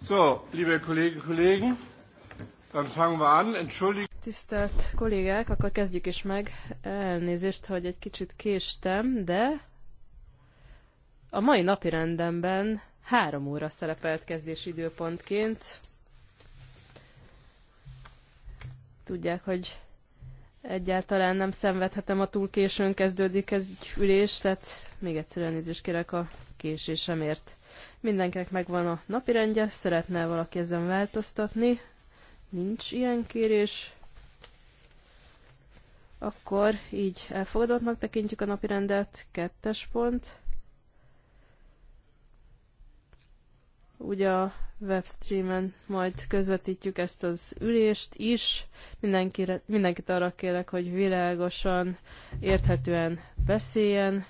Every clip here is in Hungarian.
So, liebe Kolleginnen Kollegen, dann fangen wir an. Entschuldigung. Tisztelt kollégák, akkor kezdjük is meg. Elnézést, hogy egy kicsit késtem, de a mai napi rendemben három óra szerepelt kezdési időpontként. Tudják, hogy egyáltalán nem szenvedhetem, a túl későn kezdődik ez ülés, tehát még egyszer elnézést kérek a késésemért. Mindenkinek megvan a napirendje, szeretne valaki ezen változtatni. Nincs ilyen kérés. Akkor így elfogadottnak tekintjük a napirendet. Kettes pont. Ugye a webstreamen majd közvetítjük ezt az ülést is. Mindenkire, mindenkit arra kérek, hogy világosan, érthetően beszéljen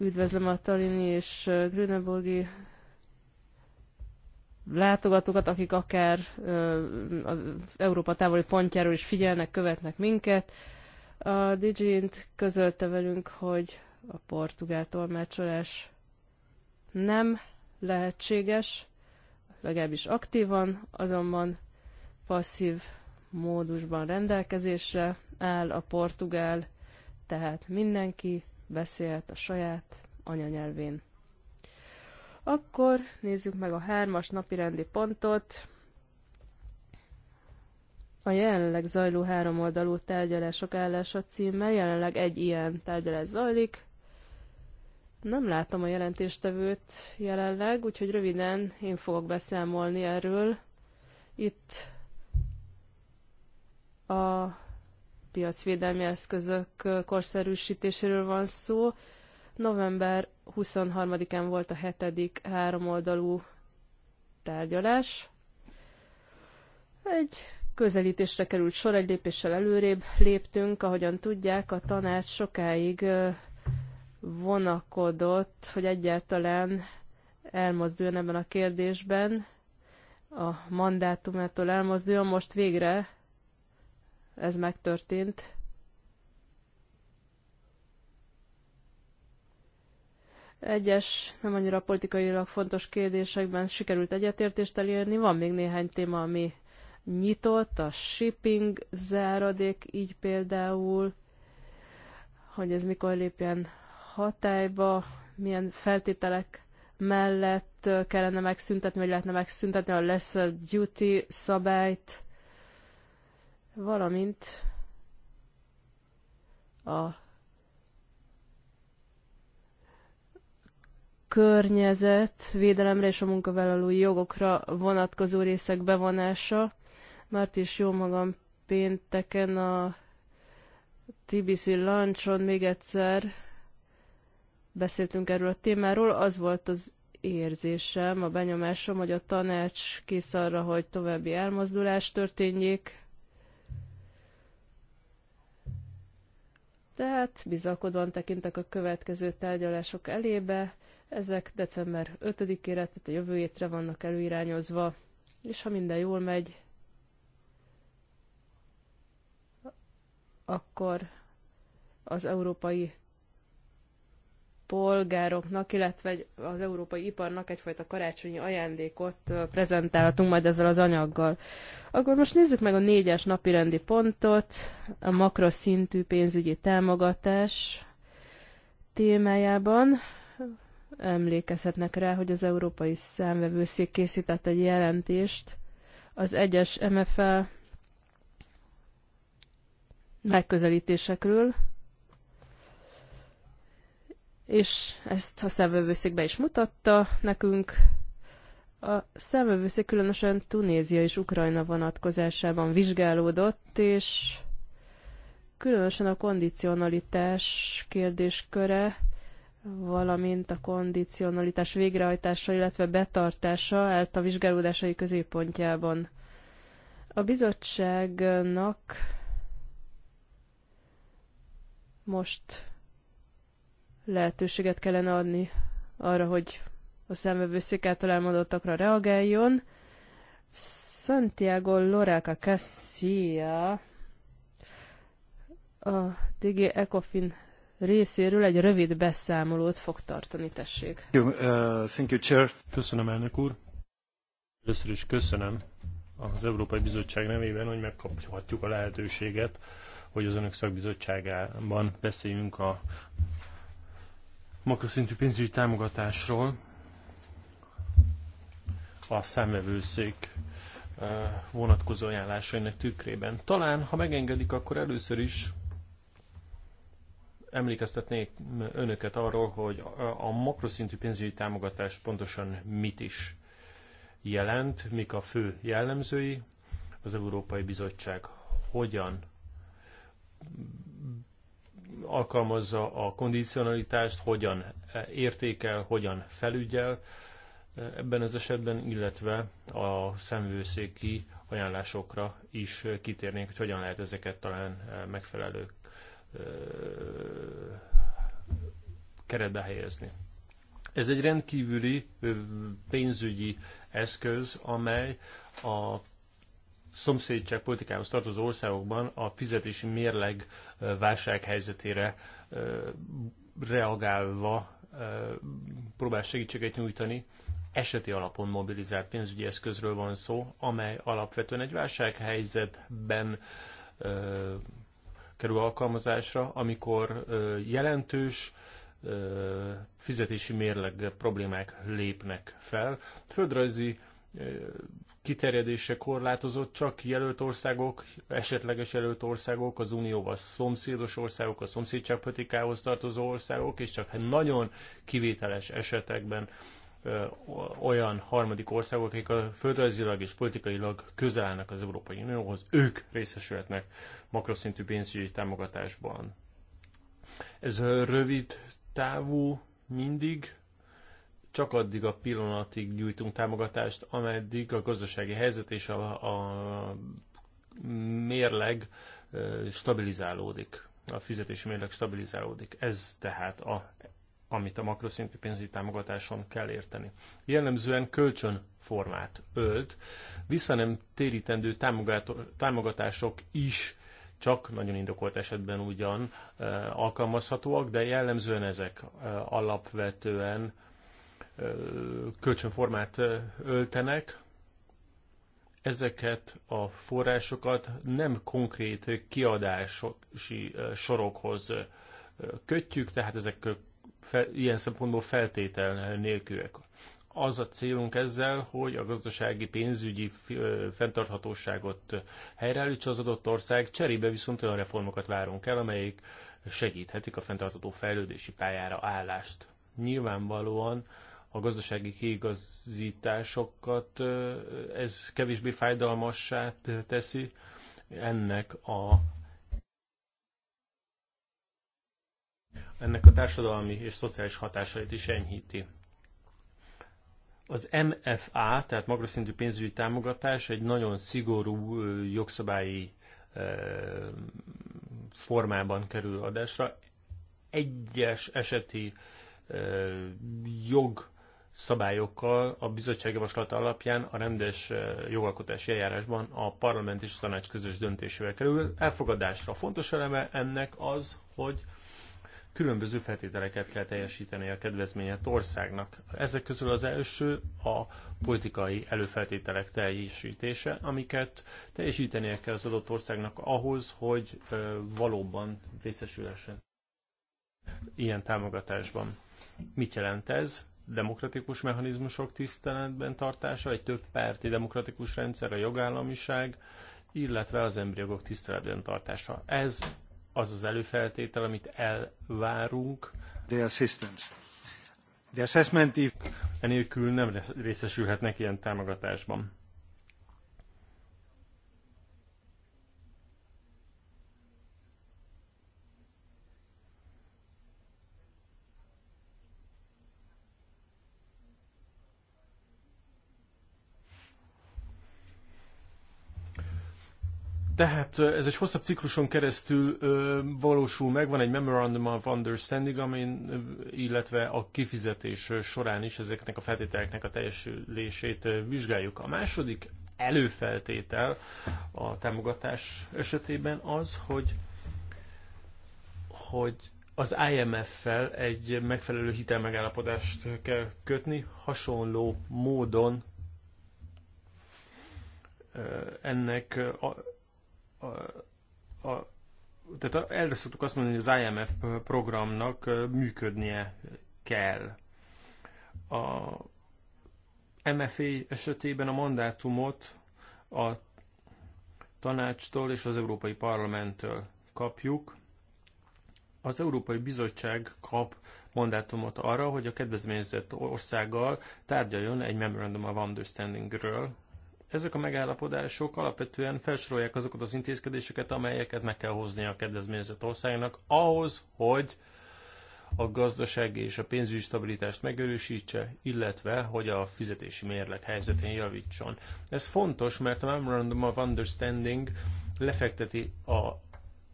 Üdvözlöm a Talini és Grüneborgi látogatókat, akik akár az Európa távoli pontjáról is figyelnek, követnek minket. A Digint közölte velünk, hogy a portugál tolmácsolás nem lehetséges, legalábbis aktívan, azonban passzív módusban rendelkezésre áll a portugál, tehát mindenki beszélt a saját anyanyelvén. Akkor nézzük meg a hármas napirendi pontot. A jelenleg zajló háromoldalú tárgyalások állása címmel jelenleg egy ilyen tárgyalás zajlik. Nem látom a jelentéstevőt jelenleg, úgyhogy röviden én fogok beszámolni erről. Itt a piacvédelmi eszközök korszerűsítéséről van szó. November 23-án volt a hetedik háromoldalú tárgyalás. Egy közelítésre került sor, egy lépéssel előrébb léptünk, ahogyan tudják, a tanács sokáig vonakodott, hogy egyáltalán elmozduljon ebben a kérdésben, a mandátumától elmozduljon, most végre ez megtörtént. Egyes, nem annyira politikailag fontos kérdésekben sikerült egyetértést elérni. Van még néhány téma, ami nyitott, a shipping záradék így például, hogy ez mikor lépjen hatályba, milyen feltételek mellett kellene megszüntetni, vagy lehetne megszüntetni a lesser duty szabályt, valamint a környezet védelemre és a munkavállalói jogokra vonatkozó részek bevonása. mert is jó magam pénteken a TBC lunchon még egyszer beszéltünk erről a témáról. Az volt az érzésem, a benyomásom, hogy a tanács kész arra, hogy további elmozdulás történjék, Tehát bizalkodóan tekintek a következő tárgyalások elébe, ezek december 5-ére, tehát a jövő étre vannak előirányozva, és ha minden jól megy, akkor az európai polgároknak, illetve az európai iparnak egyfajta karácsonyi ajándékot prezentálhatunk majd ezzel az anyaggal. Akkor most nézzük meg a négyes napi rendi pontot, a makroszintű pénzügyi támogatás témájában. Emlékezhetnek rá, hogy az Európai Számvevőszék készített egy jelentést az egyes MFL megközelítésekről, és ezt a szemvevőszékbe be is mutatta nekünk. A szemvevőszék különösen Tunézia és Ukrajna vonatkozásában vizsgálódott, és különösen a kondicionalitás kérdésköre, valamint a kondicionalitás végrehajtása, illetve betartása állt a vizsgálódásai középpontjában. A bizottságnak most lehetőséget kellene adni arra, hogy a szemvevőszék által elmondottakra reagáljon. Santiago Loraca Cassia a DG Ecofin részéről egy rövid beszámolót fog tartani, tessék. Uh, thank you, Chair. Köszönöm, elnök úr. Először is köszönöm az Európai Bizottság nevében, hogy megkaphatjuk a lehetőséget, hogy az önök szakbizottságában beszéljünk a makroszintű pénzügyi támogatásról a számvevőszék eh, vonatkozó ajánlásainak tükrében. Talán, ha megengedik, akkor először is emlékeztetnék önöket arról, hogy a makroszintű pénzügyi támogatás pontosan mit is jelent, mik a fő jellemzői, az Európai Bizottság hogyan alkalmazza a kondicionalitást, hogyan eh, értékel, hogyan felügyel eh, ebben az esetben, illetve a szemvőszéki ajánlásokra is kitérnénk, hogy hogyan lehet ezeket talán eh, megfelelő keretbe helyezni. Ez egy rendkívüli pénzügyi eszköz, amely a szomszédság politikához tartozó országokban a fizetési mérleg válsághelyzetére reagálva próbál segítséget nyújtani. Eseti alapon mobilizált pénzügyi eszközről van szó, amely alapvetően egy válsághelyzetben kerül alkalmazásra, amikor jelentős fizetési mérleg problémák lépnek fel. Földrajzi kiterjedése korlátozott, csak jelölt országok, esetleges jelölt országok, az unióval szomszédos országok, a szomszédságpolitikához tartozó országok, és csak nagyon kivételes esetekben olyan harmadik országok, akik a földrajzilag és politikailag közel állnak az Európai Unióhoz, ők részesülhetnek makroszintű pénzügyi támogatásban. Ez rövid távú mindig, csak addig a pillanatig nyújtunk támogatást, ameddig a gazdasági helyzet és a, a mérleg stabilizálódik, a fizetési mérleg stabilizálódik. Ez tehát a amit a makroszintű pénzügyi támogatáson kell érteni. Jellemzően kölcsönformát ölt, vissza nem térítendő támogatások is csak nagyon indokolt esetben ugyan alkalmazhatóak, de jellemzően ezek alapvetően kölcsönformát öltenek, ezeket a forrásokat nem konkrét kiadási sorokhoz kötjük, tehát ezek fel, ilyen szempontból feltétel nélkülek. Az a célunk ezzel, hogy a gazdasági pénzügyi fenntarthatóságot helyreállítsa az adott ország, cserébe viszont olyan reformokat várunk el, amelyik segíthetik a fenntartható fejlődési pályára állást. Nyilvánvalóan uh, a gazdasági kiigazításokat ez kevésbé fájdalmassá teszi. Ennek a ennek a társadalmi és szociális hatásait is enyhíti. Az MFA, tehát makroszintű pénzügyi támogatás egy nagyon szigorú jogszabályi formában kerül adásra. Egyes eseti jog szabályokkal a bizottság javaslata alapján a rendes eh, jogalkotási eljárásban a parlament és a tanács közös döntésével kerül elfogadásra. Fontos eleme ennek az, hogy különböző feltételeket kell teljesíteni a kedvezményet országnak. Ezek közül az első a politikai előfeltételek teljesítése, amiket teljesítenie kell az adott országnak ahhoz, hogy eh, valóban részesülhessen ilyen támogatásban. Mit jelent ez? demokratikus mechanizmusok tiszteletben tartása, egy több párti demokratikus rendszer, a jogállamiság, illetve az emberi jogok tiszteletben tartása. Ez az az előfeltétel, amit elvárunk. The assistance. The assessment if... Enélkül nem részesülhetnek ilyen támogatásban. Tehát ez egy hosszabb cikluson keresztül ö, valósul meg, van egy Memorandum of Understanding, amin, illetve a kifizetés során is ezeknek a feltételeknek a teljesülését vizsgáljuk. A második előfeltétel a támogatás esetében az, hogy, hogy az IMF-fel egy megfelelő hitelmegállapodást kell kötni, hasonló módon ennek a, a, a, tehát erre szoktuk azt mondani, hogy az IMF programnak működnie kell. A MFA esetében a mandátumot a tanácstól és az Európai Parlamenttől kapjuk. Az Európai Bizottság kap mandátumot arra, hogy a kedvezményezett országgal tárgyaljon egy Memorandum of Understandingről, ezek a megállapodások alapvetően felsorolják azokat az intézkedéseket, amelyeket meg kell hozni a kedvezményezett országnak ahhoz, hogy a gazdasági és a pénzügyi stabilitást megerősítse, illetve hogy a fizetési mérleg helyzetén javítson. Ez fontos, mert a Memorandum of Understanding lefekteti a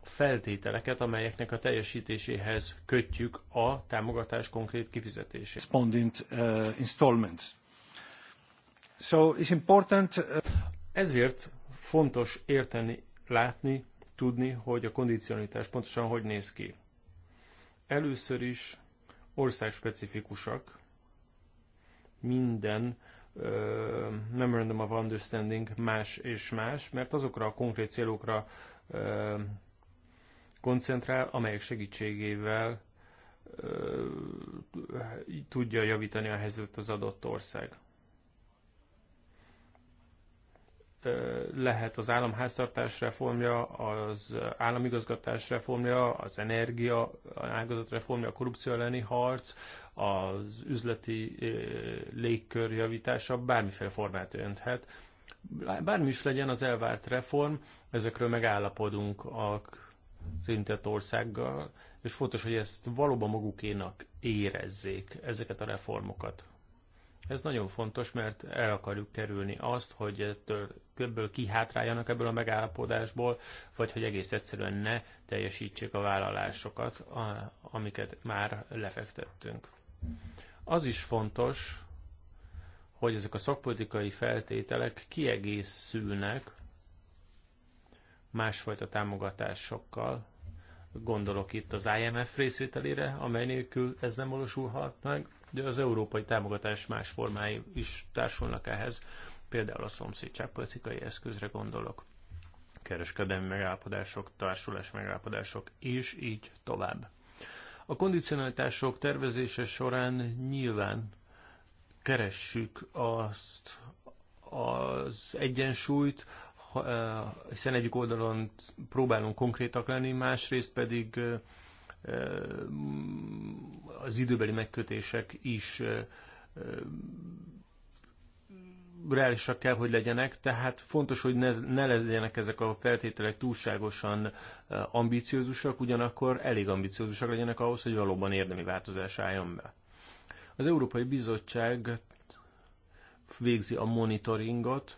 feltételeket, amelyeknek a teljesítéséhez kötjük a támogatás konkrét kifizetését. Respondent uh, installments. So it's important... Uh, Ezért fontos érteni, látni, tudni, hogy a kondicionalitás pontosan hogy néz ki. Először is országspecifikusak, minden uh, Memorandum of Understanding más és más, mert azokra a konkrét célokra uh, koncentrál, amelyek segítségével uh, tudja javítani a helyzetet az adott ország. lehet az államháztartás reformja, az államigazgatás reformja, az energia ágazat reformja, a korrupció elleni harc, az üzleti légkör javítása, bármiféle formát önthet. Bármi is legyen az elvárt reform, ezekről megállapodunk a szintet országgal, és fontos, hogy ezt valóban magukénak érezzék ezeket a reformokat. Ez nagyon fontos, mert el akarjuk kerülni azt, hogy ettől ebből kihátráljanak ebből a megállapodásból, vagy hogy egész egyszerűen ne teljesítsék a vállalásokat, amiket már lefektettünk. Az is fontos, hogy ezek a szakpolitikai feltételek kiegészülnek másfajta támogatásokkal, gondolok itt az IMF részvételére, amely nélkül ez nem valósulhat meg, de az európai támogatás más formái is társulnak ehhez, például a szomszédság politikai eszközre gondolok, kereskedelmi megállapodások, társulás megállapodások, és így tovább. A kondicionalitások tervezése során nyilván keressük azt az egyensúlyt, eh, hiszen egyik oldalon próbálunk konkrétak lenni, másrészt pedig eh, az időbeli megkötések is reálisak kell, hogy legyenek, tehát fontos, hogy ne, ne legyenek ezek a feltételek túlságosan ambiciózusak, ugyanakkor elég ambiciózusak legyenek ahhoz, hogy valóban érdemi változás álljon be. Az Európai Bizottság végzi a monitoringot,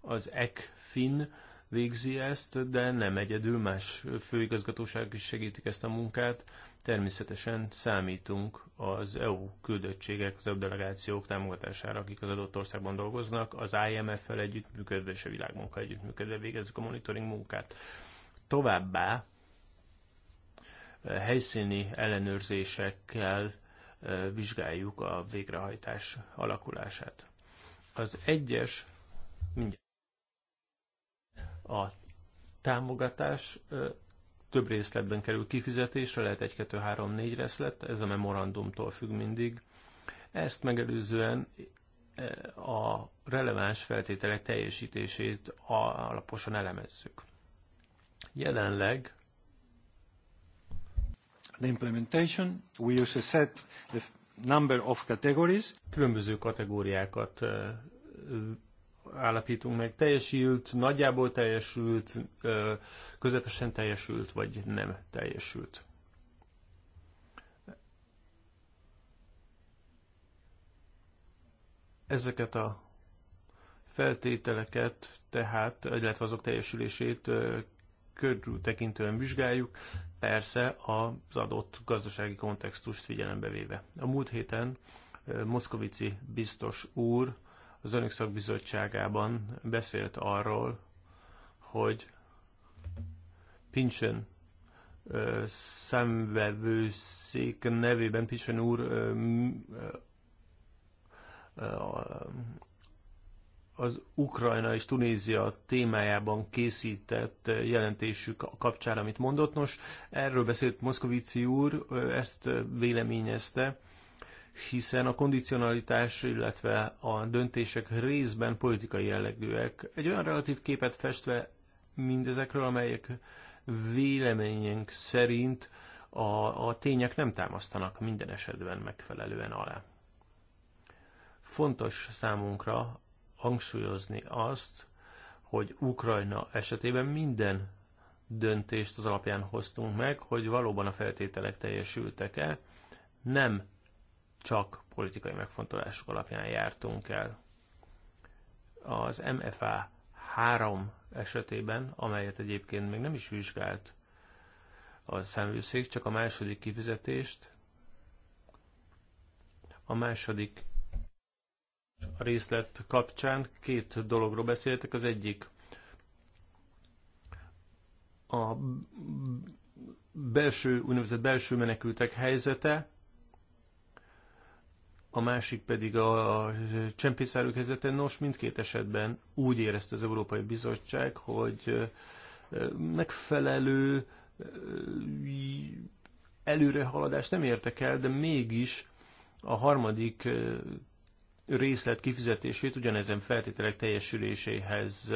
az ECFIN végzi ezt, de nem egyedül, más főigazgatóságok is segítik ezt a munkát. Természetesen számítunk az EU küldöttségek, az EU delegációk támogatására, akik az adott országban dolgoznak, az IMF-fel együttműködve és a világmunka együttműködve végezzük a monitoring munkát. Továbbá eh, helyszíni ellenőrzésekkel eh, vizsgáljuk a végrehajtás alakulását. Az egyes mindjárt a támogatás több részletben kerül kifizetésre, lehet 1, 2, 3, 4 részlet, ez a memorandumtól függ mindig. Ezt megelőzően a releváns feltételek teljesítését alaposan elemezzük. Jelenleg The implementation, we use a set of number of categories. Különböző kategóriákat állapítunk meg, teljesült, nagyjából teljesült, közepesen teljesült, vagy nem teljesült. Ezeket a feltételeket, tehát, illetve azok teljesülését körül tekintően vizsgáljuk, persze az adott gazdasági kontextust figyelembe véve. A múlt héten Moszkovici biztos úr az Önök szakbizottságában beszélt arról, hogy Pincsen szemvevőszék nevében Pincsen úr ö, ö, az Ukrajna és Tunézia témájában készített jelentésük kapcsán, amit mondott. Nos, erről beszélt Moszkovici úr, ezt véleményezte, hiszen a kondicionalitás, illetve a döntések részben politikai jellegűek. Egy olyan relatív képet festve mindezekről, amelyek véleményünk szerint a, a tények nem támasztanak minden esetben megfelelően alá. Fontos számunkra hangsúlyozni azt, hogy Ukrajna esetében minden döntést az alapján hoztunk meg, hogy valóban a feltételek teljesültek-e, nem csak politikai megfontolások alapján jártunk el. Az MFA 3 esetében, amelyet egyébként még nem is vizsgált a szemvőszék, csak a második kifizetést, a második részlet kapcsán két dologról beszéltek. Az egyik a belső, úgynevezett belső menekültek helyzete, a másik pedig a csempészárok helyzete. Nos, mindkét esetben úgy érezte az Európai Bizottság, hogy megfelelő előrehaladást nem értek el, de mégis a harmadik részlet kifizetését ugyanezen feltételek teljesüléséhez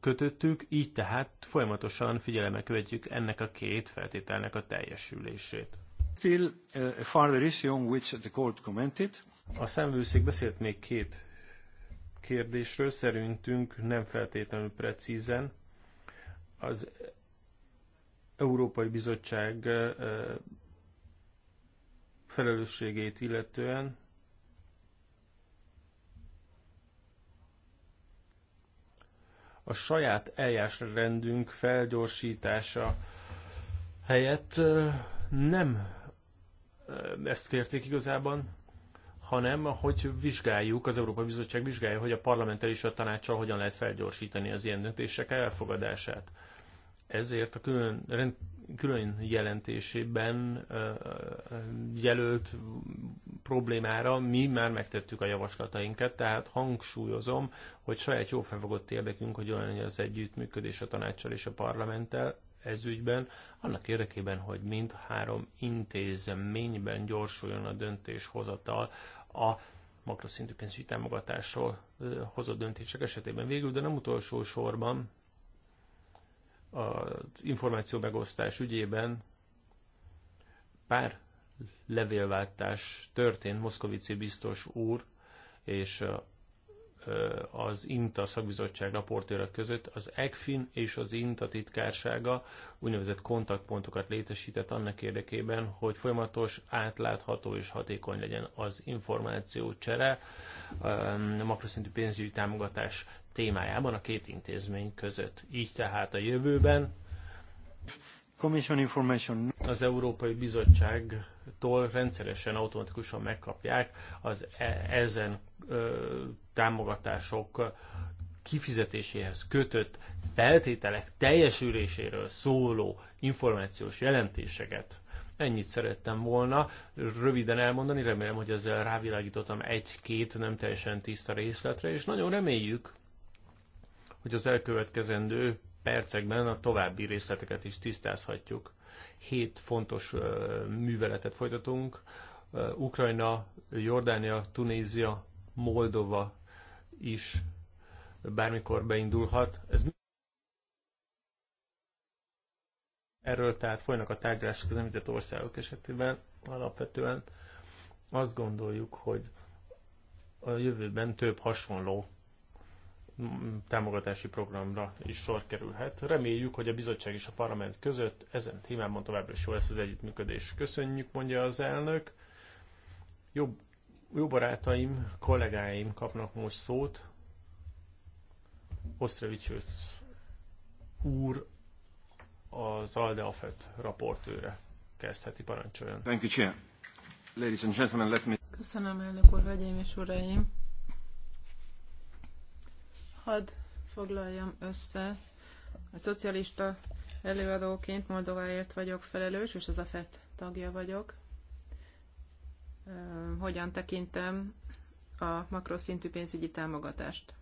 kötöttük, így tehát folyamatosan figyelemmel követjük ennek a két feltételnek a teljesülését. Still uh, a further issue on which the court commented. A szemvőszék beszélt még két kérdésről, szerintünk nem feltétlenül precízen. Az Európai Bizottság uh, felelősségét illetően a saját eljárásrendünk felgyorsítása helyett uh, nem ezt kérték igazában, hanem hogy vizsgáljuk, az Európai Bizottság vizsgálja, hogy a parlamenttel és a tanácssal hogyan lehet felgyorsítani az ilyen döntések elfogadását. Ezért a külön, rend, külön jelentésében jelölt problémára mi már megtettük a javaslatainkat, tehát hangsúlyozom, hogy saját jó felfogott érdekünk, hogy olyan az együttműködés a tanácssal és a parlamenttel, ez ügyben, annak érdekében, hogy mind három intézményben gyorsuljon a döntéshozatal a makroszintű pénzügyi támogatásról hozott döntések esetében végül, de nem utolsó sorban az információ megosztás ügyében pár levélváltás történt Moszkovici biztos úr és az INTA szakbizottság raportőrök között az ECFIN és az INTA titkársága úgynevezett kontaktpontokat létesített annak érdekében, hogy folyamatos, átlátható és hatékony legyen az információ csere a makroszintű pénzügyi támogatás témájában a két intézmény között. Így tehát a jövőben az Európai Bizottság tól rendszeresen automatikusan megkapják az e ezen ö, támogatások kifizetéséhez kötött feltételek teljesüléséről szóló információs jelentéseket. Ennyit szerettem volna röviden elmondani, remélem, hogy ezzel rávilágítottam egy-két nem teljesen tiszta részletre, és nagyon reméljük, hogy az elkövetkezendő percekben a további részleteket is tisztázhatjuk hét fontos műveletet folytatunk. Ukrajna, Jordánia, Tunézia, Moldova is bármikor beindulhat. Ez Erről tehát folynak a tárgyalások az említett országok esetében. Alapvetően azt gondoljuk, hogy a jövőben több hasonló támogatási programra is sor kerülhet. Reméljük, hogy a bizottság és a parlament között ezen témában továbbra is jó lesz az együttműködés. Köszönjük, mondja az elnök. Jó, jó barátaim, kollégáim kapnak most szót. Osztrevics úr az ALDE AFET raportőre kezdheti, parancsoljon. Thank you, Chair. Ladies and gentlemen, let me... Köszönöm, elnök úr, hölgyeim és uraim. Hadd foglaljam össze. A szocialista előadóként Moldováért vagyok felelős, és az a FET tagja vagyok. Hogyan tekintem a makroszintű pénzügyi támogatást?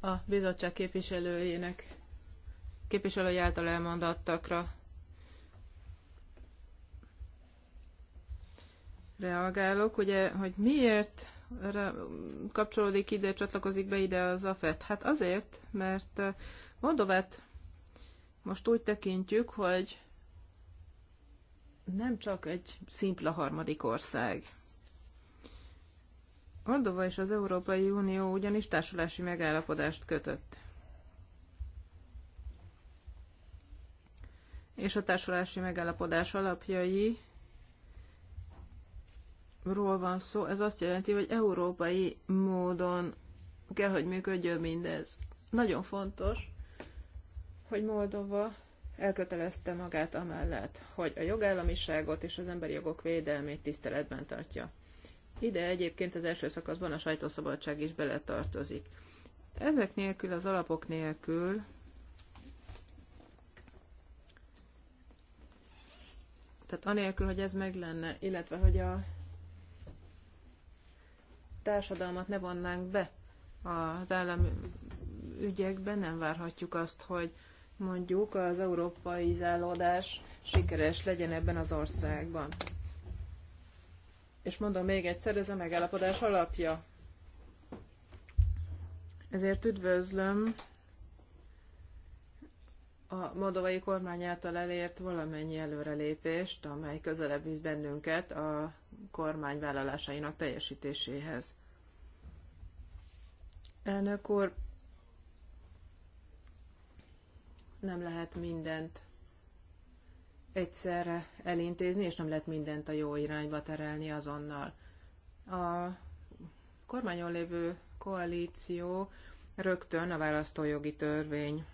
A bizottság képviselőjének képviselői által elmondattakra reagálok, ugye, hogy miért kapcsolódik ide, csatlakozik be ide az AFET? Hát azért, mert eh, Moldovát most úgy tekintjük, hogy nem csak egy szimpla harmadik ország. Moldova és az Európai Unió ugyanis társulási megállapodást kötött. És a társulási megállapodás alapjai ról van szó, ez azt jelenti, hogy európai módon kell, hogy működjön mindez. Nagyon fontos, hogy Moldova elkötelezte magát amellett, hogy a jogállamiságot és az emberi jogok védelmét tiszteletben tartja. Ide egyébként az első szakaszban a sajtószabadság is beletartozik. Ezek nélkül, az alapok nélkül tehát anélkül, hogy ez meg lenne, illetve hogy a társadalmat ne vonnánk be az állam ügyekbe, nem várhatjuk azt, hogy mondjuk az európai zállódás sikeres legyen ebben az országban. És mondom még egyszer, ez a megállapodás alapja. Ezért üdvözlöm a moldovai kormány által elért valamennyi előrelépést, amely közelebb visz bennünket a kormány vállalásainak teljesítéséhez. Elnök úr, nem lehet mindent egyszerre elintézni, és nem lehet mindent a jó irányba terelni azonnal. A kormányon lévő koalíció rögtön a választójogi törvény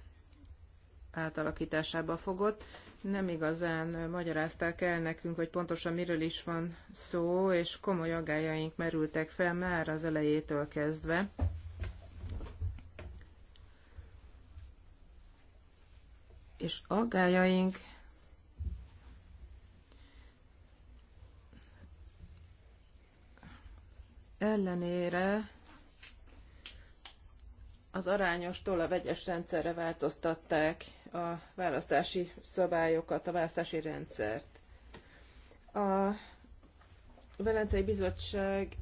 átalakításába fogott, nem igazán magyarázták el nekünk, hogy pontosan miről is van szó, és komoly aggájaink merültek fel már az elejétől kezdve. És aggájaink ellenére az arányostól a vegyes rendszerre változtatták a választási szabályokat, a választási rendszert. A Velencei Bizottság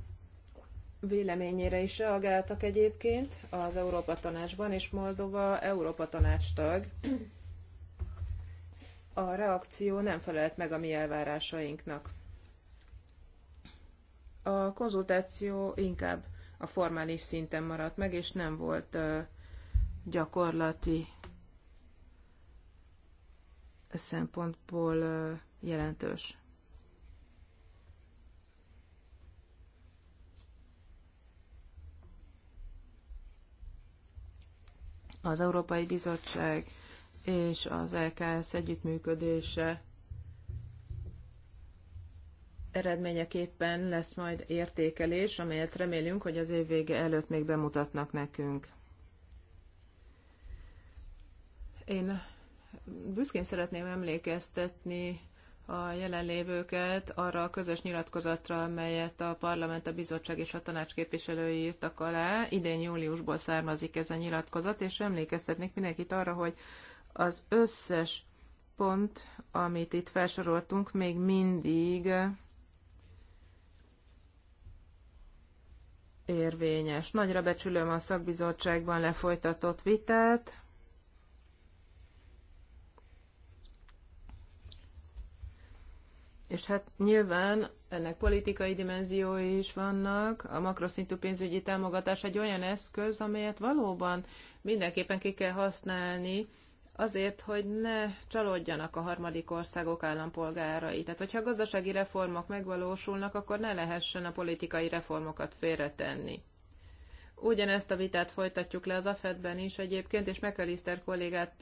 véleményére is reagáltak egyébként az Európa Tanácsban, és Moldova Európa Tanács tag. A reakció nem felelt meg a mi elvárásainknak. A konzultáció inkább a formális szinten maradt meg, és nem volt gyakorlati szempontból jelentős. Az Európai Bizottság és az LKS együttműködése eredményeképpen lesz majd értékelés, amelyet remélünk, hogy az év vége előtt még bemutatnak nekünk. Én büszkén szeretném emlékeztetni a jelenlévőket arra a közös nyilatkozatra, amelyet a parlament, a bizottság és a tanács képviselői írtak alá. Idén júliusból származik ez a nyilatkozat, és emlékeztetnék mindenkit arra, hogy az összes pont, amit itt felsoroltunk, még mindig érvényes. Nagyra becsülöm a szakbizottságban lefolytatott vitát, És hát nyilván ennek politikai dimenziói is vannak. A makroszintű pénzügyi támogatás egy olyan eszköz, amelyet valóban mindenképpen ki kell használni, azért, hogy ne csalódjanak a harmadik országok állampolgárai. Tehát, hogyha a gazdasági reformok megvalósulnak, akkor ne lehessen a politikai reformokat félretenni. Ugyanezt a vitát folytatjuk le az AFED-ben is egyébként, és McAllister kollégát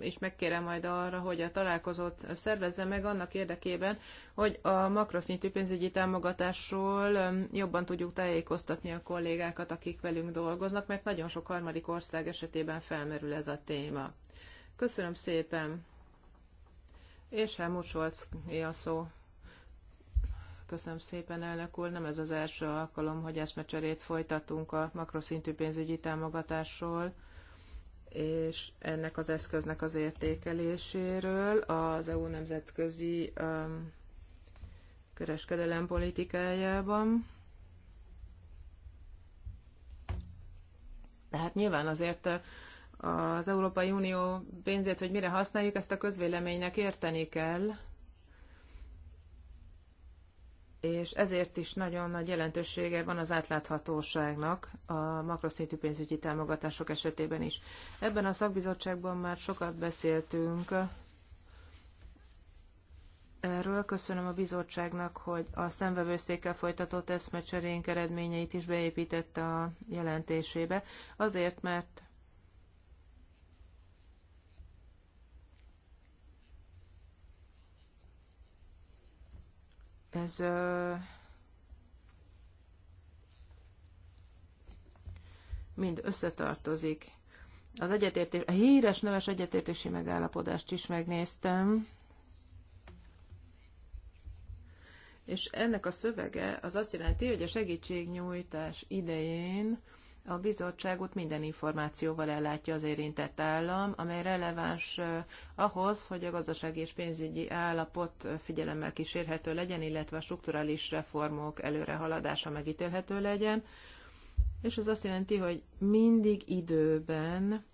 is megkérem majd arra, hogy a találkozót szervezze meg annak érdekében, hogy a makroszintű pénzügyi támogatásról jobban tudjuk tájékoztatni a kollégákat, akik velünk dolgoznak, mert nagyon sok harmadik ország esetében felmerül ez a téma. Köszönöm szépen! És Helmut Scholz a szó. Köszönöm szépen, elnök úr. Nem ez az első alkalom, hogy eszmecserét folytatunk a makroszintű pénzügyi támogatásról és ennek az eszköznek az értékeléséről az EU nemzetközi um, kereskedelem politikájában. Tehát nyilván azért uh, az Európai Unió pénzét, hogy mire használjuk, ezt a közvéleménynek érteni kell, és ezért is nagyon nagy jelentősége van az átláthatóságnak a makroszintű pénzügyi támogatások esetében is. Ebben a szakbizottságban már sokat beszéltünk erről. Köszönöm a bizottságnak, hogy a szemvevőszékkel folytatott eszmecserénk eredményeit is beépítette a jelentésébe, azért, mert Ez mind összetartozik. Az egyetértés, a híres neves egyetértési megállapodást is megnéztem, és ennek a szövege az azt jelenti, hogy a segítségnyújtás idején a bizottságot minden információval ellátja az érintett állam, amely releváns ahhoz, hogy a gazdasági és pénzügyi állapot figyelemmel kísérhető legyen, illetve a strukturális reformok előrehaladása megítélhető legyen. És ez azt jelenti, hogy mindig időben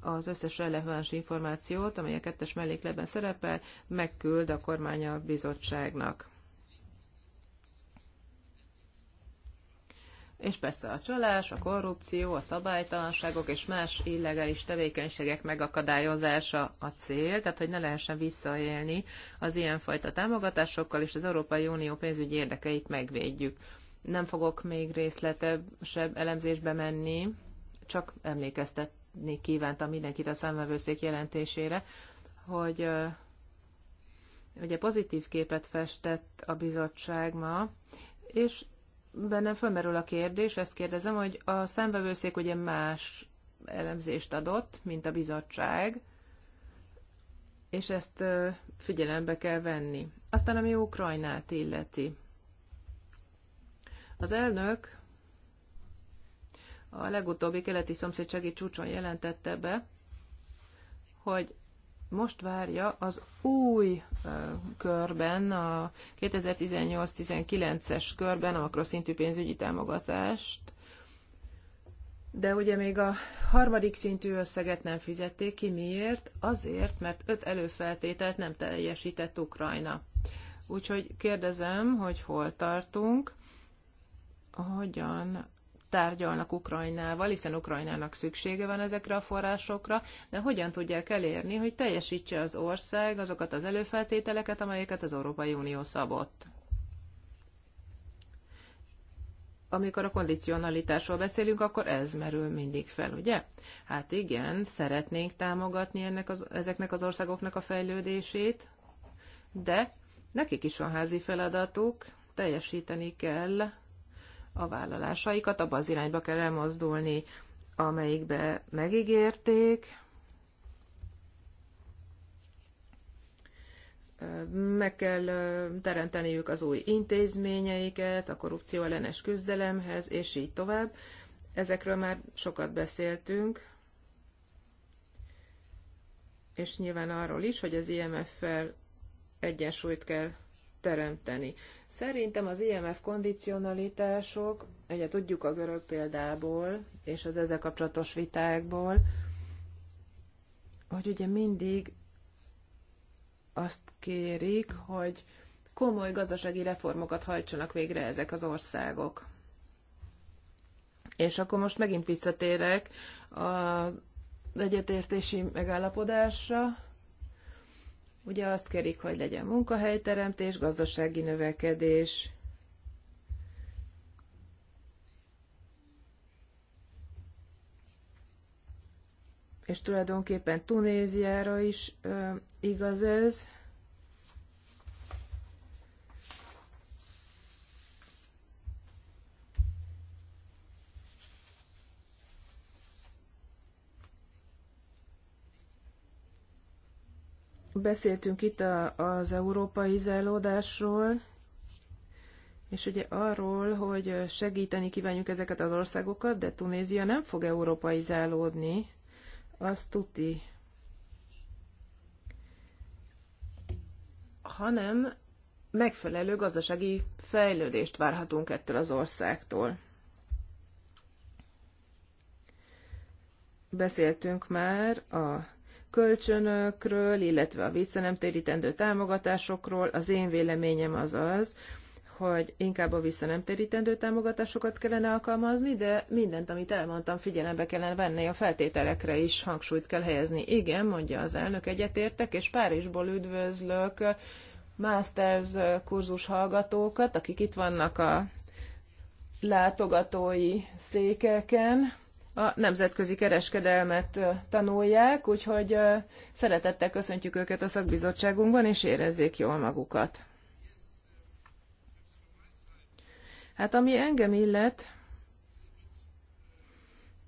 az összes releváns információt, amely a kettes mellékletben szerepel, megküld a kormány a bizottságnak. és persze a csalás, a korrupció, a szabálytalanságok és más illegális tevékenységek megakadályozása a cél, tehát hogy ne lehessen visszaélni az ilyenfajta támogatásokkal, és az Európai Unió pénzügyi érdekeit megvédjük. Nem fogok még részletesebb elemzésbe menni, csak emlékeztetni kívántam mindenkit a számvevőszék jelentésére, hogy ugye pozitív képet festett a bizottság ma, és bennem fölmerül a kérdés, ezt kérdezem, hogy a számvevőszék ugye más elemzést adott, mint a bizottság, és ezt figyelembe kell venni. Aztán ami Ukrajnát illeti. Az elnök a legutóbbi keleti szomszédsági csúcson jelentette be, hogy most várja az új körben, a 2018-19-es körben a makroszintű pénzügyi támogatást, de ugye még a harmadik szintű összeget nem fizették ki. Miért? Azért, mert öt előfeltételt nem teljesített Ukrajna. Úgyhogy kérdezem, hogy hol tartunk, hogyan tárgyalnak Ukrajnával, hiszen Ukrajnának szüksége van ezekre a forrásokra, de hogyan tudják elérni, hogy teljesítse az ország azokat az előfeltételeket, amelyeket az Európai Unió szabott? amikor a kondicionalitásról beszélünk, akkor ez merül mindig fel, ugye? Hát igen, szeretnénk támogatni ennek az, ezeknek az országoknak a fejlődését, de nekik is van házi feladatuk, teljesíteni kell a vállalásaikat, abba az irányba kell elmozdulni, amelyikbe megígérték. Meg kell teremteniük az új intézményeiket, a korrupció ellenes küzdelemhez, és így tovább. Ezekről már sokat beszéltünk, és nyilván arról is, hogy az IMF-fel egyensúlyt kell teremteni. Szerintem az IMF kondicionalitások, ugye tudjuk a görög példából, és az ezzel kapcsolatos vitákból, hogy ugye mindig azt kérik, hogy komoly gazdasági reformokat hajtsanak végre ezek az országok. És akkor most megint visszatérek az egyetértési megállapodásra, Ugye azt kérik, hogy legyen munkahelyteremtés, gazdasági növekedés, és tulajdonképpen Tunéziára is ö, igaz ez, Beszéltünk itt a, az európai zálódásról, és ugye arról, hogy segíteni kívánjuk ezeket az országokat, de Tunézia nem fog európai zálódni, az tuti. Hanem megfelelő gazdasági fejlődést várhatunk ettől az országtól. Beszéltünk már a kölcsönökről, illetve a visszanemtérítendő támogatásokról. Az én véleményem az az, hogy inkább a visszanemtérítendő támogatásokat kellene alkalmazni, de mindent, amit elmondtam, figyelembe kellene venni, a feltételekre is hangsúlyt kell helyezni. Igen, mondja az elnök, egyetértek, és Párizsból üdvözlök masters kurzus hallgatókat, akik itt vannak a látogatói székeken a nemzetközi kereskedelmet tanulják, úgyhogy szeretettel köszöntjük őket a szakbizottságunkban, és érezzék jól magukat. Hát ami engem illet,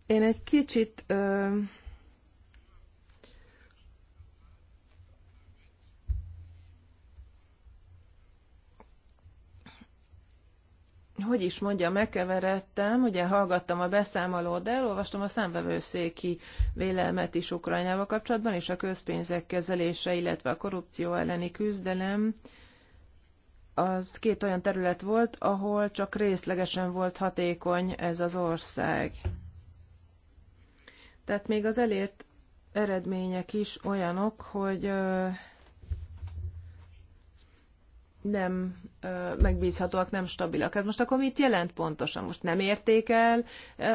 én egy kicsit ö, hogy is mondja, megkeveredtem, ugye hallgattam a beszámolót, de elolvastam a számvevőszéki vélelmet is Ukrajnával kapcsolatban, és a közpénzek kezelése, illetve a korrupció elleni küzdelem, az két olyan terület volt, ahol csak részlegesen volt hatékony ez az ország. Tehát még az elért eredmények is olyanok, hogy nem megbízhatóak, nem stabilak. Hát most akkor mit jelent pontosan? Most nem érték el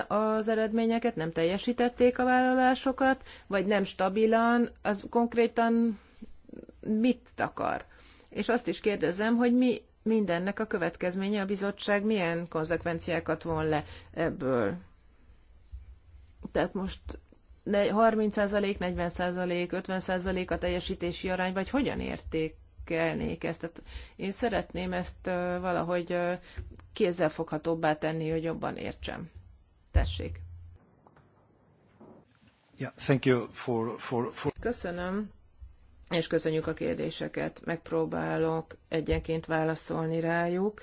az eredményeket, nem teljesítették a vállalásokat, vagy nem stabilan, az konkrétan mit akar? És azt is kérdezem, hogy mi mindennek a következménye, a bizottság milyen konzekvenciákat von le ebből. Tehát most 30%, 40%, 50% a teljesítési arány, vagy hogyan érték érzékelnék ezt. Én szeretném ezt valahogy kézzelfoghatóbbá tenni, hogy jobban értsem. Tessék. Yeah, thank you for, for, for... Köszönöm, és köszönjük a kérdéseket. Megpróbálok egyenként válaszolni rájuk.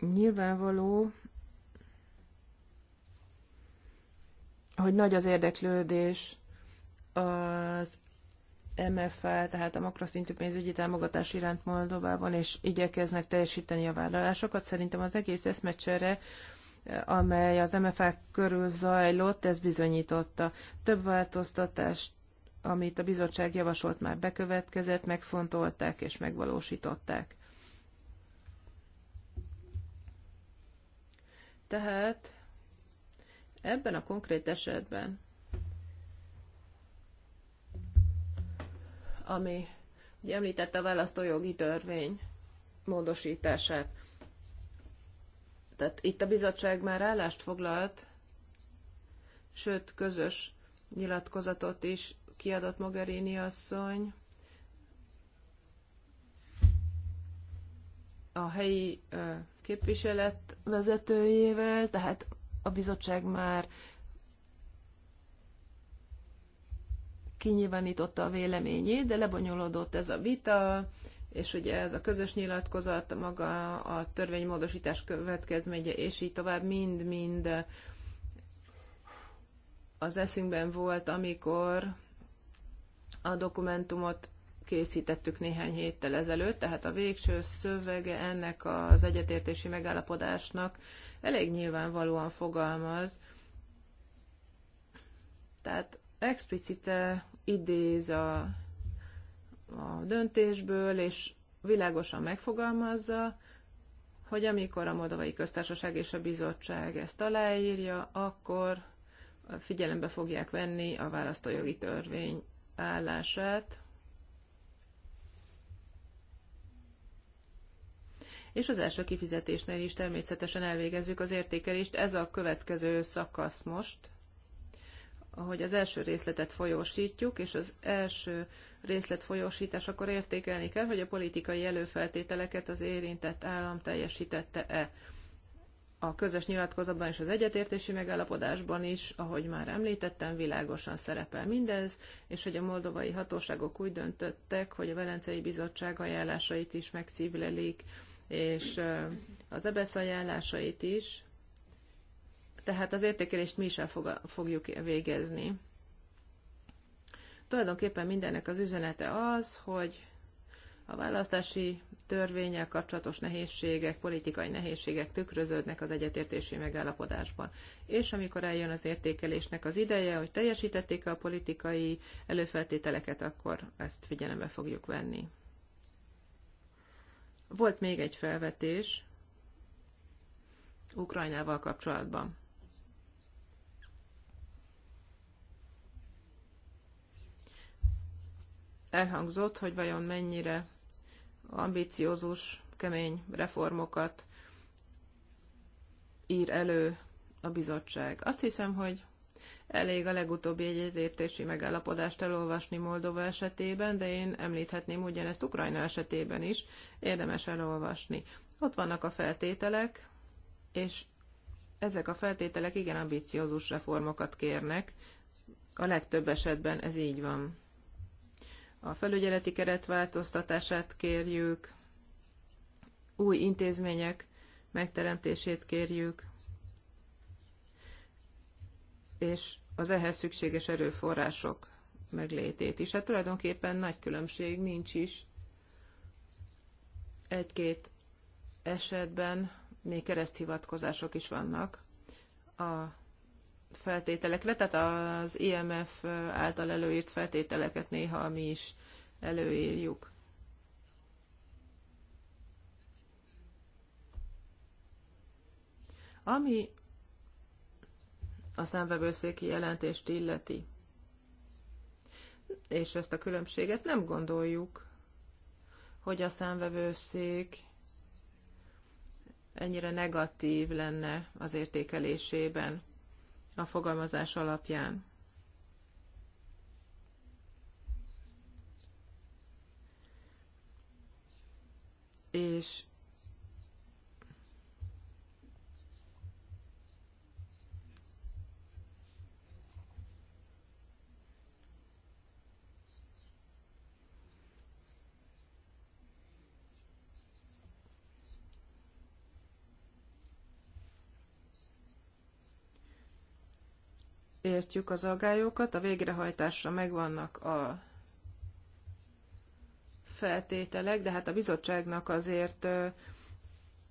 Nyilvánvaló, hogy nagy az érdeklődés az MFA, tehát a makroszintű pénzügyi támogatás iránt Moldovában, és igyekeznek teljesíteni a vállalásokat. Szerintem az egész eszmecsere, amely az MFA körül zajlott, ez bizonyította. Több változtatást, amit a bizottság javasolt, már bekövetkezett, megfontolták és megvalósították. Tehát Ebben a konkrét esetben, ami ugye említette a választójogi törvény módosítását, tehát itt a bizottság már állást foglalt, sőt, közös nyilatkozatot is kiadott Mogherini asszony. A helyi képviselet vezetőjével, tehát a bizottság már kinyilvánította a véleményét, de lebonyolódott ez a vita, és ugye ez a közös nyilatkozat, maga a törvénymódosítás következménye, és így tovább mind-mind az eszünkben volt, amikor a dokumentumot készítettük néhány héttel ezelőtt, tehát a végső szövege ennek az egyetértési megállapodásnak elég nyilvánvalóan fogalmaz, tehát explicite idéz a, a döntésből, és világosan megfogalmazza, hogy amikor a Moldovai Köztársaság és a Bizottság ezt aláírja, akkor figyelembe fogják venni a választójogi törvény állását, és az első kifizetésnél is természetesen elvégezzük az értékelést. Ez a következő szakasz most, hogy az első részletet folyósítjuk, és az első részlet akkor értékelni kell, hogy a politikai előfeltételeket az érintett állam teljesítette-e. A közös nyilatkozatban és az egyetértési megállapodásban is, ahogy már említettem, világosan szerepel mindez, és hogy a moldovai hatóságok úgy döntöttek, hogy a Velencei Bizottság ajánlásait is megszívlelik, és az EBSZ e ajánlásait is, tehát az értékelést mi is el fogjuk végezni. Tulajdonképpen mindennek az üzenete az, hogy a választási törvényel kapcsolatos nehézségek, politikai nehézségek tükröződnek az egyetértési megállapodásban. És amikor eljön az értékelésnek az ideje, hogy teljesítették a politikai előfeltételeket, akkor ezt figyelembe fogjuk venni. Volt még egy felvetés Ukrajnával kapcsolatban. Elhangzott, hogy vajon mennyire ambiciózus, kemény reformokat ír elő a bizottság. Azt hiszem, hogy Elég a legutóbbi egyetértési megállapodást elolvasni Moldova esetében, de én említhetném ugyanezt Ukrajna esetében is, érdemes elolvasni. Ott vannak a feltételek, és ezek a feltételek igen ambiciózus reformokat kérnek, a legtöbb esetben ez így van. A felügyeleti keret változtatását kérjük, új intézmények megteremtését kérjük, és az ehhez szükséges erőforrások meglétét is. Hát tulajdonképpen nagy különbség nincs is. Egy-két esetben még kereszthivatkozások is vannak a feltételekre, tehát az IMF által előírt feltételeket néha mi is előírjuk. Ami a számvevőszéki jelentést illeti. És ezt a különbséget nem gondoljuk, hogy a számvevőszék ennyire negatív lenne az értékelésében a fogalmazás alapján. És értjük az agályokat, a végrehajtásra megvannak a feltételek, de hát a bizottságnak azért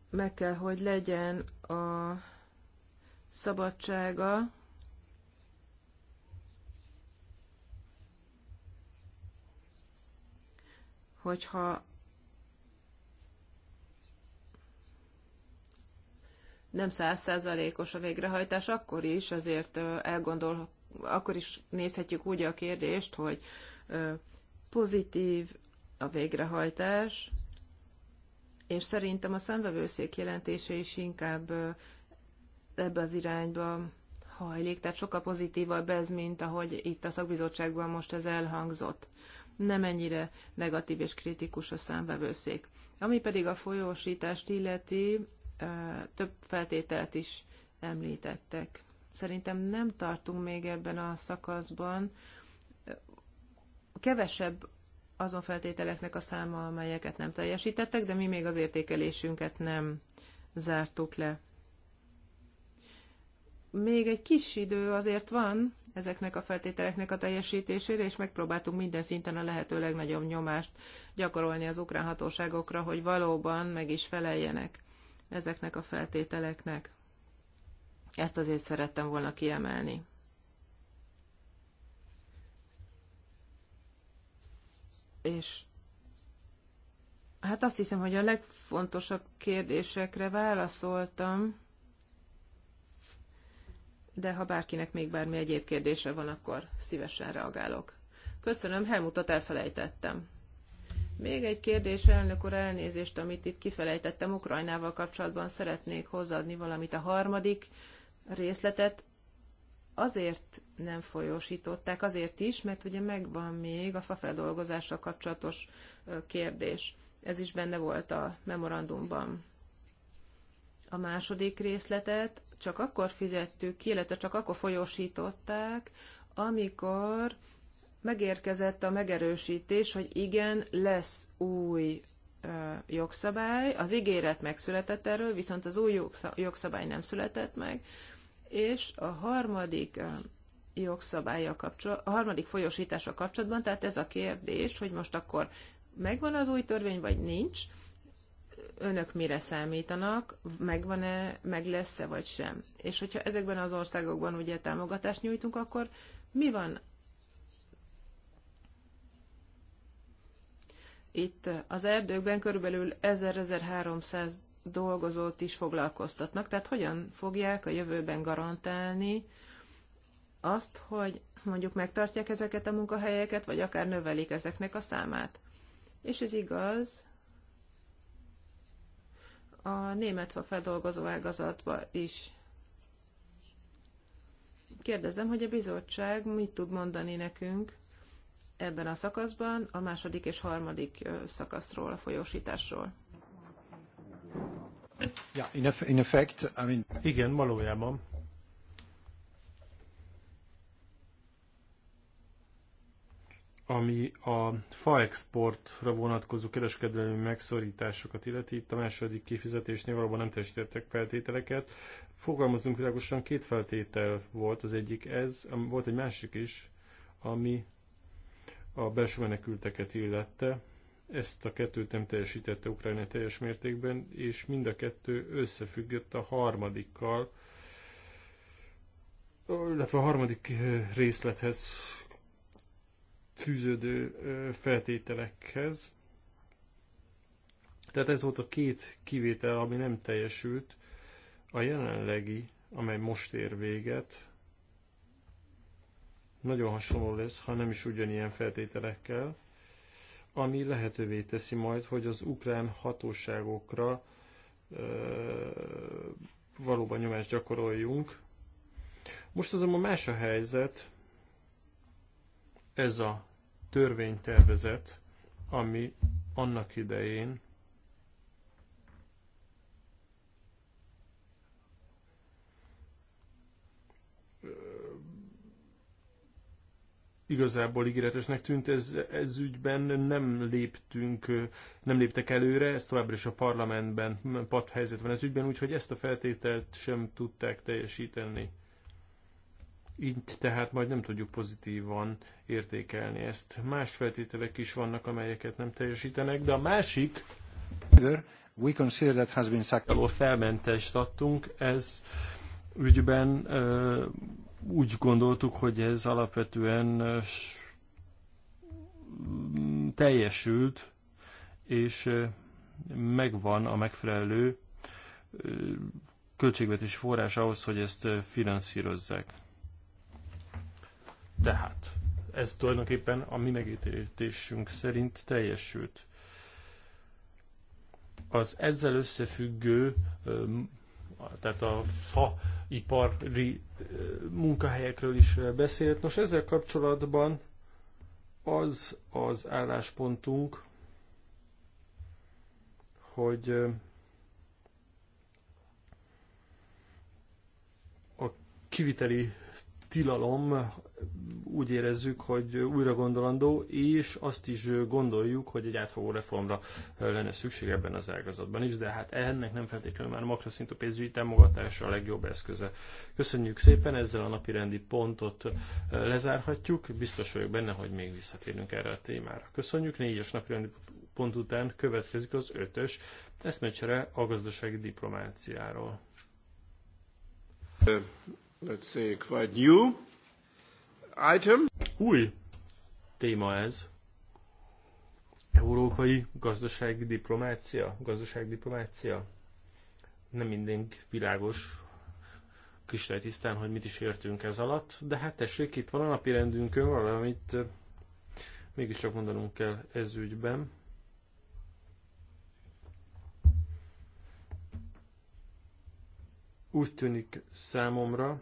meg kell, hogy legyen a szabadsága, hogyha nem százszázalékos a végrehajtás, akkor is azért elgondol, akkor is nézhetjük úgy a kérdést, hogy pozitív a végrehajtás, és szerintem a szemvevőszék jelentése is inkább ebbe az irányba hajlik, tehát sokkal pozitívabb ez, mint ahogy itt a szakbizottságban most ez elhangzott. Nem ennyire negatív és kritikus a számvevőszék. Ami pedig a folyósítást illeti, több feltételt is említettek. Szerintem nem tartunk még ebben a szakaszban. Kevesebb azon feltételeknek a száma, amelyeket nem teljesítettek, de mi még az értékelésünket nem zártuk le. Még egy kis idő azért van ezeknek a feltételeknek a teljesítésére, és megpróbáltunk minden szinten a lehető legnagyobb nyomást gyakorolni az ukrán hatóságokra, hogy valóban meg is feleljenek ezeknek a feltételeknek. Ezt azért szerettem volna kiemelni. És hát azt hiszem, hogy a legfontosabb kérdésekre válaszoltam, de ha bárkinek még bármi egyéb kérdése van, akkor szívesen reagálok. Köszönöm, Helmutat elfelejtettem. Még egy kérdés, elnök úr, elnézést, amit itt kifelejtettem, Ukrajnával kapcsolatban szeretnék hozzáadni valamit. A harmadik részletet azért nem folyósították, azért is, mert ugye megvan még a fafeldolgozással kapcsolatos kérdés. Ez is benne volt a memorandumban. A második részletet csak akkor fizettük ki, illetve csak akkor folyósították, amikor megérkezett a megerősítés, hogy igen, lesz új jogszabály, az ígéret megszületett erről, viszont az új jogszabály nem született meg, és a harmadik jogszabálya kapcsolatban, a harmadik folyosítása kapcsolatban, tehát ez a kérdés, hogy most akkor megvan az új törvény, vagy nincs, önök mire számítanak, megvan-e, meg lesz-e, vagy sem. És hogyha ezekben az országokban ugye támogatást nyújtunk, akkor mi van Itt az erdőkben körülbelül 1000-1300 dolgozót is foglalkoztatnak, tehát hogyan fogják a jövőben garantálni azt, hogy mondjuk megtartják ezeket a munkahelyeket, vagy akár növelik ezeknek a számát. És ez igaz a német fa feldolgozó ágazatba is. Kérdezem, hogy a bizottság mit tud mondani nekünk ebben a szakaszban, a második és harmadik szakaszról, a folyósításról. in, effect, Igen, valójában. Ami a faexportra vonatkozó kereskedelmi megszorításokat illeti, itt a második kifizetésnél valóban nem testértek feltételeket. Fogalmazunk világosan, két feltétel volt, az egyik ez, volt egy másik is, ami a belső menekülteket illette. Ezt a kettőt nem teljesítette Ukrajna teljes mértékben, és mind a kettő összefüggött a harmadikkal, illetve a harmadik eh, részlethez fűződő eh, feltételekhez. Tehát ez volt a két kivétel, ami nem teljesült. A jelenlegi, amely most ér véget, nagyon hasonló lesz, ha nem is ugyanilyen feltételekkel, ami lehetővé teszi majd, hogy az ukrán hatóságokra ö, valóban nyomást gyakoroljunk. Most azonban más a helyzet, ez a törvénytervezet, ami annak idején igazából ígéretesnek tűnt, ez, ez ügyben nem léptünk, nem léptek előre, ez továbbra is a parlamentben pat helyzet van ez ügyben, úgyhogy ezt a feltételt sem tudták teljesíteni. Így tehát majd nem tudjuk pozitívan értékelni ezt. Más feltételek is vannak, amelyeket nem teljesítenek, de a másik we consider that has been felmentést adtunk, ez ügyben úgy gondoltuk, hogy ez alapvetően teljesült, és megvan a megfelelő költségvetési forrás ahhoz, hogy ezt finanszírozzák. Tehát ez tulajdonképpen a mi megítélésünk szerint teljesült. Az ezzel összefüggő, tehát a fa ipari eh, munkahelyekről is eh, beszélt. Nos, ezzel kapcsolatban az az álláspontunk, hogy eh, a kiviteli tilalom úgy érezzük, hogy újra gondolandó, és azt is gondoljuk, hogy egy átfogó reformra lenne szükség ebben az ágazatban is, de hát ennek nem feltétlenül már a makroszintű pénzügyi támogatása a legjobb eszköze. Köszönjük szépen, ezzel a napi rendi pontot lezárhatjuk, biztos vagyok benne, hogy még visszatérünk erre a témára. Köszönjük, négyes napi rendi pont után következik az ötös eszmecsere a gazdasági diplomáciáról let's say, quite new item. Új téma ez. Európai gazdasági diplomácia. Gazdasági diplomácia. Nem mindenki világos kristály tisztán, hogy mit is értünk ez alatt, de hát tessék, itt van a napi rendünkön valamit mégiscsak mondanunk kell ez ügyben. Úgy tűnik számomra,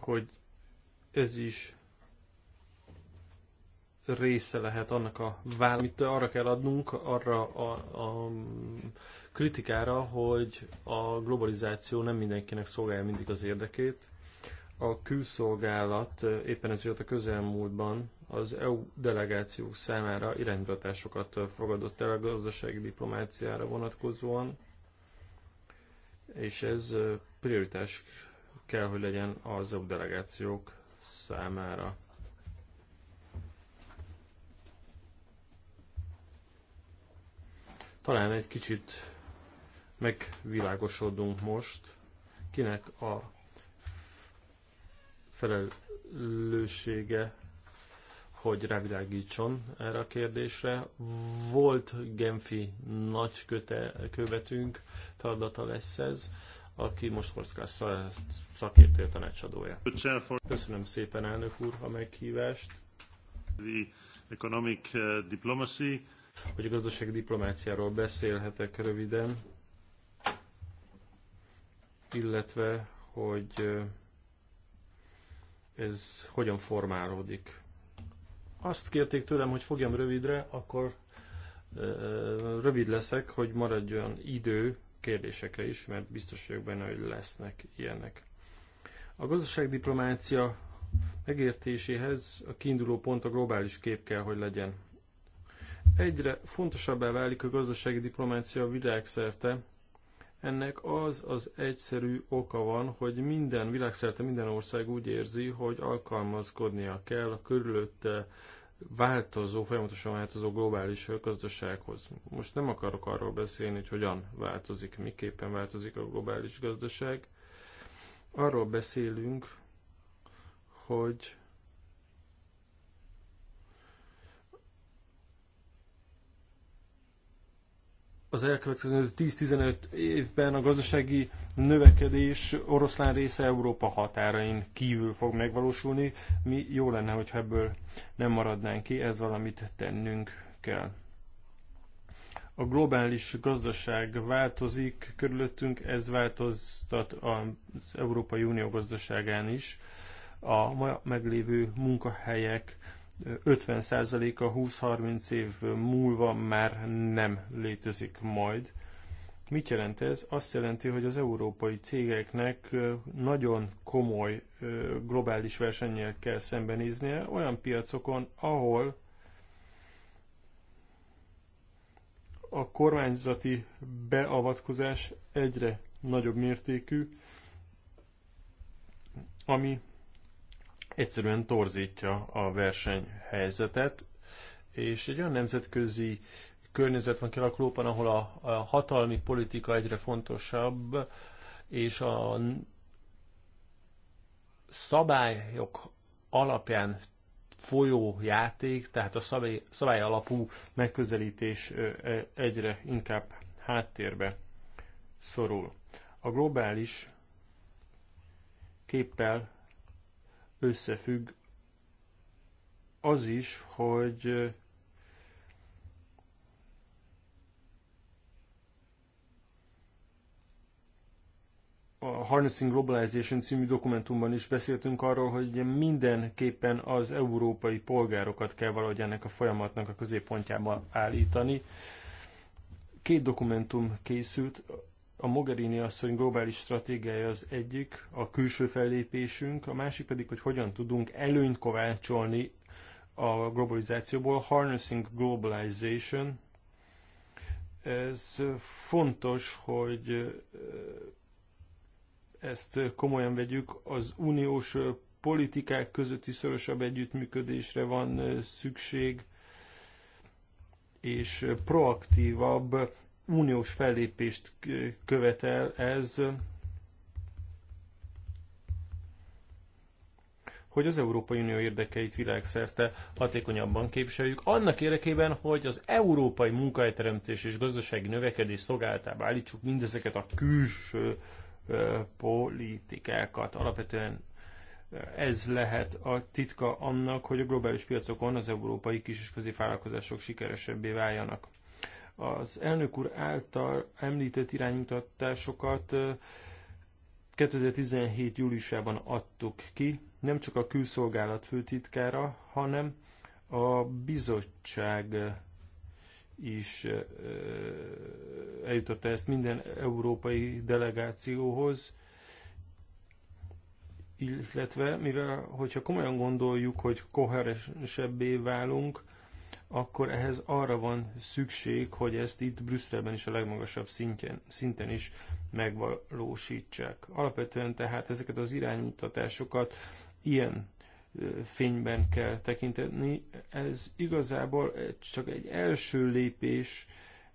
hogy ez is része lehet annak a vál, amit arra kell adnunk, arra a, a kritikára, hogy a globalizáció nem mindenkinek szolgálja mindig az érdekét. A külszolgálat éppen ezért a közelmúltban az EU delegáció számára irányítatásokat fogadott el a gazdasági diplomáciára vonatkozóan, és ez prioritás kell, hogy legyen az EU delegációk számára. Talán egy kicsit megvilágosodunk most, kinek a felelőssége, hogy rávilágítson erre a kérdésre. Volt Genfi nagy köte, követünk, feladata lesz ez aki most Horszkász szakértő tanácsadója. Köszönöm szépen, elnök úr, a meghívást. The economic uh, diplomacy. Hogy a gazdasági diplomáciáról beszélhetek röviden, illetve hogy uh, ez hogyan formálódik. Azt kérték tőlem, hogy fogjam rövidre, akkor uh, rövid leszek, hogy maradjon idő kérdésekre is, mert biztos vagyok benne, hogy lesznek ilyenek. A gazdaságdiplomácia megértéséhez a kiinduló pont a globális kép kell, hogy legyen. Egyre fontosabbá válik a gazdasági diplomácia világszerte. Ennek az az egyszerű oka van, hogy minden világszerte minden ország úgy érzi, hogy alkalmazkodnia kell a körülötte változó, folyamatosan változó globális gazdasághoz. Most nem akarok arról beszélni, hogy hogyan változik, miképpen változik a globális gazdaság. Arról beszélünk, hogy az elkövetkező 10-15 évben a gazdasági növekedés oroszlán része Európa határain kívül fog megvalósulni. Mi jó lenne, hogyha ebből nem maradnánk ki, ez valamit tennünk kell. A globális gazdaság változik körülöttünk, ez változtat az Európai Unió gazdaságán is. A ma meglévő munkahelyek 50%-a 20-30 év múlva már nem létezik majd. Mit jelent ez? Azt jelenti, hogy az európai cégeknek nagyon komoly globális versennyel kell szembenéznie olyan piacokon, ahol a kormányzati beavatkozás egyre nagyobb mértékű, ami egyszerűen torzítja a versenyhelyzetet, és egy olyan nemzetközi környezet van kialakulóban, ahol a, a hatalmi politika egyre fontosabb, és a szabályok alapján folyó játék, tehát a szabály, szabály alapú megközelítés egyre inkább háttérbe szorul. A globális képpel összefügg az is, hogy a Harnessing Globalization című dokumentumban is beszéltünk arról, hogy mindenképpen az európai polgárokat kell valahogy ennek a folyamatnak a középpontjába állítani. Két dokumentum készült, a Mogherini asszony globális stratégiája az egyik, a külső fellépésünk, a másik pedig, hogy hogyan tudunk előnyt kovácsolni a globalizációból, harnessing globalization. Ez fontos, hogy eh, ezt komolyan vegyük, az uniós eh, politikák közötti szorosabb együttműködésre van eh, szükség, és proaktívabb uniós fellépést követel, ez hogy az Európai Unió érdekeit világszerte hatékonyabban képviseljük, annak érdekében, hogy az európai munkahelyteremtés és gazdasági növekedés szolgálatába állítsuk mindezeket a külső ö, politikákat. Alapvetően ez lehet a titka annak, hogy a globális piacokon az európai kis- és középvállalkozások sikeresebbé váljanak. Az elnök úr által említett iránymutatásokat 2017. júliusában adtuk ki, nem csak a külszolgálat főtitkára, hanem a bizottság is eljutotta ezt minden európai delegációhoz, illetve mivel, hogyha komolyan gondoljuk, hogy koherensebbé válunk, akkor ehhez arra van szükség, hogy ezt itt Brüsszelben is a legmagasabb szinten szinten is megvalósítsák. Alapvetően tehát ezeket az iránymutatásokat ilyen fényben kell tekinteni. Ez igazából csak egy első lépés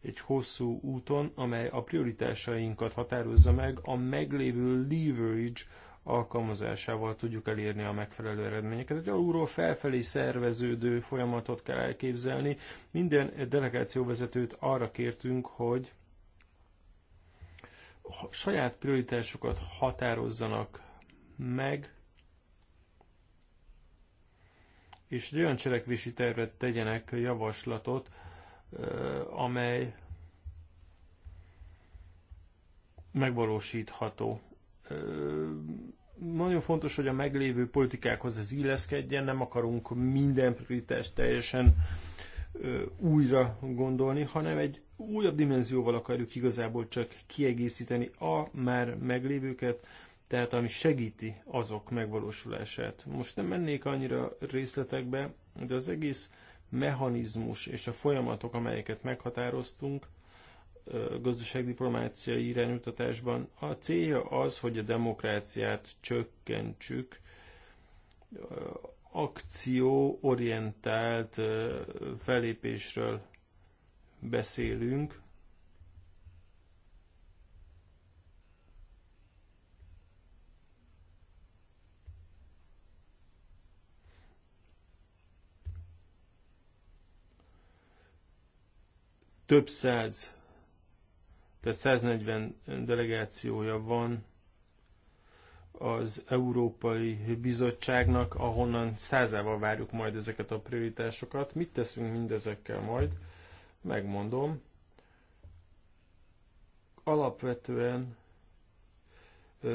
egy hosszú úton, amely a prioritásainkat határozza meg, a meglévő leverage alkalmazásával tudjuk elérni a megfelelő eredményeket. Egy alulról felfelé szerveződő folyamatot kell elképzelni. Minden delegációvezetőt arra kértünk, hogy saját prioritásokat határozzanak meg, és egy olyan cselekvési tervet tegyenek javaslatot, amely megvalósítható nagyon fontos, hogy a meglévő politikákhoz ez illeszkedjen, nem akarunk minden prioritást teljesen újra gondolni, hanem egy újabb dimenzióval akarjuk igazából csak kiegészíteni a már meglévőket, tehát ami segíti azok megvalósulását. Most nem mennék annyira részletekbe, de az egész mechanizmus és a folyamatok, amelyeket meghatároztunk, gazdaságdiplomáciai irányutatásban. A célja az, hogy a demokráciát csökkentsük, akcióorientált felépésről beszélünk. Több száz tehát 140 delegációja van az Európai Bizottságnak, ahonnan százával várjuk majd ezeket a prioritásokat. Mit teszünk mindezekkel majd? Megmondom. Alapvetően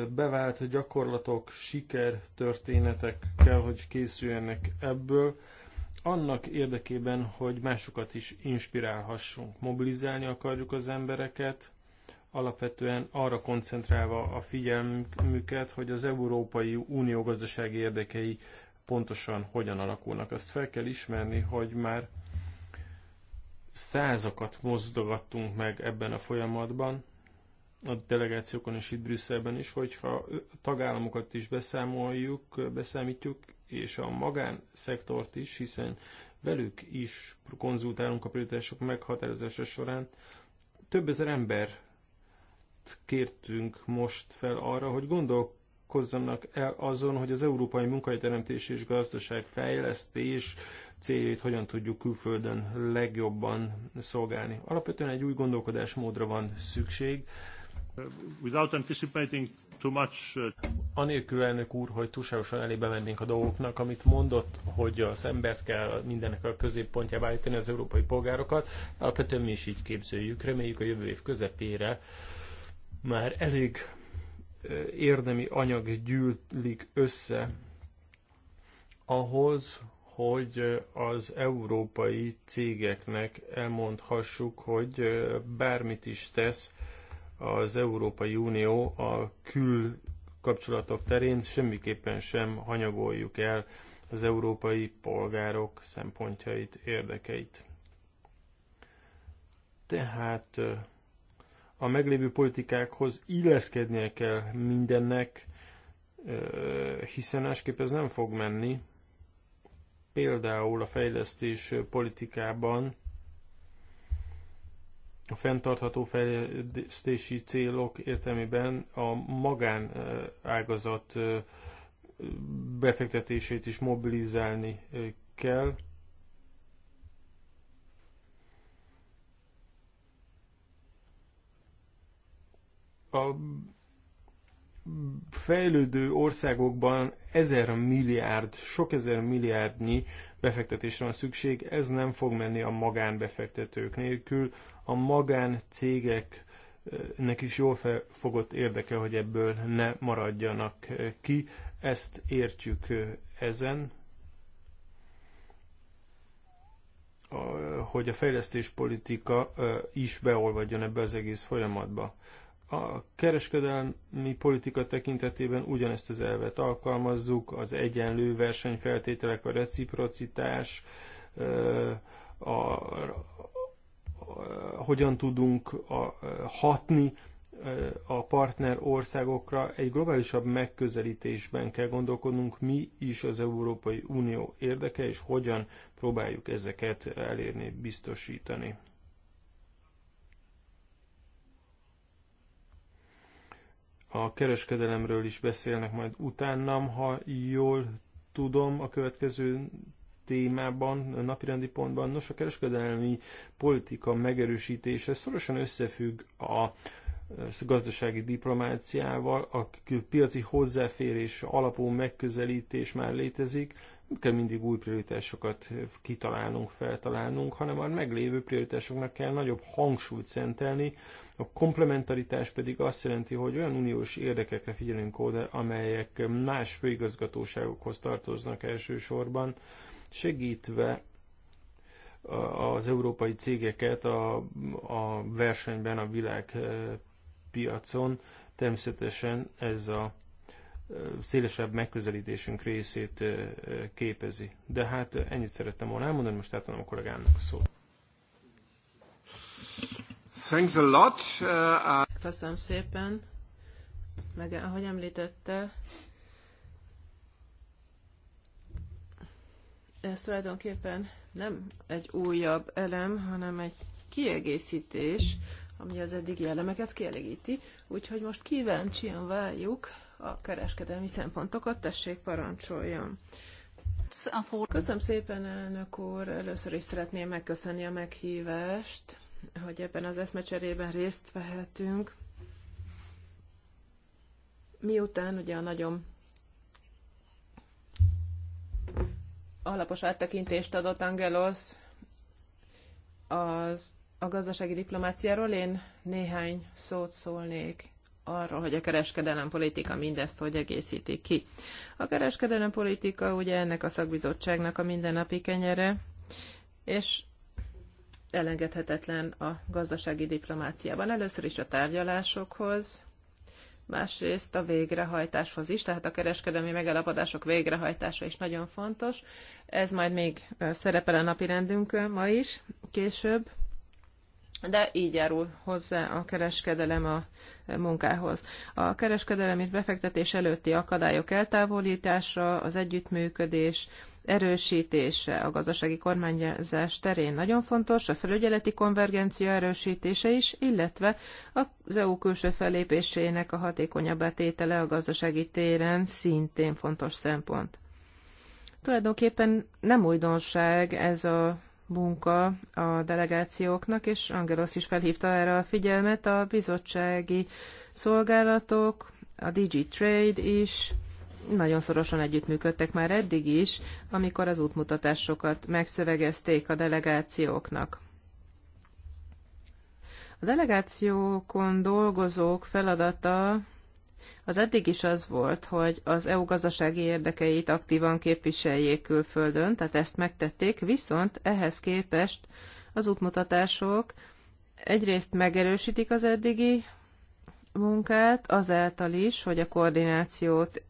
bevált gyakorlatok, siker történetek kell, hogy készüljenek ebből, annak érdekében, hogy másokat is inspirálhassunk. Mobilizálni akarjuk az embereket, alapvetően arra koncentrálva a figyelmüket, hogy az Európai Unió gazdasági érdekei pontosan hogyan alakulnak. Azt fel kell ismerni, hogy már százakat mozdogattunk meg ebben a folyamatban, a delegációkon és itt Brüsszelben is, hogyha a tagállamokat is beszámoljuk, beszámítjuk, és a magánszektort is, hiszen velük is konzultálunk a prioritások meghatározása során, több ezer ember kértünk most fel arra, hogy gondolkozzanak el azon, hogy az európai munkahelyteremtés és gazdaság fejlesztés céljait hogyan tudjuk külföldön legjobban szolgálni. Alapvetően egy új gondolkodásmódra van szükség. Without anticipating too much... Uh, Anélkül, elnök úr, hogy túlságosan elébe mennénk a dolgoknak, amit mondott, hogy az embert kell mindennek a középpontjába állítani az európai polgárokat, alapvetően mi is így képzeljük. Reméljük a jövő év közepére már elég érdemi anyag gyűlik össze ahhoz, hogy az európai cégeknek elmondhassuk, hogy bármit is tesz az Európai Unió a kapcsolatok terén, semmiképpen sem hanyagoljuk el az európai polgárok szempontjait, érdekeit. Tehát a meglévő politikákhoz illeszkednie kell mindennek, hiszen másképp ez nem fog menni. Például a fejlesztés politikában a fenntartható fejlesztési célok értelmében a magánágazat befektetését is mobilizálni kell. a fejlődő országokban ezer milliárd, sok ezer milliárdnyi befektetésre van szükség, ez nem fog menni a magánbefektetők nélkül. A magáncégek cégeknek is jól fogott érdeke, hogy ebből ne maradjanak ki. Ezt értjük ezen, hogy a fejlesztéspolitika is beolvadjon ebbe az egész folyamatba. A kereskedelmi politika tekintetében ugyanezt az elvet alkalmazzuk, az egyenlő versenyfeltételek, a reciprocitás, a, a, a, hogyan tudunk a, hatni a partner országokra. Egy globálisabb megközelítésben kell gondolkodnunk, mi is az Európai Unió érdeke, és hogyan próbáljuk ezeket elérni, biztosítani. a kereskedelemről is beszélnek majd utánam, ha jól tudom a következő témában, a napirendi pontban. Nos, a kereskedelmi politika megerősítése szorosan összefügg a gazdasági diplomáciával, a piaci hozzáférés alapú megközelítés már létezik, nem kell mindig új prioritásokat kitalálnunk, feltalálnunk, hanem már meglévő prioritásoknak kell nagyobb hangsúlyt szentelni. A komplementaritás pedig azt jelenti, hogy olyan uniós érdekekre figyelünk oda, amelyek más főigazgatóságokhoz tartoznak elsősorban, segítve az európai cégeket a, a versenyben a világ piacon. Természetesen ez a szélesebb megközelítésünk részét képezi. De hát ennyit szerettem volna elmondani, most átadom a kollégámnak a szót. Thanks a lot. Köszönöm szépen. Meg, ahogy említette, ez tulajdonképpen nem egy újabb elem, hanem egy kiegészítés ami az eddigi elemeket kielégíti. Úgyhogy most kíváncsian várjuk a kereskedelmi szempontokat. Tessék, parancsoljon! Köszönöm szépen, elnök úr! Először is szeretném megköszönni a meghívást, hogy ebben az eszmecserében részt vehetünk. Miután ugye a nagyon alapos áttekintést adott Angelos az a gazdasági diplomáciáról én néhány szót szólnék arról, hogy a kereskedelem politika mindezt hogy egészíti ki. A kereskedelem politika ugye ennek a szakbizottságnak a mindennapi kenyere, és elengedhetetlen a gazdasági diplomáciában. Először is a tárgyalásokhoz, másrészt a végrehajtáshoz is, tehát a kereskedelmi megalapodások végrehajtása is nagyon fontos. Ez majd még szerepel a napirendünkön ma is, később de így járul hozzá a kereskedelem a munkához. A kereskedelem és befektetés előtti akadályok eltávolítása, az együttműködés, erősítése a gazdasági kormányzás terén nagyon fontos, a felügyeleti konvergencia erősítése is, illetve az EU külső fellépésének a hatékonyabb tétele a gazdasági téren szintén fontos szempont. Tulajdonképpen nem újdonság ez a munka a delegációknak, és Angelos is felhívta erre a figyelmet, a bizottsági szolgálatok, a DigiTrade is nagyon szorosan együttműködtek már eddig is, amikor az útmutatásokat megszövegezték a delegációknak. A delegációkon dolgozók feladata az eddig is az volt, hogy az EU gazdasági érdekeit aktívan képviseljék külföldön, tehát ezt megtették, viszont ehhez képest az útmutatások egyrészt megerősítik az eddigi munkát, azáltal is, hogy a koordinációt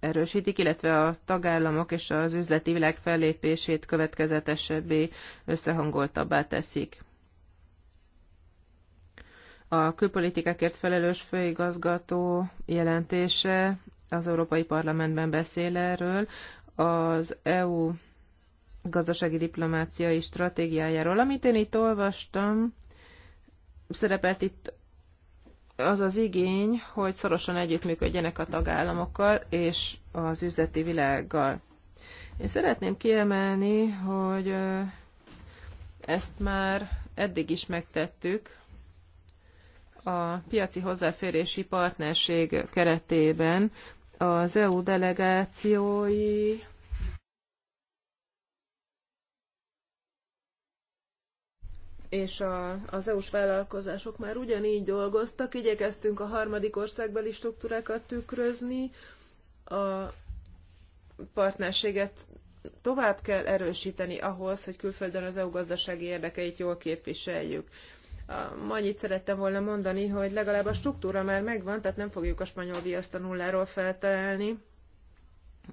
erősítik, illetve a tagállamok és az üzleti világ fellépését következetesebbé, összehangoltabbá teszik. A külpolitikákért felelős főigazgató jelentése az Európai Parlamentben beszél erről, az EU gazdasági diplomáciai stratégiájáról. Amit én itt olvastam, szerepelt itt az az igény, hogy szorosan együttműködjenek a tagállamokkal és az üzleti világgal. Én szeretném kiemelni, hogy ezt már eddig is megtettük, a piaci hozzáférési partnerség keretében az EU delegációi és a, az EU-s vállalkozások már ugyanígy dolgoztak, igyekeztünk a harmadik országbeli struktúrákat tükrözni, a partnerséget tovább kell erősíteni ahhoz, hogy külföldön az EU gazdasági érdekeit jól képviseljük annyit szerettem volna mondani, hogy legalább a struktúra már megvan, tehát nem fogjuk a spanyol viaszt a nulláról feltalálni.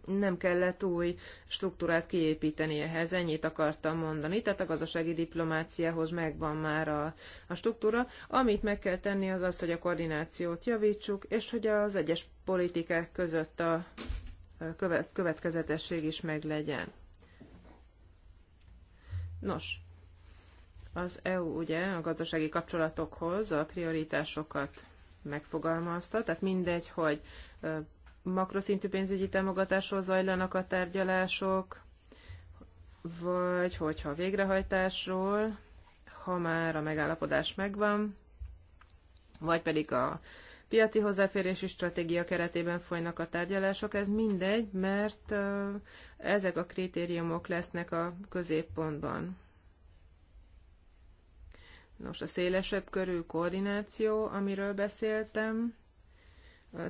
Nem kellett új struktúrát kiépíteni ehhez, ennyit akartam mondani. Tehát a gazdasági diplomáciához megvan már a, a struktúra. Amit meg kell tenni az az, hogy a koordinációt javítsuk, és hogy az egyes politikák között a követ, következetesség is meglegyen. Nos, az EU ugye a gazdasági kapcsolatokhoz a prioritásokat megfogalmazta, tehát mindegy, hogy makroszintű pénzügyi támogatásról zajlanak a tárgyalások, vagy hogyha a végrehajtásról, ha már a megállapodás megvan, vagy pedig a piaci hozzáférési stratégia keretében folynak a tárgyalások, ez mindegy, mert ezek a kritériumok lesznek a középpontban. Nos, a szélesebb körű koordináció, amiről beszéltem,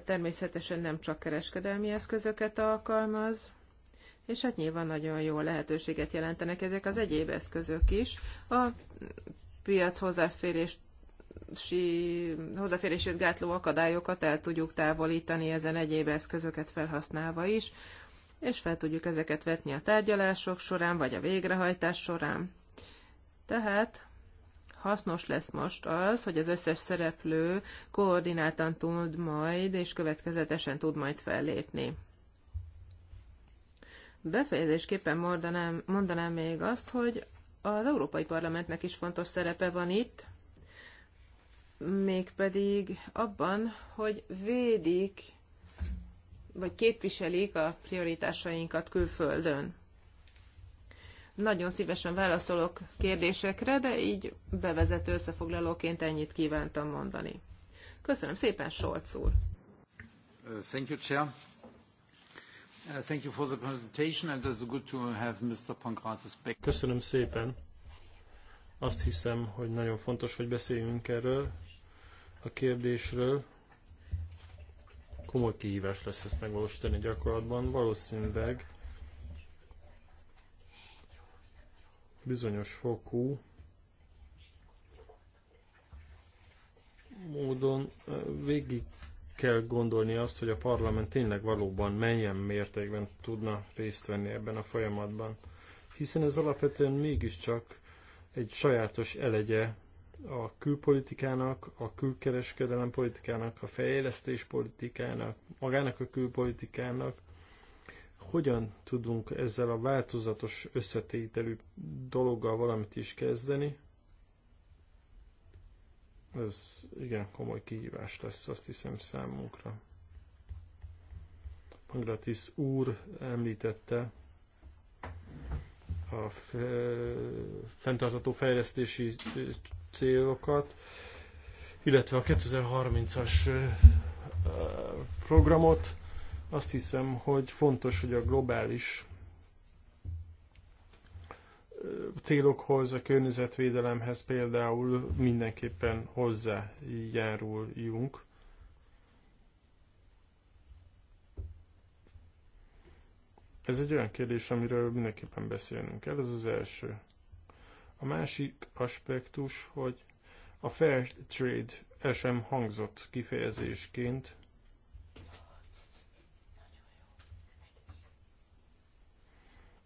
természetesen nem csak kereskedelmi eszközöket alkalmaz, és hát nyilván nagyon jó lehetőséget jelentenek ezek az egyéb eszközök is. A piac hozzáférés hozzáférését gátló akadályokat el tudjuk távolítani ezen egyéb eszközöket felhasználva is, és fel tudjuk ezeket vetni a tárgyalások során, vagy a végrehajtás során. Tehát hasznos lesz most az, hogy az összes szereplő koordináltan tud majd és következetesen tud majd fellépni. Befejezésképpen mondanám, mondanám még azt, hogy az Európai Parlamentnek is fontos szerepe van itt, mégpedig abban, hogy védik vagy képviselik a prioritásainkat külföldön. Nagyon szívesen válaszolok kérdésekre, de így bevezető összefoglalóként ennyit kívántam mondani. Köszönöm szépen, Solc úr! Uh, thank you, Chair. Uh, thank you for the presentation, and it's good to have Mr. Pankratis back. Köszönöm szépen. Azt hiszem, hogy nagyon fontos, hogy beszéljünk erről a kérdésről. Komoly kihívás lesz ezt megvalósítani gyakorlatban. Valószínűleg bizonyos fokú módon végig kell gondolni azt, hogy a parlament tényleg valóban menjen mértékben tudna részt venni ebben a folyamatban. Hiszen ez alapvetően mégiscsak egy sajátos elegye a külpolitikának, a külkereskedelem politikának, a fejlesztés politikának, magának a külpolitikának, hogyan tudunk ezzel a változatos összetételű dologgal valamit is kezdeni, ez igen komoly kihívás lesz, azt hiszem számunkra. Pangratis úr említette a fenntartható fejlesztési eh, célokat, illetve a 2030-as eh, programot. Azt hiszem, hogy fontos, hogy a globális célokhoz, a környezetvédelemhez például mindenképpen hozzájáruljunk. Ez egy olyan kérdés, amiről mindenképpen beszélnünk kell, ez az első. A másik aspektus, hogy a fair trade el sem hangzott kifejezésként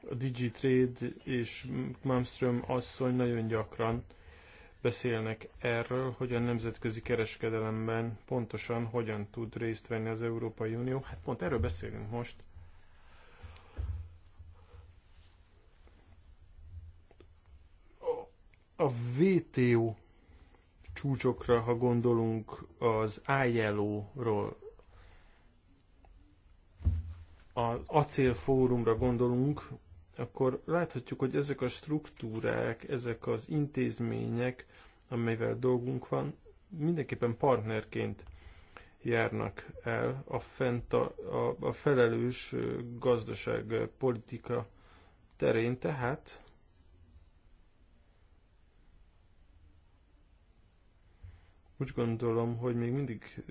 A DigiTrade és Malmström asszony nagyon gyakran beszélnek erről, hogy a nemzetközi kereskedelemben pontosan hogyan tud részt venni az Európai Unió. Hát pont erről beszélünk most. A WTO csúcsokra, ha gondolunk az ILO-ról, az acélfórumra gondolunk, akkor láthatjuk, hogy ezek a struktúrák, ezek az intézmények, amelyvel dolgunk van, mindenképpen partnerként járnak el a, fent a, a, a felelős gazdaság politika terén, tehát úgy gondolom, hogy még mindig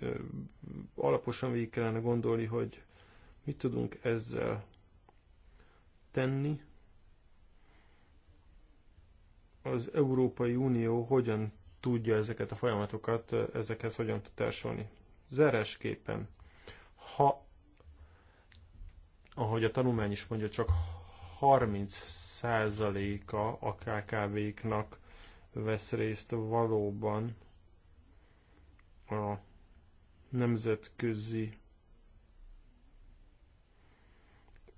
alaposan végig kellene gondolni, hogy mit tudunk ezzel tenni, az Európai Unió hogyan tudja ezeket a folyamatokat, ezekhez hogyan tud társulni. Zeresképpen, ha, ahogy a tanulmány is mondja, csak 30%-a a KKV-knak vesz részt valóban a nemzetközi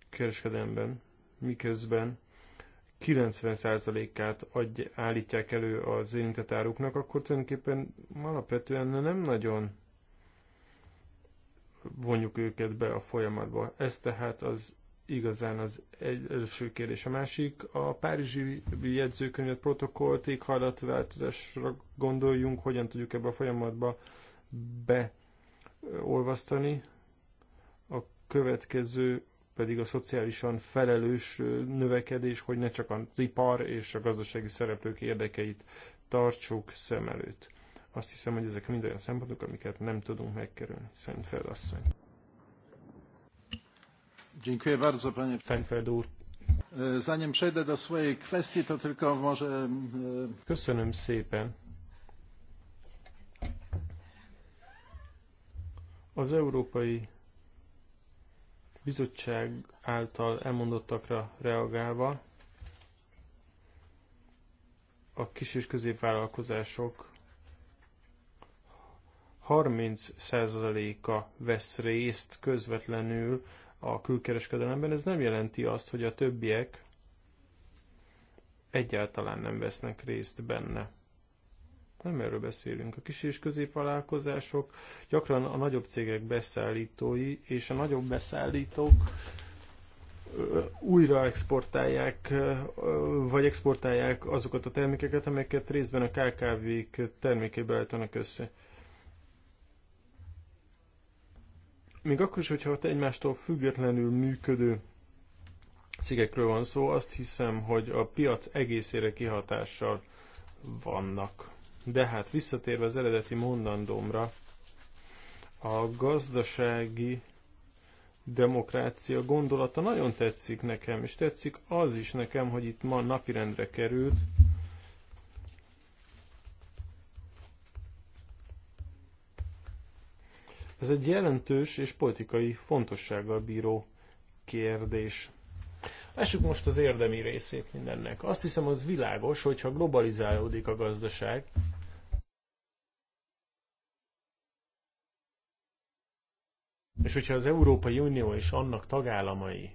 kereskedelemben, miközben 90%-át állítják elő az érintett áruknak, akkor tulajdonképpen alapvetően nem nagyon vonjuk őket be a folyamatba. Ez tehát az igazán az első kérdés. A másik, a Párizsi jegyzőkönyvet, protokollt, éghajlatváltozásra gondoljunk, hogyan tudjuk ebbe a folyamatba beolvasztani. A következő pedig a szociálisan felelős növekedés, hogy ne csak az ipar és a gazdasági szereplők érdekeit tartsuk szem előtt. Azt hiszem, hogy ezek mind olyan szempontok, amiket nem tudunk megkerülni. Szentfeld asszony. Dziękuję bardzo, panie... Szentfeld úr. E, zanim przejdę do swojej kwestii, to tylko może... E, Köszönöm szépen. Az európai bizottság által elmondottakra reagálva a kis és középvállalkozások 30%-a vesz részt közvetlenül a külkereskedelemben. Ez nem jelenti azt, hogy a többiek egyáltalán nem vesznek részt benne. Nem erről beszélünk. A kis és középvállalkozások gyakran a nagyobb cégek beszállítói, és a nagyobb beszállítók újra exportálják, vagy exportálják azokat a termékeket, amelyeket részben a KKV-k termékeibe állítanak össze. Még akkor is, hogyha egymástól függetlenül működő cégekről van szó, azt hiszem, hogy a piac egészére kihatással vannak. De hát visszatérve az eredeti mondandómra, a gazdasági demokrácia gondolata nagyon tetszik nekem, és tetszik az is nekem, hogy itt ma napirendre került. Ez egy jelentős és politikai fontossággal bíró kérdés. Lássuk most az érdemi részét mindennek. Azt hiszem, az világos, hogyha globalizálódik a gazdaság, és hogyha az Európai Unió és annak tagállamai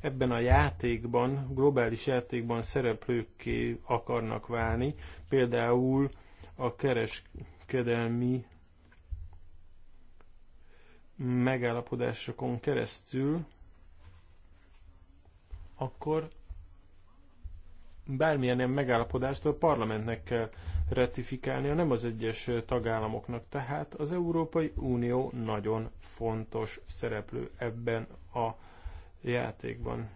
ebben a játékban, globális játékban szereplőkké akarnak válni, például a kereskedelmi megállapodásokon keresztül, akkor bármilyen ilyen megállapodást a parlamentnek kell ratifikálnia, nem az egyes tagállamoknak. Tehát az Európai Unió nagyon fontos szereplő ebben a játékban.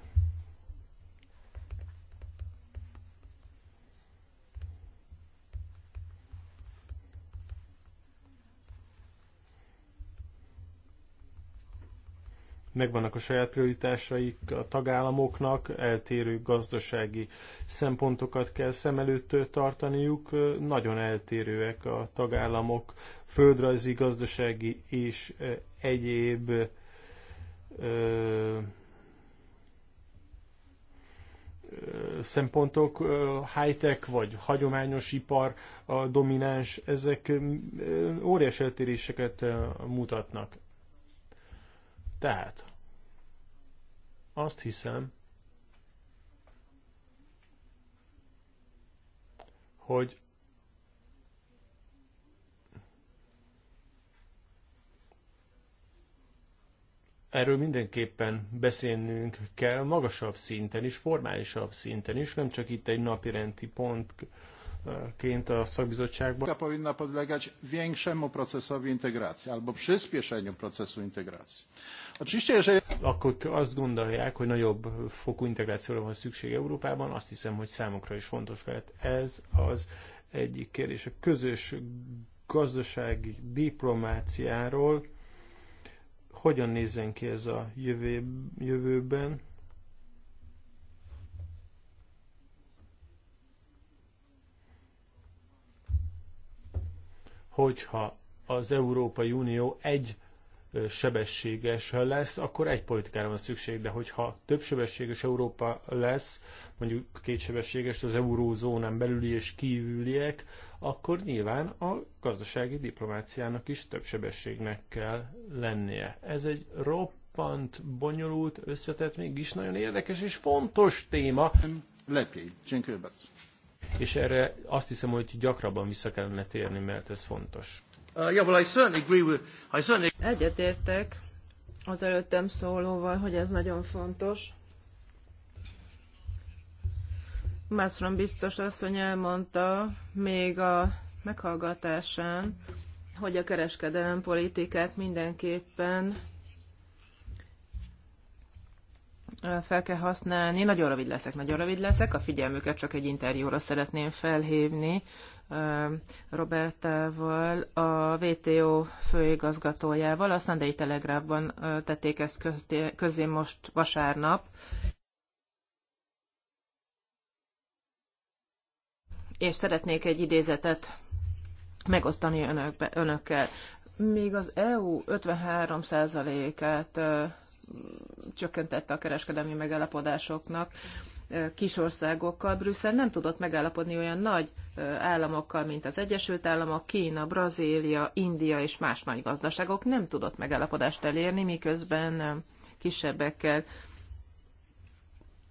megvannak a saját prioritásaik a tagállamoknak, eltérő gazdasági szempontokat kell szem előtt tartaniuk, nagyon eltérőek a tagállamok földrajzi, gazdasági és egyéb ö, szempontok, high-tech vagy hagyományos ipar a domináns, ezek óriás eltéréseket mutatnak. Tehát azt hiszem, hogy erről mindenképpen beszélnünk kell magasabb szinten is, formálisabb szinten is, nem csak itt egy napirendi pont ként a szakbizottságban. Polska powinna podlegać większemu procesowi integracji albo przyspieszeniu procesu integracji. Oczywiście, jeżeli... Akkor azt gondolják, hogy nagyobb fokú integrációra van szükség Európában, azt hiszem, hogy számukra is fontos lehet. Ez az egyik kérdés. A közös gazdasági diplomáciáról hogyan nézzen ki ez a jövő, jövőben? hogyha az Európai Unió egy sebességes lesz, akkor egy politikára van szükség, de hogyha több sebességes Európa lesz, mondjuk két sebességes az eurózónán belüli és kívüliek, akkor nyilván a gazdasági diplomáciának is több sebességnek kell lennie. Ez egy roppant, bonyolult, összetett, mégis nagyon érdekes és fontos téma. Lepiej. Dziękuję bardzo és erre azt hiszem, hogy gyakrabban vissza kellene térni, mert ez fontos. Uh, yeah, well, I certainly agree with, I certainly... Egyetértek az előttem szólóval, hogy ez nagyon fontos. Mászron biztos asszony elmondta még a meghallgatásán, hogy a kereskedelem politikát mindenképpen fel kell használni. Nagyon rövid leszek, nagyon rövid leszek. A figyelmüket csak egy interjúra szeretném felhívni Robertával, a WTO főigazgatójával. A Sunday Telegraphban tették ezt közé most vasárnap. És szeretnék egy idézetet megosztani önökbe, önökkel. Még az EU 53%-át csökkentette a kereskedelmi megállapodásoknak kis országokkal. Brüsszel nem tudott megállapodni olyan nagy államokkal, mint az Egyesült Államok, Kína, Brazília, India és más nagy gazdaságok nem tudott megállapodást elérni, miközben kisebbekkel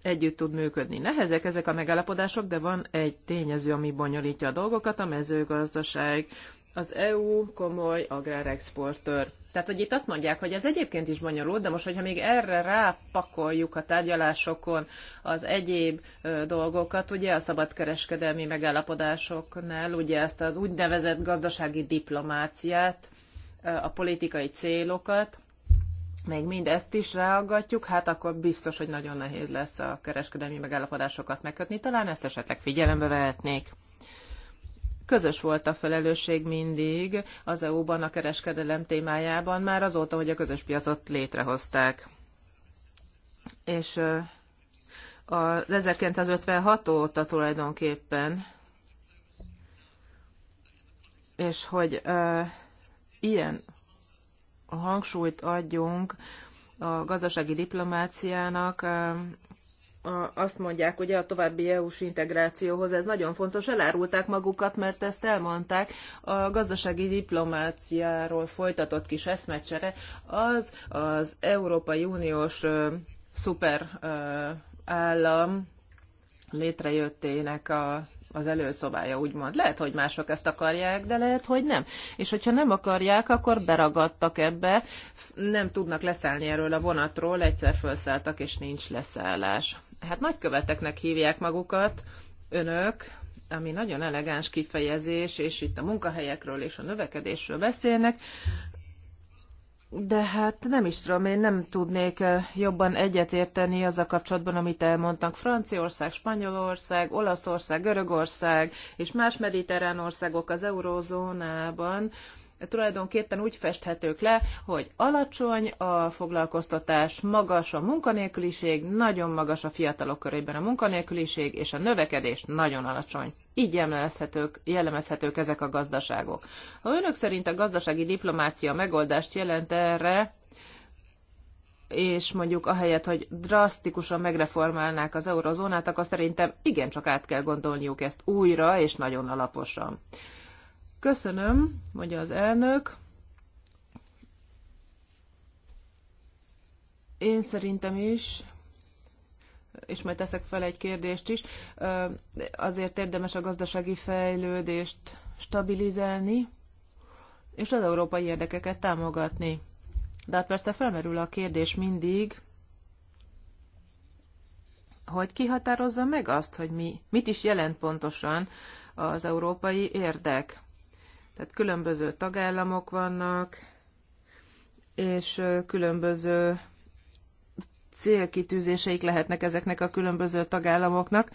együtt tud működni. Nehezek ezek a megállapodások, de van egy tényező, ami bonyolítja a dolgokat, a mezőgazdaság. Az EU komoly agrárexportőr. Tehát, hogy itt azt mondják, hogy ez egyébként is bonyolult, de most, hogyha még erre rápakoljuk a tárgyalásokon az egyéb dolgokat, ugye a szabadkereskedelmi megállapodásoknál, ugye ezt az úgynevezett gazdasági diplomáciát, a politikai célokat, még mind ezt is ráaggatjuk, hát akkor biztos, hogy nagyon nehéz lesz a kereskedelmi megállapodásokat megkötni. Talán ezt esetleg figyelembe vehetnék. Közös volt a felelősség mindig az EU-ban a kereskedelem témájában, már azóta, hogy a közös piacot létrehozták. És az 1956 óta tulajdonképpen, és hogy ilyen hangsúlyt adjunk a gazdasági diplomáciának, a, azt mondják, ugye a további EU-s integrációhoz ez nagyon fontos, elárulták magukat, mert ezt elmondták, a gazdasági diplomáciáról folytatott kis eszmecsere, az az Európai Uniós ö, szuper ö, állam létrejöttének a az előszobája, úgymond. Lehet, hogy mások ezt akarják, de lehet, hogy nem. És hogyha nem akarják, akkor beragadtak ebbe, nem tudnak leszállni erről a vonatról, egyszer felszálltak, és nincs leszállás hát nagyköveteknek hívják magukat önök, ami nagyon elegáns kifejezés, és itt a munkahelyekről és a növekedésről beszélnek, de hát nem is tudom, én nem tudnék eh, jobban egyetérteni az a kapcsolatban, amit elmondtak Franciaország, Spanyolország, Olaszország, Görögország és más mediterrán országok az eurózónában tulajdonképpen úgy festhetők le, hogy alacsony a foglalkoztatás, magas a munkanélküliség, nagyon magas a fiatalok körében a munkanélküliség, és a növekedés nagyon alacsony. Így jellemezhetők, jellemezhetők ezek a gazdaságok. Ha önök szerint a gazdasági diplomácia megoldást jelent erre, és mondjuk ahelyett, hogy drasztikusan megreformálnák az eurozónát, akkor szerintem igencsak át kell gondolniuk ezt újra, és nagyon alaposan. Köszönöm, mondja az elnök. Én szerintem is, és majd teszek fel egy kérdést is, azért érdemes a gazdasági fejlődést stabilizálni, és az európai érdekeket támogatni. De hát persze felmerül a kérdés mindig, hogy ki határozza meg azt, hogy mi, mit is jelent pontosan az európai érdek. Tehát különböző tagállamok vannak, és különböző célkitűzéseik lehetnek ezeknek a különböző tagállamoknak.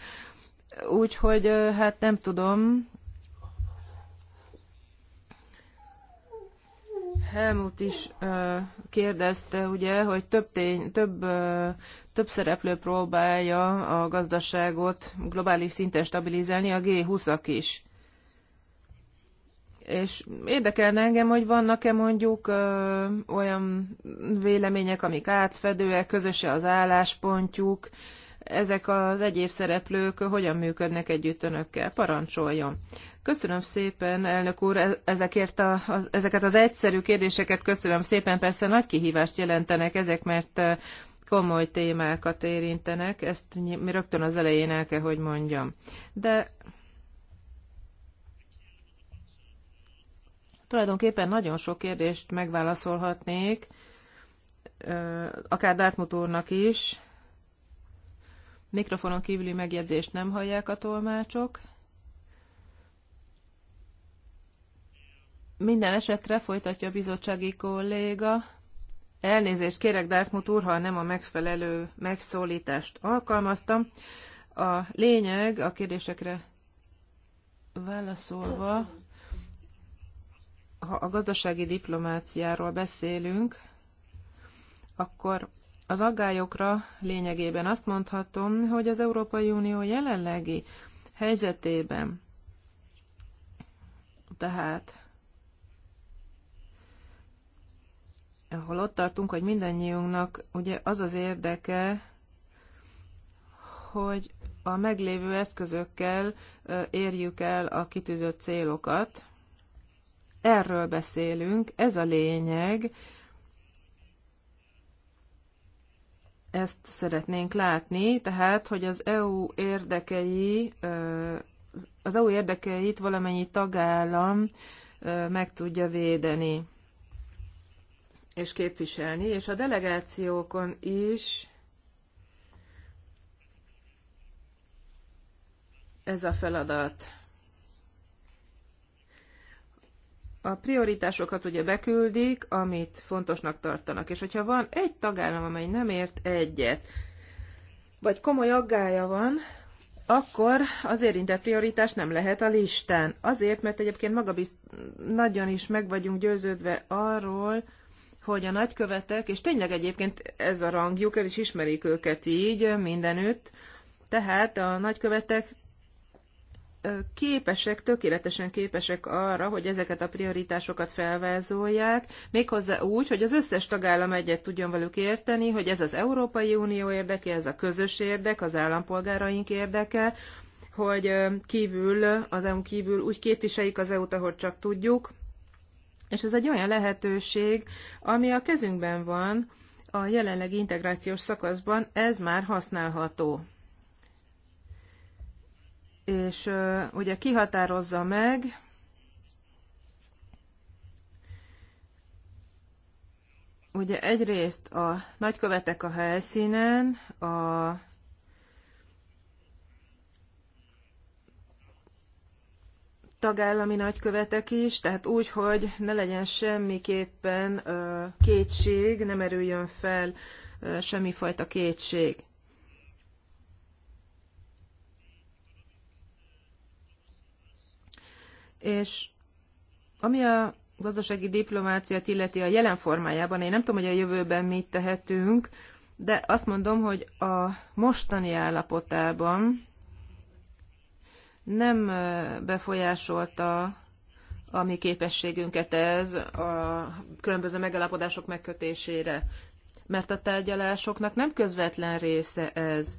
Úgyhogy hát nem tudom, Helmut is ö, kérdezte, ugye, hogy több, tény, több, több szereplő próbálja a gazdaságot globális szinten stabilizálni, a G20-ak is. És érdekelne engem, hogy vannak-e mondjuk ö, olyan vélemények, amik átfedőek, közöse az álláspontjuk, ezek az egyéb szereplők hogyan működnek együtt önökkel. Parancsoljon! Köszönöm szépen, elnök úr, e- ezekért a, az, ezeket az egyszerű kérdéseket köszönöm szépen. Persze nagy kihívást jelentenek ezek, mert komoly témákat érintenek, ezt mi rögtön az elején el kell, hogy mondjam. De Tulajdonképpen nagyon sok kérdést megválaszolhatnék, akár Dartmouth úrnak is. Mikrofonon kívüli megjegyzést nem hallják a tolmácsok. Minden esetre folytatja a bizottsági kolléga. Elnézést kérek, Dartmouth úr, ha nem a megfelelő megszólítást alkalmaztam. A lényeg a kérdésekre válaszolva ha a gazdasági diplomáciáról beszélünk, akkor az aggályokra lényegében azt mondhatom, hogy az Európai Unió jelenlegi helyzetében, tehát ahol ott tartunk, hogy mindannyiunknak ugye az az érdeke, hogy a meglévő eszközökkel érjük el a kitűzött célokat, Erről beszélünk, ez a lényeg. Ezt szeretnénk látni, tehát, hogy az EU érdekei, az EU érdekeit valamennyi tagállam meg tudja védeni és képviselni, és a delegációkon is ez a feladat. a prioritásokat ugye beküldik, amit fontosnak tartanak. És hogyha van egy tagállam, amely nem ért egyet, vagy komoly aggája van, akkor az érintett prioritás nem lehet a listán. Azért, mert egyébként magabizt nagyon is meg vagyunk győződve arról, hogy a nagykövetek, és tényleg egyébként ez a rangjuk, el is ismerik őket így mindenütt, tehát a nagykövetek képesek, tökéletesen képesek arra, hogy ezeket a prioritásokat felvázolják, méghozzá úgy, hogy az összes tagállam egyet tudjon velük érteni, hogy ez az Európai Unió érdeke, ez a közös érdek, az állampolgáraink érdeke, hogy kívül, az EU kívül úgy képviseljük az EU-t, ahogy csak tudjuk, és ez egy olyan lehetőség, ami a kezünkben van, a jelenlegi integrációs szakaszban ez már használható és ugye kihatározza meg, ugye egyrészt a nagykövetek a helyszínen, a tagállami nagykövetek is, tehát úgy, hogy ne legyen semmiképpen kétség, nem erüljön fel semmifajta kétség. és ami a gazdasági diplomáciát illeti a jelen formájában, én nem tudom, hogy a jövőben mit tehetünk, de azt mondom, hogy a mostani állapotában nem befolyásolta a mi képességünket ez a különböző megalapodások megkötésére. Mert a tárgyalásoknak nem közvetlen része ez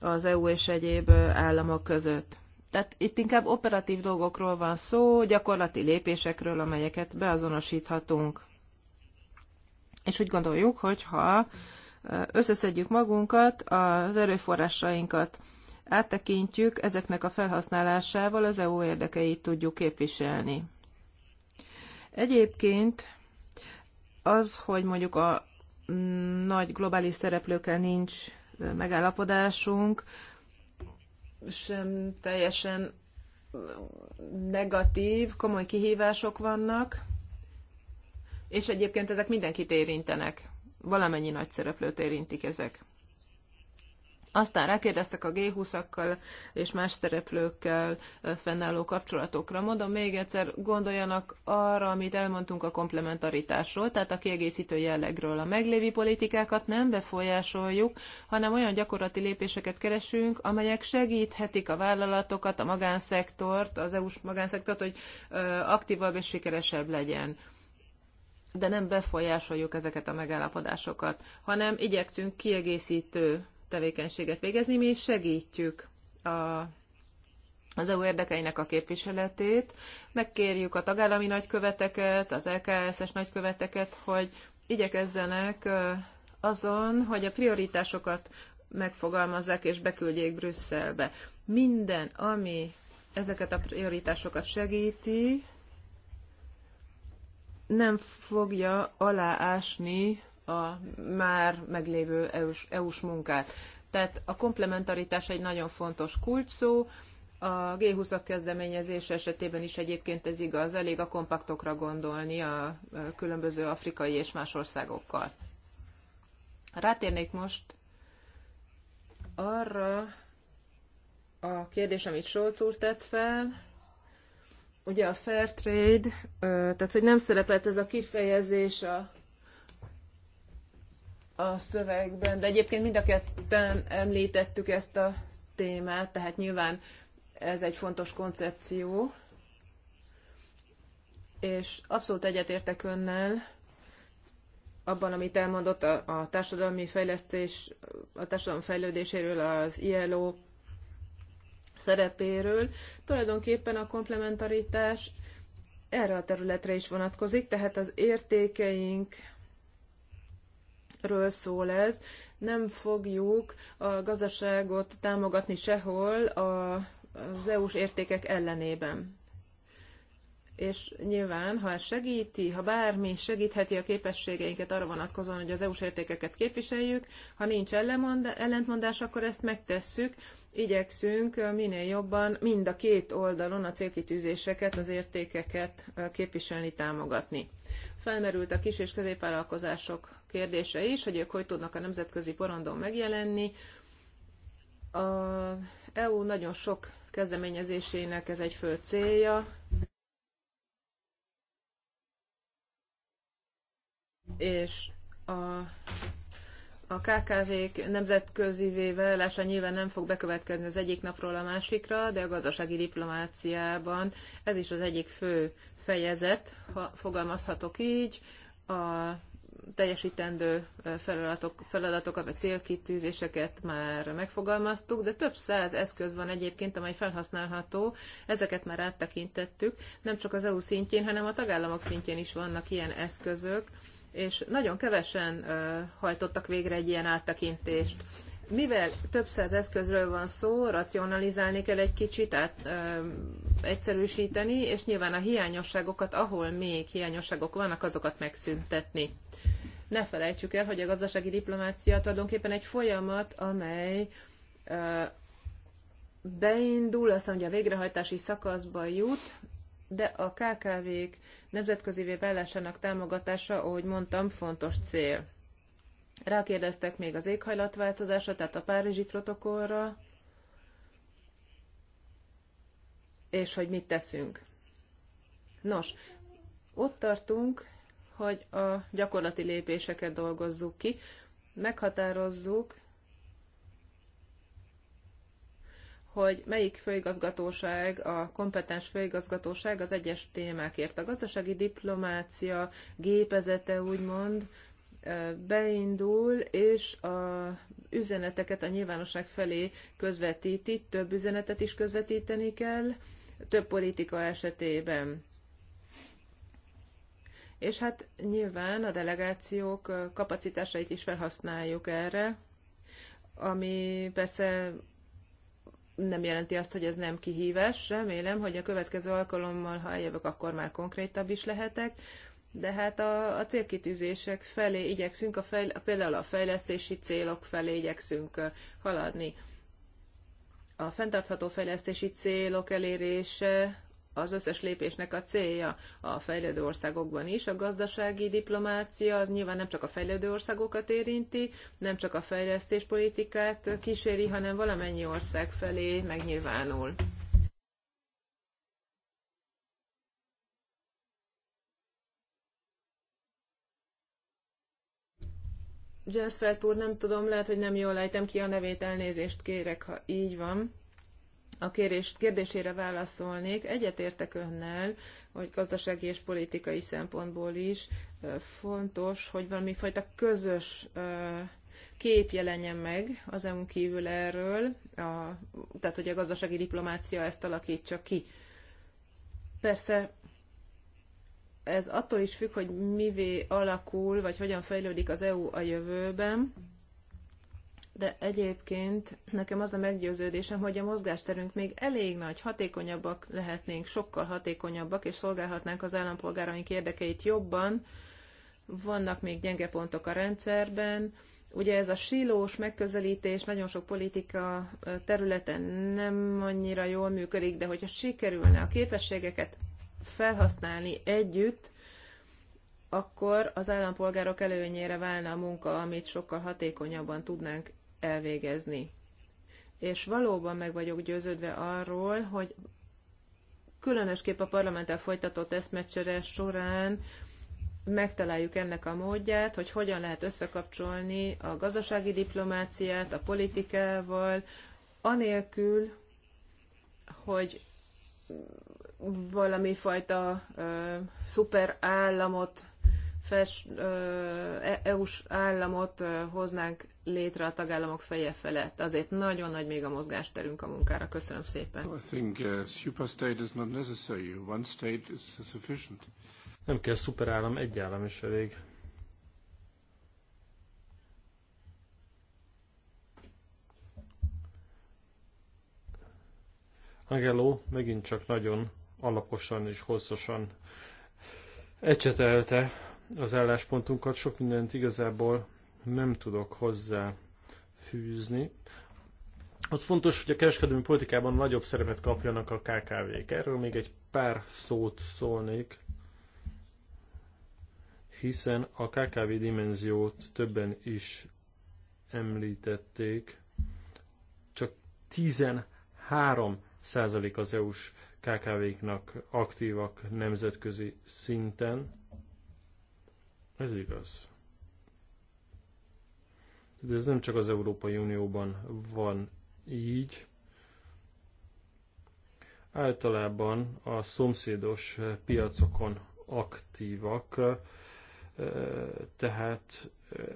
az EU és egyéb államok között. Tehát itt inkább operatív dolgokról van szó, gyakorlati lépésekről, amelyeket beazonosíthatunk. És úgy gondoljuk, hogy ha összeszedjük magunkat, az erőforrásainkat áttekintjük, ezeknek a felhasználásával az EU érdekeit tudjuk képviselni. Egyébként az, hogy mondjuk a mm, nagy globális szereplőkkel nincs megállapodásunk, sem teljesen negatív, komoly kihívások vannak, és egyébként ezek mindenkit érintenek. Valamennyi nagy szereplőt érintik ezek. Aztán rákérdeztek a G20-akkal és más szereplőkkel fennálló kapcsolatokra. Mondom még egyszer, gondoljanak arra, amit elmondtunk a komplementaritásról, tehát a kiegészítő jellegről. A meglévő politikákat nem befolyásoljuk, hanem olyan gyakorlati lépéseket keresünk, amelyek segíthetik a vállalatokat, a magánszektort, az EU-s magánszektort, hogy aktívabb és sikeresebb legyen de nem befolyásoljuk ezeket a megállapodásokat, hanem igyekszünk kiegészítő tevékenységet végezni. Mi segítjük a az EU érdekeinek a képviseletét. Megkérjük a tagállami nagyköveteket, az LKSZ-es nagyköveteket, hogy igyekezzenek azon, hogy a prioritásokat megfogalmazzák és beküldjék Brüsszelbe. Minden, ami ezeket a prioritásokat segíti, nem fogja aláásni a már meglévő EU-s, EU-s munkát. Tehát a komplementaritás egy nagyon fontos kulcsszó, a g 20 kezdeményezés esetében is egyébként ez igaz, elég a kompaktokra gondolni a különböző afrikai és más országokkal. Rátérnék most arra a kérdés, amit Solc úr tett fel, ugye a fair trade, tehát hogy nem szerepelt ez a kifejezés a a szövegben, de egyébként mind a ketten említettük ezt a témát, tehát nyilván ez egy fontos koncepció, és abszolút egyetértek önnel abban, amit elmondott a, a társadalmi fejlesztés, a társadalom fejlődéséről, az ILO szerepéről. Tulajdonképpen a komplementaritás erre a területre is vonatkozik, tehát az értékeink, ről szól ez. Nem fogjuk a gazdaságot támogatni sehol a, az EU-s értékek ellenében. És nyilván, ha ez segíti, ha bármi segítheti a képességeinket arra vonatkozóan, hogy az EU-s értékeket képviseljük, ha nincs ellentmondás, akkor ezt megtesszük, igyekszünk minél jobban mind a két oldalon a célkitűzéseket, az értékeket képviselni, támogatni. Felmerült a kis és középvállalkozások kérdése is, hogy ők hogy tudnak a nemzetközi porondon megjelenni. A EU nagyon sok kezdeményezésének ez egy fő célja. És a a KKV-k nemzetközi válása nyilván nem fog bekövetkezni az egyik napról a másikra, de a gazdasági diplomáciában ez is az egyik fő fejezet, ha fogalmazhatok így, a teljesítendő feladatok, feladatokat vagy célkitűzéseket már megfogalmaztuk, de több száz eszköz van egyébként, amely felhasználható, ezeket már áttekintettük, nem csak az EU szintjén, hanem a tagállamok szintjén is vannak ilyen eszközök, és nagyon kevesen hajtottak végre egy ilyen áttekintést. Mivel több száz eszközről van szó, racionalizálni kell egy kicsit, át, ö, egyszerűsíteni, és nyilván a hiányosságokat, ahol még hiányosságok vannak, azokat megszüntetni. Ne felejtsük el, hogy a gazdasági diplomácia tulajdonképpen egy folyamat, amely ö, beindul, aztán ugye a végrehajtási szakaszba jut, de a KKV-k nemzetközi válásának támogatása, ahogy mondtam, fontos cél. Rákérdeztek még az éghajlatváltozásra, tehát a Párizsi protokollra, és hogy mit teszünk. Nos, ott tartunk, hogy a gyakorlati lépéseket dolgozzuk ki, meghatározzuk, hogy melyik főigazgatóság, a kompetens főigazgatóság az egyes témákért. A gazdasági diplomácia gépezete úgymond beindul, és a üzeneteket a nyilvánosság felé közvetíti, több üzenetet is közvetíteni kell, több politika esetében. És hát nyilván a delegációk kapacitásait is felhasználjuk erre, ami persze nem jelenti azt, hogy ez nem kihívás. Remélem, hogy a következő alkalommal, ha eljövök, akkor már konkrétabb is lehetek. De hát a, a célkitűzések felé igyekszünk, a fejl, például a fejlesztési célok felé igyekszünk haladni. A fenntartható fejlesztési célok elérése az összes lépésnek a célja a fejlődő országokban is. A gazdasági diplomácia az nyilván nem csak a fejlődő országokat érinti, nem csak a fejlesztéspolitikát kíséri, hanem valamennyi ország felé megnyilvánul. Jens úr, nem tudom, lehet, hogy nem jól lejtem ki a nevét, elnézést kérek, ha így van a kérés, kérdésére válaszolnék. Egyetértek önnel, hogy gazdasági és politikai szempontból is fontos, hogy valami fajta közös kép jelenjen meg az EU kívül erről, a, tehát hogy a gazdasági diplomácia ezt alakítsa ki. Persze ez attól is függ, hogy mivé alakul, vagy hogyan fejlődik az EU a jövőben, de egyébként nekem az a meggyőződésem, hogy a mozgásterünk még elég nagy, hatékonyabbak lehetnénk, sokkal hatékonyabbak, és szolgálhatnánk az állampolgáraink érdekeit jobban. Vannak még gyenge pontok a rendszerben. Ugye ez a sílós megközelítés nagyon sok politika területen nem annyira jól működik, de hogyha sikerülne a képességeket felhasználni együtt, akkor az állampolgárok előnyére válna a munka, amit sokkal hatékonyabban tudnánk elvégezni. És valóban meg vagyok győződve arról, hogy különösképp a parlamenttel folytatott eszmecsere során megtaláljuk ennek a módját, hogy hogyan lehet összekapcsolni a gazdasági diplomáciát a politikával, anélkül, hogy valami fajta ö, szuperállamot fes, EU-s e államot hoznánk létre a tagállamok feje felett. Azért nagyon nagy még a mozgásterünk a munkára. Köszönöm szépen. I think uh, is not necessary. One state is sufficient. Nem kell szuperállam, egy állam is elég. Angelo megint csak nagyon alaposan és hosszasan ecsetelte az álláspontunkat, sok mindent igazából nem tudok hozzá fűzni. Az fontos, hogy a kereskedelmi politikában nagyobb szerepet kapjanak a KKV-k. Erről még egy pár szót szólnék, hiszen a KKV dimenziót többen is említették. Csak 13 százalék az EU-s KKV-knak aktívak nemzetközi szinten. Ez igaz. De ez nem csak az Európai Unióban van így. Általában a szomszédos piacokon aktívak tehát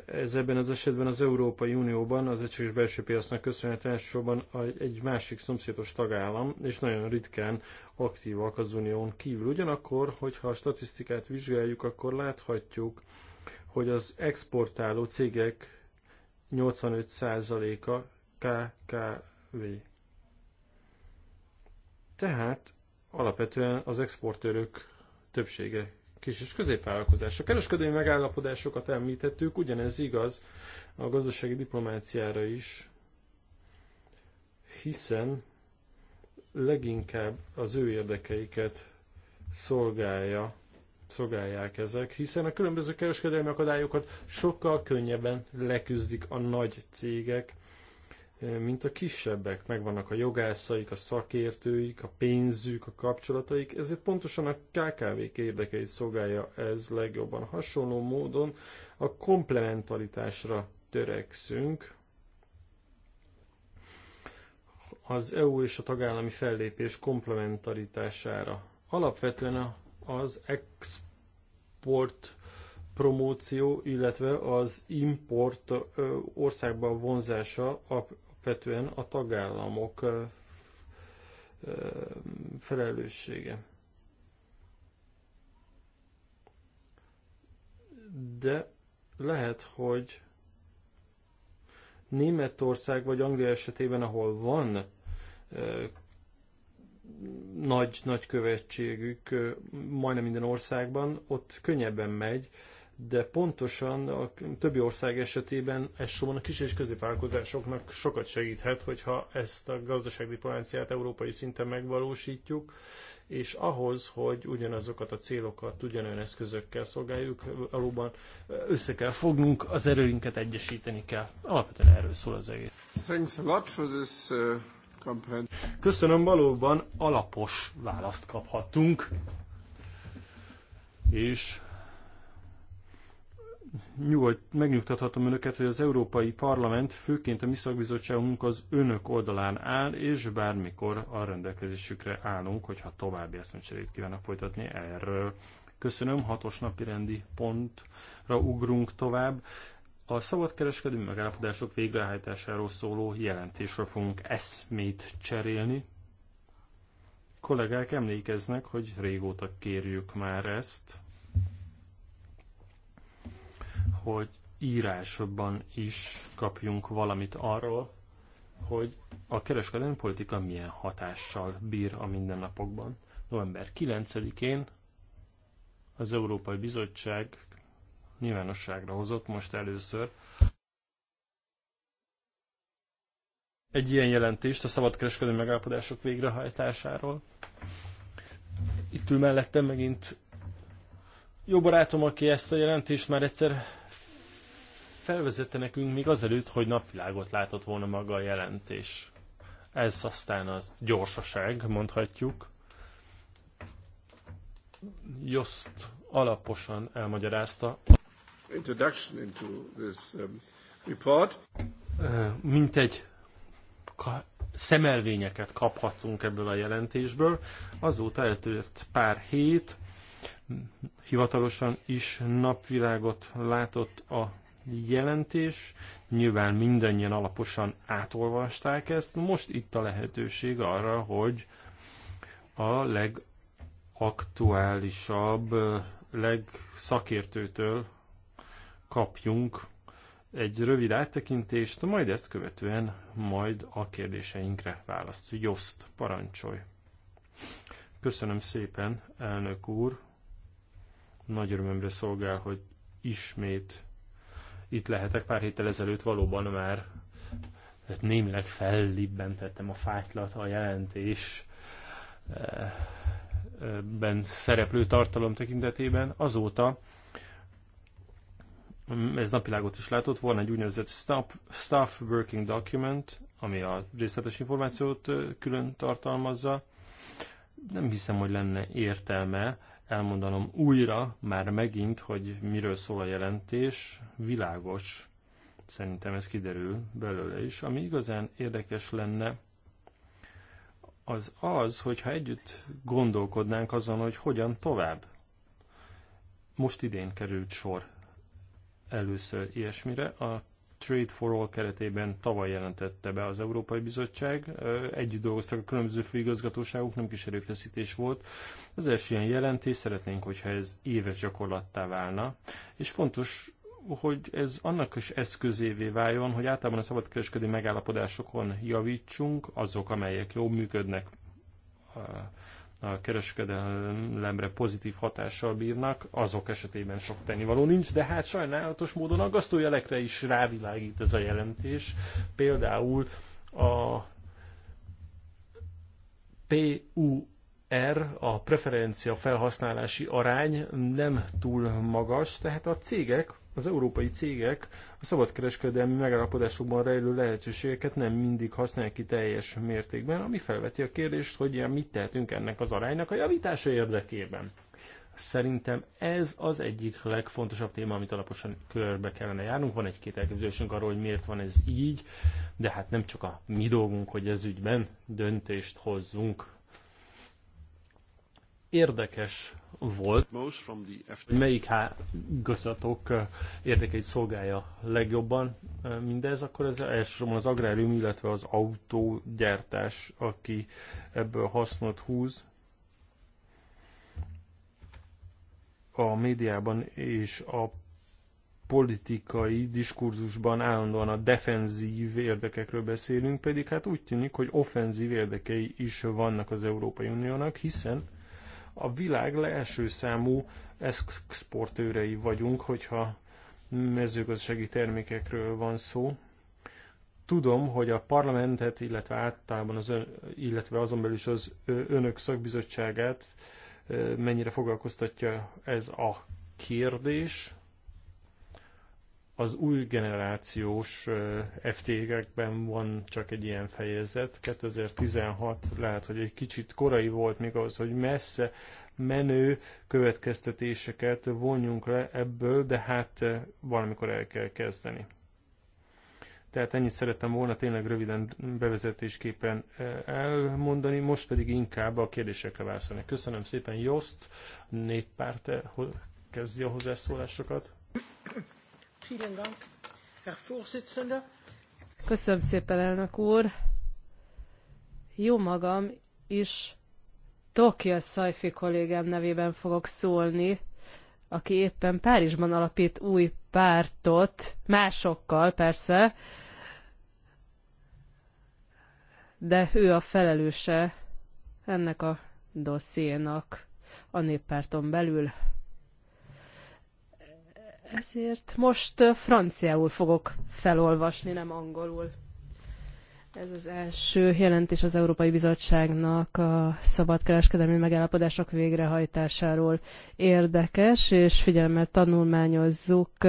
ez ebben az esetben az Európai Unióban az egységes belső piacnak köszönhetően elsősorban egy másik szomszédos tagállam, és nagyon ritkán aktívak az unión kívül. Ugyanakkor, hogyha a statisztikát vizsgáljuk, akkor láthatjuk, hogy az exportáló cégek 85%-a KKV. Tehát alapvetően az exportőrök többsége kis és középvállalkozások. Kereskedelmi megállapodásokat említettük, ugyanez igaz a gazdasági diplomáciára is, hiszen leginkább az ő érdekeiket szolgálja, szolgálják ezek, hiszen a különböző kereskedelmi akadályokat sokkal könnyebben leküzdik a nagy cégek, mint a kisebbek. Megvannak a jogászaik, a szakértőik, a pénzük, a kapcsolataik, ezért pontosan a KKV-k érdekeit szolgálja ez legjobban. Hasonló módon a komplementaritásra törekszünk, az EU és a tagállami fellépés komplementaritására. Alapvetően az export promóció, illetve az import országba vonzása a alapvetően a tagállamok felelőssége. De lehet, hogy Németország vagy Anglia esetében, ahol van nagy, nagy követségük majdnem minden országban, ott könnyebben megy, de pontosan a többi ország esetében soha szóval a kis és középvállalkozásoknak sokat segíthet, hogyha ezt a gazdaságdiplomáciát európai szinten megvalósítjuk, és ahhoz, hogy ugyanazokat a célokat ugyanolyan eszközökkel szolgáljuk, valóban össze kell fognunk, az erőinket egyesíteni kell. Alapvetően erről szól az egész. Thanks a lot for this, uh... Köszönöm, valóban alapos választ kaphattunk, és nyugodt, megnyugtathatom önöket, hogy az Európai Parlament, főként a mi szakbizottságunk az önök oldalán áll, és bármikor a rendelkezésükre állunk, hogyha további eszmecserét kívánnak folytatni erről. Köszönöm, hatos napi rendi pontra ugrunk tovább. A szabadkereskedelmi megállapodások végrehajtásáról szóló jelentésről fogunk eszmét cserélni. Kollégák emlékeznek, hogy régóta kérjük már ezt hogy írásban is kapjunk valamit arról, hogy a kereskedelmi politika milyen hatással bír a mindennapokban. November 9-én az Európai Bizottság nyilvánosságra hozott most először egy ilyen jelentést a szabad kereskedelmi megállapodások végrehajtásáról. Itt ül mellettem megint jó barátom, aki ezt a jelentést már egyszer felvezette nekünk még azelőtt, hogy napvilágot látott volna maga a jelentés. Ez aztán az gyorsaság, mondhatjuk. Jost alaposan elmagyarázta. Introduction into this um, report. Mint egy szemelvényeket kaphattunk ebből a jelentésből. Azóta eltűnt pár hét, hivatalosan is napvilágot látott a jelentés. Nyilván mindannyian alaposan átolvasták ezt. Most itt a lehetőség arra, hogy a legaktuálisabb, legszakértőtől kapjunk egy rövid áttekintést, majd ezt követően majd a kérdéseinkre választ. Joszt, parancsolj! Köszönöm szépen, elnök úr! Nagy örömömre szolgál, hogy ismét itt lehetek. Pár héttel ezelőtt valóban már tehát némileg fellibbentettem a fájtlat a jelentés eh, eh, ben szereplő tartalom tekintetében. Azóta ez napvilágot is látott, volna egy úgynevezett staff, staff Working Document, ami a részletes információt eh, külön tartalmazza. Nem hiszem, hogy lenne értelme elmondanom újra, már megint, hogy miről szól a jelentés, világos, szerintem ez kiderül belőle is. Ami igazán érdekes lenne, az az, hogyha együtt gondolkodnánk azon, hogy hogyan tovább. Most idén került sor először ilyesmire, a Trade for All keretében tavaly jelentette be az Európai Bizottság. Együtt dolgoztak a különböző főigazgatóságok, nem kis erőfeszítés volt. Az első ilyen jelentés, szeretnénk, hogyha ez éves gyakorlattá válna. És fontos, hogy ez annak is eszközévé váljon, hogy általában a szabadkereskedő megállapodásokon javítsunk, azok, amelyek jól működnek, a kereskedelemre pozitív hatással bírnak, azok esetében sok tennivaló nincs, de hát sajnálatos módon aggasztó jelekre is rávilágít ez a jelentés. Például a PUR, a preferencia felhasználási arány nem túl magas, tehát a cégek az európai cégek a szabadkereskedelmi megállapodásokban rejlő lehetőségeket nem mindig használják ki teljes mértékben, ami felveti a kérdést, hogy mit tehetünk ennek az aránynak a javítása érdekében. Szerintem ez az egyik legfontosabb téma, amit alaposan körbe kellene járnunk. Van egy-két elképzelésünk arról, hogy miért van ez így, de hát nem csak a mi dolgunk, hogy ez ügyben döntést hozzunk. Érdekes volt, hogy melyik ágazatok érdekeit szolgálja legjobban mindez, akkor ez elsősorban az agrárium, illetve az autógyártás, aki ebből hasznot húz. A médiában és a politikai diskurzusban állandóan a defenzív érdekekről beszélünk, pedig hát úgy tűnik, hogy offenzív érdekei is vannak az Európai Uniónak, hiszen a világ leeső számú exportőrei vagyunk, hogyha mezőgazdasági termékekről van szó. Tudom, hogy a parlamentet, illetve általában az ön, illetve azon belül is az önök szakbizottságát mennyire foglalkoztatja ez a kérdés az új generációs FT-ekben van csak egy ilyen fejezet. 2016 lehet, hogy egy kicsit korai volt még az, hogy messze menő következtetéseket vonjunk le ebből, de hát valamikor el kell kezdeni. Tehát ennyit szerettem volna tényleg röviden bevezetésképpen elmondani, most pedig inkább a kérdésekre válaszolni. Köszönöm szépen Jost, néppárt kezdi a hozzászólásokat. Köszönöm szépen, elnök úr. Jó magam is Tokia Szajfi kollégám nevében fogok szólni, aki éppen Párizsban alapít új pártot, másokkal persze, de ő a felelőse ennek a dossziénak a néppárton belül. Ezért most franciául fogok felolvasni, nem angolul. Ez az első jelentés az Európai Bizottságnak a szabadkereskedelmi megállapodások végrehajtásáról érdekes, és figyelemmel tanulmányozzuk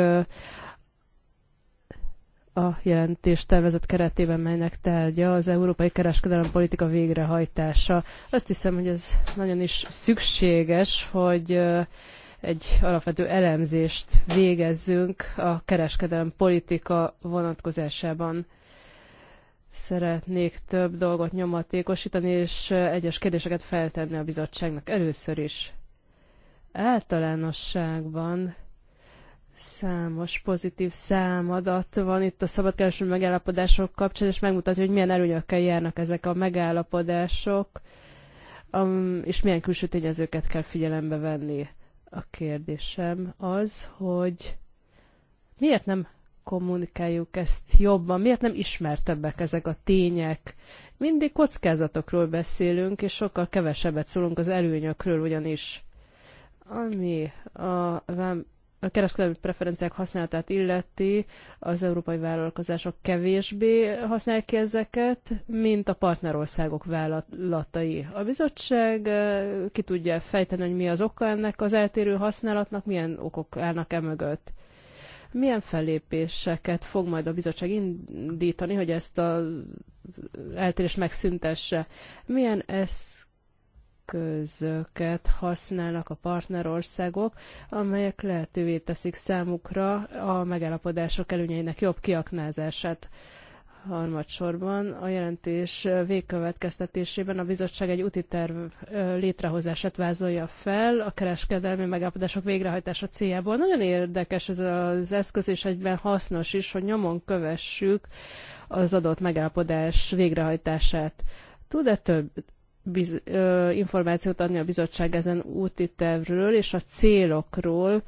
a jelentés tervezett keretében, melynek tárgya az európai kereskedelempolitika végrehajtása. Azt hiszem, hogy ez nagyon is szükséges, hogy egy alapvető elemzést végezzünk a kereskedelem politika vonatkozásában. Szeretnék több dolgot nyomatékosítani, és egyes kérdéseket feltenni a bizottságnak először is. Általánosságban számos pozitív számadat van itt a szabadkereső megállapodások kapcsán, és megmutatja, hogy milyen előnyökkel járnak ezek a megállapodások, és milyen külső tényezőket kell figyelembe venni. A kérdésem az, hogy miért nem kommunikáljuk ezt jobban, miért nem ismertebbek ezek a tények. Mindig kockázatokról beszélünk, és sokkal kevesebbet szólunk az előnyökről ugyanis. Ami a a kereskedelmi preferenciák használatát illeti, az európai vállalkozások kevésbé használják ki ezeket, mint a partnerországok vállalatai. A bizottság eh, ki tudja fejteni, hogy mi az oka ennek az eltérő használatnak, milyen okok állnak e mögött. Milyen fellépéseket fog majd a bizottság indítani, hogy ezt az eltérést megszüntesse? Milyen ez? eszközöket használnak a partnerországok, amelyek lehetővé teszik számukra a megállapodások előnyeinek jobb kiaknázását. Harmadsorban a jelentés végkövetkeztetésében a bizottság egy úti terv létrehozását vázolja fel a kereskedelmi megállapodások végrehajtása céljából. Nagyon érdekes ez az eszköz, és egyben hasznos is, hogy nyomon kövessük az adott megállapodás végrehajtását. Tud-e több, biz, ö, információt adni a bizottság ezen úti tervről és a célokról,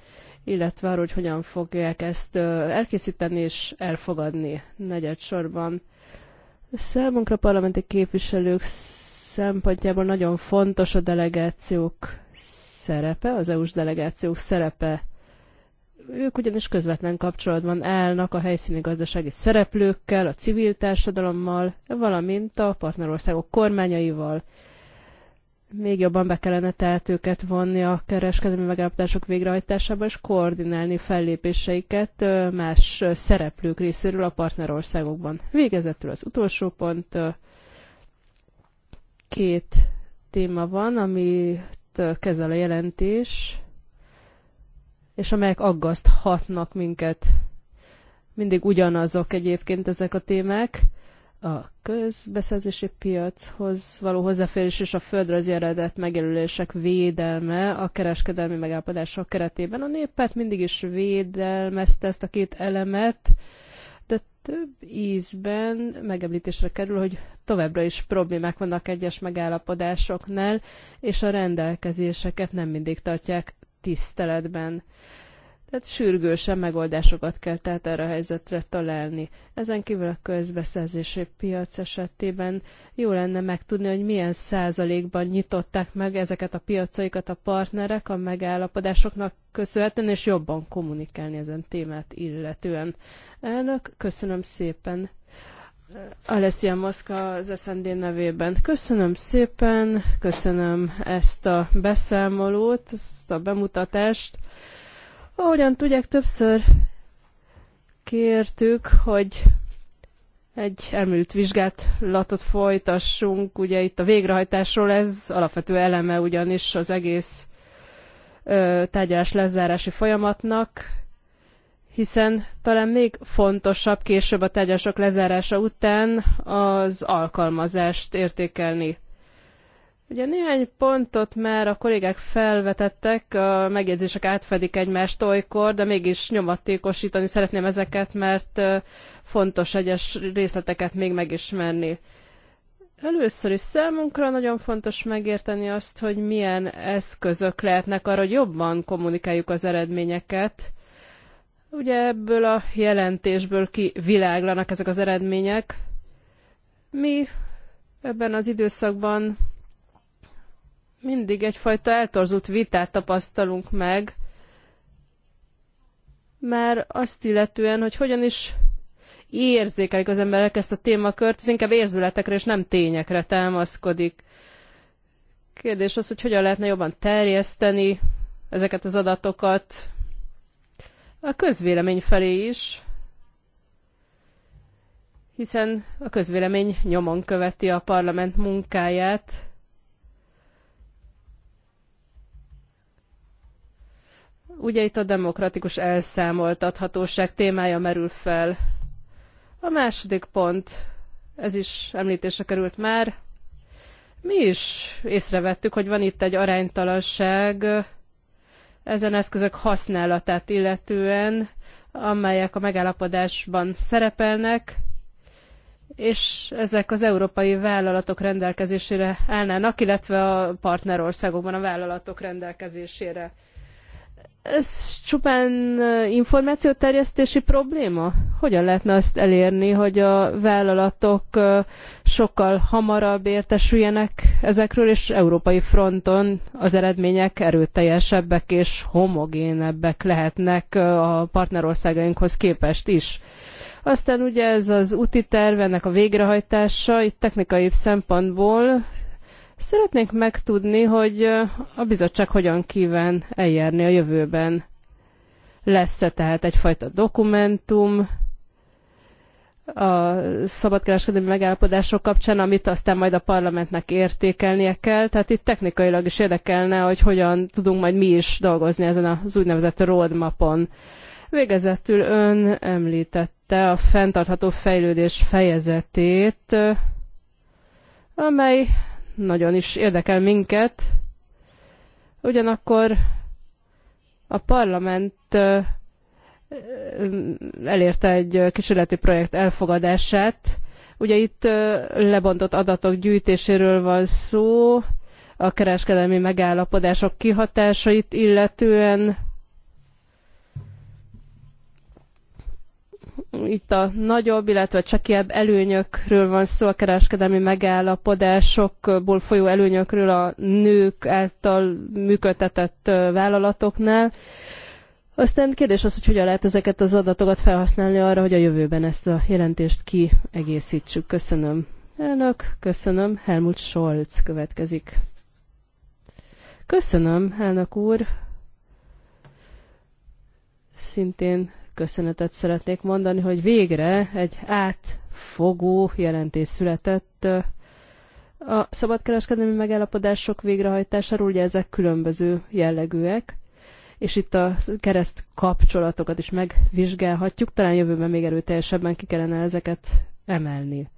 illetve arról, hogy hogyan fogják ezt ö, elkészíteni és elfogadni negyed sorban. Számunkra parlamenti képviselők szempontjából nagyon fontos a delegációk szerepe, az EU-s delegációk szerepe ők ugyanis közvetlen kapcsolatban állnak a helyszíni gazdasági szereplőkkel, a civil társadalommal, valamint a partnerországok kormányaival. Még jobban be kellene tehát őket vonni a kereskedelmi megállapodások végrehajtásába, és koordinálni fellépéseiket más szereplők részéről a partnerországokban. Végezetül az utolsó pont. Két téma van, amit kezel a jelentés és amelyek aggaszthatnak minket. Mindig ugyanazok egyébként ezek a témák. A közbeszerzési piachoz való hozzáférés és a földrajzi eredet megjelölések védelme a kereskedelmi megállapodások keretében. A néppárt mindig is védelmezte ezt a két elemet, de több ízben megemlítésre kerül, hogy továbbra is problémák vannak egyes megállapodásoknál, és a rendelkezéseket nem mindig tartják tiszteletben. Tehát sürgősen megoldásokat kell tehát erre a helyzetre találni. Ezen kívül a közbeszerzési piac esetében jó lenne megtudni, hogy milyen százalékban nyitották meg ezeket a piacaikat a partnerek a megállapodásoknak köszönhetően, és jobban kommunikálni ezen témát illetően. Elnök, köszönöm szépen. Alessia Moszka az SND nevében. Köszönöm szépen, köszönöm ezt a beszámolót, ezt a bemutatást. Ahogyan tudják, többször kértük, hogy egy elmúlt vizsgálatot folytassunk. Ugye itt a végrehajtásról ez alapvető eleme ugyanis az egész tárgyalás lezárási folyamatnak, hiszen talán még fontosabb később a tárgyalások lezárása után az alkalmazást értékelni. Ugye néhány pontot már a kollégák felvetettek, a megjegyzések átfedik egymást olykor, de mégis nyomatékosítani szeretném ezeket, mert fontos egyes részleteket még megismerni. Először is számunkra nagyon fontos megérteni azt, hogy milyen eszközök lehetnek arra, hogy jobban kommunikáljuk az eredményeket, Ugye ebből a jelentésből kiviláglanak ezek az eredmények. Mi ebben az időszakban mindig egyfajta eltorzult vitát tapasztalunk meg, mert azt illetően, hogy hogyan is érzékelik az emberek ezt a témakört, ez inkább érzületekre és nem tényekre támaszkodik. Kérdés az, hogy hogyan lehetne jobban terjeszteni ezeket az adatokat, a közvélemény felé is, hiszen a közvélemény nyomon követi a parlament munkáját. Ugye itt a demokratikus elszámoltathatóság témája merül fel. A második pont, ez is említése került már, mi is észrevettük, hogy van itt egy aránytalanság, ezen eszközök használatát illetően, amelyek a megállapodásban szerepelnek, és ezek az európai vállalatok rendelkezésére állnának, illetve a partnerországokban a vállalatok rendelkezésére ez csupán információterjesztési probléma? Hogyan lehetne azt elérni, hogy a vállalatok sokkal hamarabb értesüljenek ezekről, és európai fronton az eredmények erőteljesebbek és homogénebbek lehetnek a partnerországainkhoz képest is? Aztán ugye ez az úti terv, ennek a végrehajtása, itt technikai szempontból Szeretnénk megtudni, hogy a bizottság hogyan kíván eljárni a jövőben. Lesz-e tehát egyfajta dokumentum a szabadkereskedelmi megállapodások kapcsán, amit aztán majd a parlamentnek értékelnie kell. Tehát itt technikailag is érdekelne, hogy hogyan tudunk majd mi is dolgozni ezen az úgynevezett roadmapon. Végezetül ön említette a fenntartható fejlődés fejezetét, amely nagyon is érdekel minket. Ugyanakkor a parlament elérte egy kísérleti projekt elfogadását. Ugye itt lebontott adatok gyűjtéséről van szó, a kereskedelmi megállapodások kihatásait illetően, itt a nagyobb, illetve csekélyebb előnyökről van szó, a kereskedelmi megállapodásokból folyó előnyökről a nők által működtetett vállalatoknál. Aztán kérdés az, hogy hogyan lehet ezeket az adatokat felhasználni arra, hogy a jövőben ezt a jelentést kiegészítsük. Köszönöm. Elnök, köszönöm. Helmut Scholz következik. Köszönöm, elnök úr. Szintén köszönetet szeretnék mondani, hogy végre egy átfogó jelentés született a szabadkereskedelmi megállapodások végrehajtásáról, ugye ezek különböző jellegűek, és itt a kereszt kapcsolatokat is megvizsgálhatjuk, talán jövőben még erőteljesebben ki kellene ezeket emelni.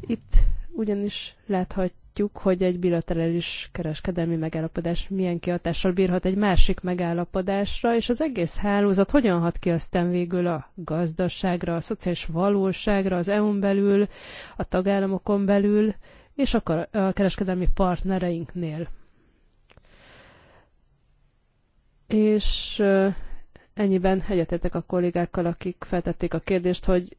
Itt ugyanis láthatjuk, látjuk, hogy egy bilaterális kereskedelmi megállapodás milyen kihatással bírhat egy másik megállapodásra, és az egész hálózat hogyan hat ki aztán végül a gazdaságra, a szociális valóságra, az EU-n belül, a tagállamokon belül, és a kereskedelmi partnereinknél. És ennyiben egyetértek a kollégákkal, akik feltették a kérdést, hogy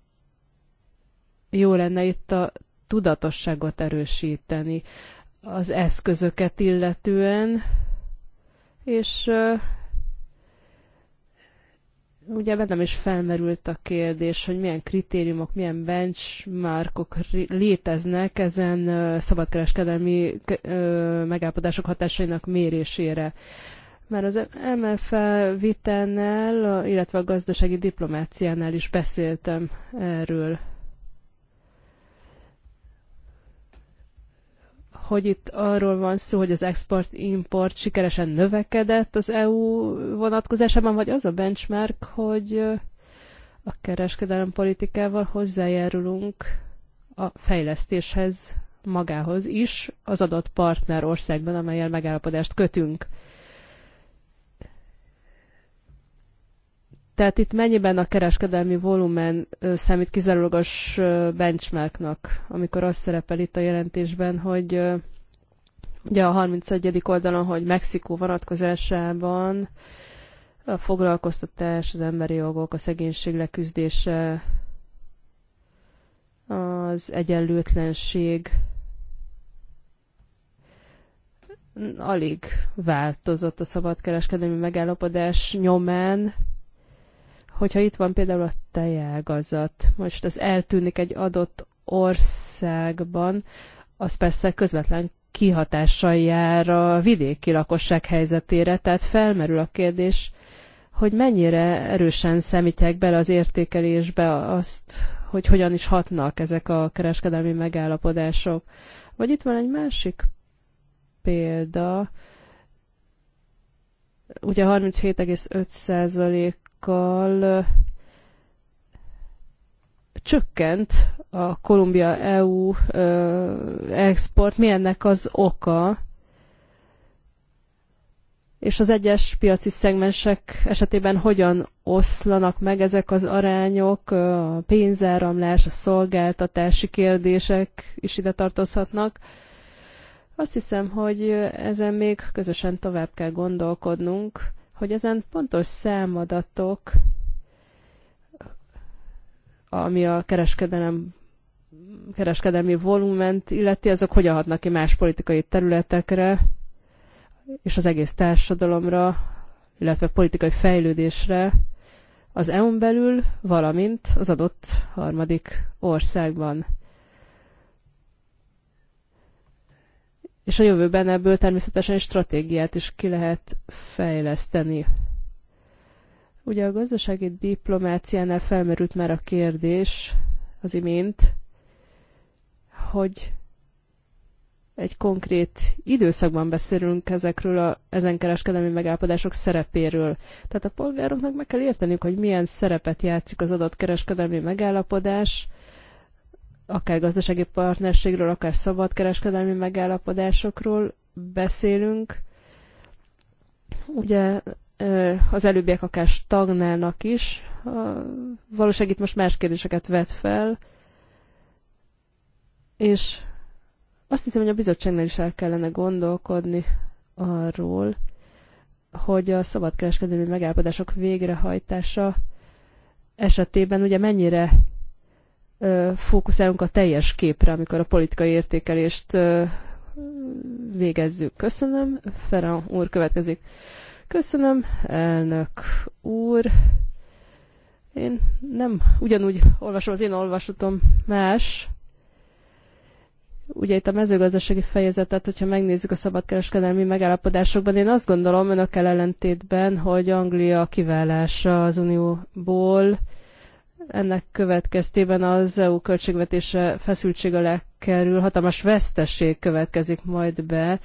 jó lenne itt a tudatosságot erősíteni az eszközöket illetően, és ugye bennem is felmerült a kérdés, hogy milyen kritériumok, milyen benchmarkok léteznek ezen szabadkereskedelmi megállapodások hatásainak mérésére. Már az MF vitennel, illetve a gazdasági diplomáciánál is beszéltem erről. hogy itt arról van szó, hogy az export-import sikeresen növekedett az EU vonatkozásában, vagy az a benchmark, hogy a kereskedelem politikával hozzájárulunk a fejlesztéshez magához is az adott partner országban, amelyel megállapodást kötünk. Tehát itt mennyiben a kereskedelmi volumen számít kizárólagos benchmarknak, amikor az szerepel itt a jelentésben, hogy ugye a 31. oldalon, hogy Mexikó vonatkozásában a foglalkoztatás, az emberi jogok, a szegénység leküzdése, az egyenlőtlenség alig változott a szabadkereskedelmi megállapodás nyomán, Hogyha itt van például a tejágazat, most az eltűnik egy adott országban, az persze közvetlen kihatással jár a vidéki lakosság helyzetére, tehát felmerül a kérdés, hogy mennyire erősen szemítják bele az értékelésbe azt, hogy hogyan is hatnak ezek a kereskedelmi megállapodások. Vagy itt van egy másik példa, ugye sokkal csökkent a Kolumbia-EU export. Mi ennek az oka? És az egyes piaci szegmensek esetében hogyan oszlanak meg ezek az arányok, a pénzáramlás, a szolgáltatási kérdések is ide tartozhatnak. Azt hiszem, hogy ezen még közösen tovább kell gondolkodnunk, hogy ezen pontos számadatok, ami a kereskedelem kereskedelmi volument illeti, azok hogyan hatnak ki más politikai területekre és az egész társadalomra, illetve politikai fejlődésre az EU-n belül, valamint az adott harmadik országban. és a jövőben ebből természetesen stratégiát is ki lehet fejleszteni. Ugye a gazdasági diplomáciánál felmerült már a kérdés az imént, hogy egy konkrét időszakban beszélünk ezekről a, ezen kereskedelmi megállapodások szerepéről. Tehát a polgároknak meg kell érteniük, hogy milyen szerepet játszik az adott kereskedelmi megállapodás, akár gazdasági partnerségről, akár szabadkereskedelmi megállapodásokról beszélünk. Ugye az előbbiek akár stagnálnak is. Valóság itt most más kérdéseket vet fel, és azt hiszem, hogy a bizottságnál is el kellene gondolkodni arról, hogy a szabadkereskedelmi megállapodások végrehajtása esetében ugye mennyire fókuszálunk a teljes képre, amikor a politikai értékelést végezzük. Köszönöm. Ferran úr következik. Köszönöm, elnök úr. Én nem ugyanúgy olvasom, az én olvasatom más. Ugye itt a mezőgazdasági fejezetet, hogyha megnézzük a szabadkereskedelmi megállapodásokban, én azt gondolom önökkel ellentétben, hogy Anglia kiválása az unióból ennek következtében az EU költségvetése feszültség alá kerül, hatalmas veszteség következik majd be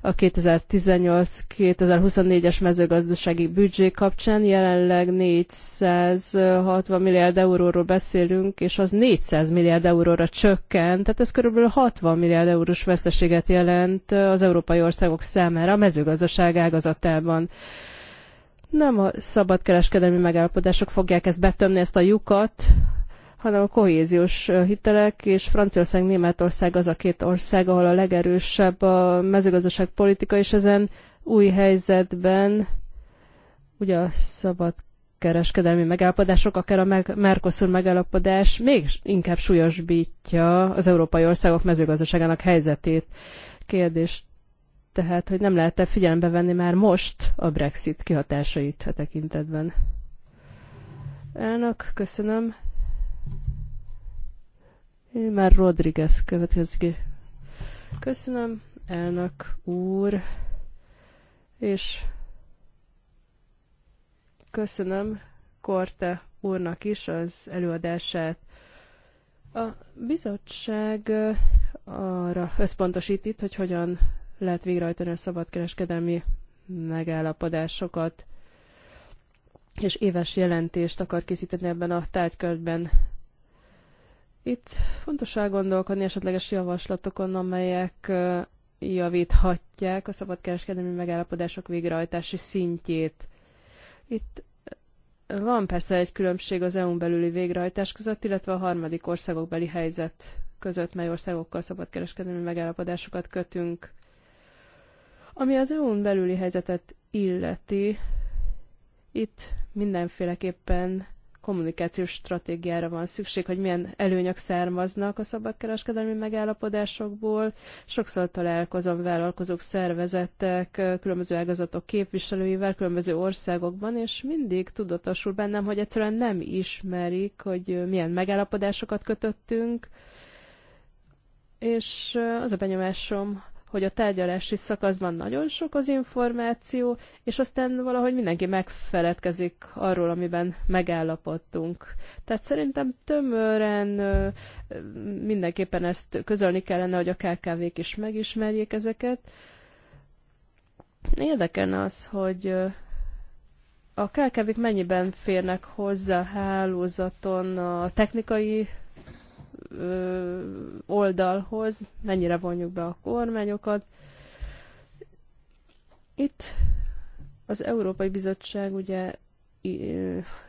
a 2018-2024-es mezőgazdasági büdzsé kapcsán. Jelenleg 460 milliárd euróról beszélünk, és az 400 milliárd euróra csökkent, tehát ez körülbelül 60 milliárd eurós veszteséget jelent az európai országok számára a mezőgazdaság ágazatában nem a szabadkereskedelmi megállapodások fogják ezt betömni, ezt a lyukat, hanem a kohéziós hitelek, és Franciaország, Németország az a két ország, ahol a legerősebb a mezőgazdaság politika, és ezen új helyzetben ugye a szabad kereskedelmi megállapodások, akár a Mercosur megállapodás még inkább súlyosbítja az európai országok mezőgazdaságának helyzetét. Kérdést tehát hogy nem lehet-e figyelembe venni már most a Brexit kihatásait a tekintetben. Elnök, köszönöm. Én már Rodriguez következik. Köszönöm, elnök úr, és köszönöm Korte úrnak is az előadását. A bizottság arra összpontosít itt, hogy hogyan lehet végrehajtani a szabadkereskedelmi megállapodásokat, és éves jelentést akar készíteni ebben a tárgykörben. Itt fontos elgondolkodni esetleges javaslatokon, amelyek javíthatják a szabadkereskedelmi megállapodások végrehajtási szintjét. Itt van persze egy különbség az EU-n belüli végrehajtás között, illetve a harmadik országok beli helyzet között, mely országokkal szabadkereskedelmi megállapodásokat kötünk. Ami az EU-n belüli helyzetet illeti, itt mindenféleképpen kommunikációs stratégiára van szükség, hogy milyen előnyök származnak a szabadkereskedelmi megállapodásokból. Sokszor találkozom vállalkozók, szervezetek, különböző ágazatok képviselőivel, különböző országokban, és mindig tudatosul bennem, hogy egyszerűen nem ismerik, hogy milyen megállapodásokat kötöttünk, és az a benyomásom, hogy a tárgyalási szakaszban nagyon sok az információ, és aztán valahogy mindenki megfeledkezik arról, amiben megállapodtunk. Tehát szerintem tömören mindenképpen ezt közölni kellene, hogy a KKV-k is megismerjék ezeket. Érdekelne az, hogy a KKV-k mennyiben férnek hozzá a hálózaton a technikai oldalhoz, mennyire vonjuk be a kormányokat. Itt az Európai Bizottság ugye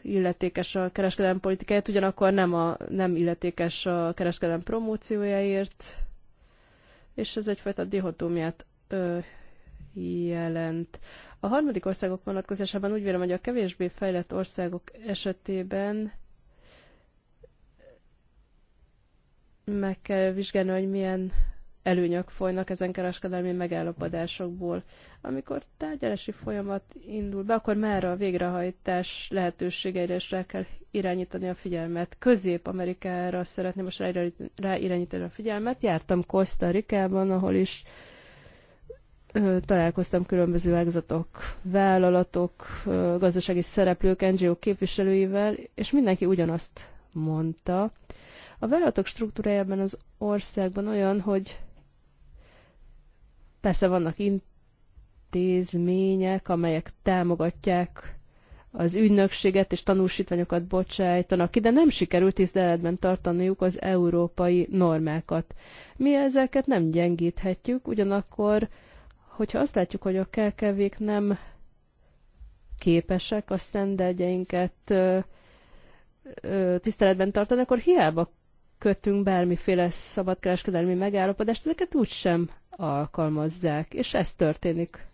illetékes a kereskedelmi politikáért, ugyanakkor nem, a, nem illetékes a kereskedelmi promóciójáért, és ez egyfajta dihotómiát ö, jelent. A harmadik országok vonatkozásában úgy vélem, hogy a kevésbé fejlett országok esetében meg kell vizsgálni, hogy milyen előnyök folynak ezen kereskedelmi megállapodásokból. Amikor tárgyalási folyamat indul be, akkor már a végrehajtás lehetőségeire is rá kell irányítani a figyelmet. Közép-Amerikára szeretném most ráirányítani a figyelmet. Jártam Costa Ricában, ahol is ö, találkoztam különböző ágazatok, vállalatok, ö, gazdasági szereplők, NGO képviselőivel, és mindenki ugyanazt mondta, a vállalatok struktúrájában az országban olyan, hogy persze vannak intézmények, amelyek támogatják az ügynökséget és tanúsítványokat bocsájtanak ki, de nem sikerült tiszteletben tartaniuk az európai normákat. Mi ezeket nem gyengíthetjük, ugyanakkor, hogyha azt látjuk, hogy a kkv nem képesek a sztenderdjeinket tiszteletben tartani, akkor hiába kötünk bármiféle szabadkereskedelmi megállapodást, ezeket úgysem alkalmazzák, és ez történik.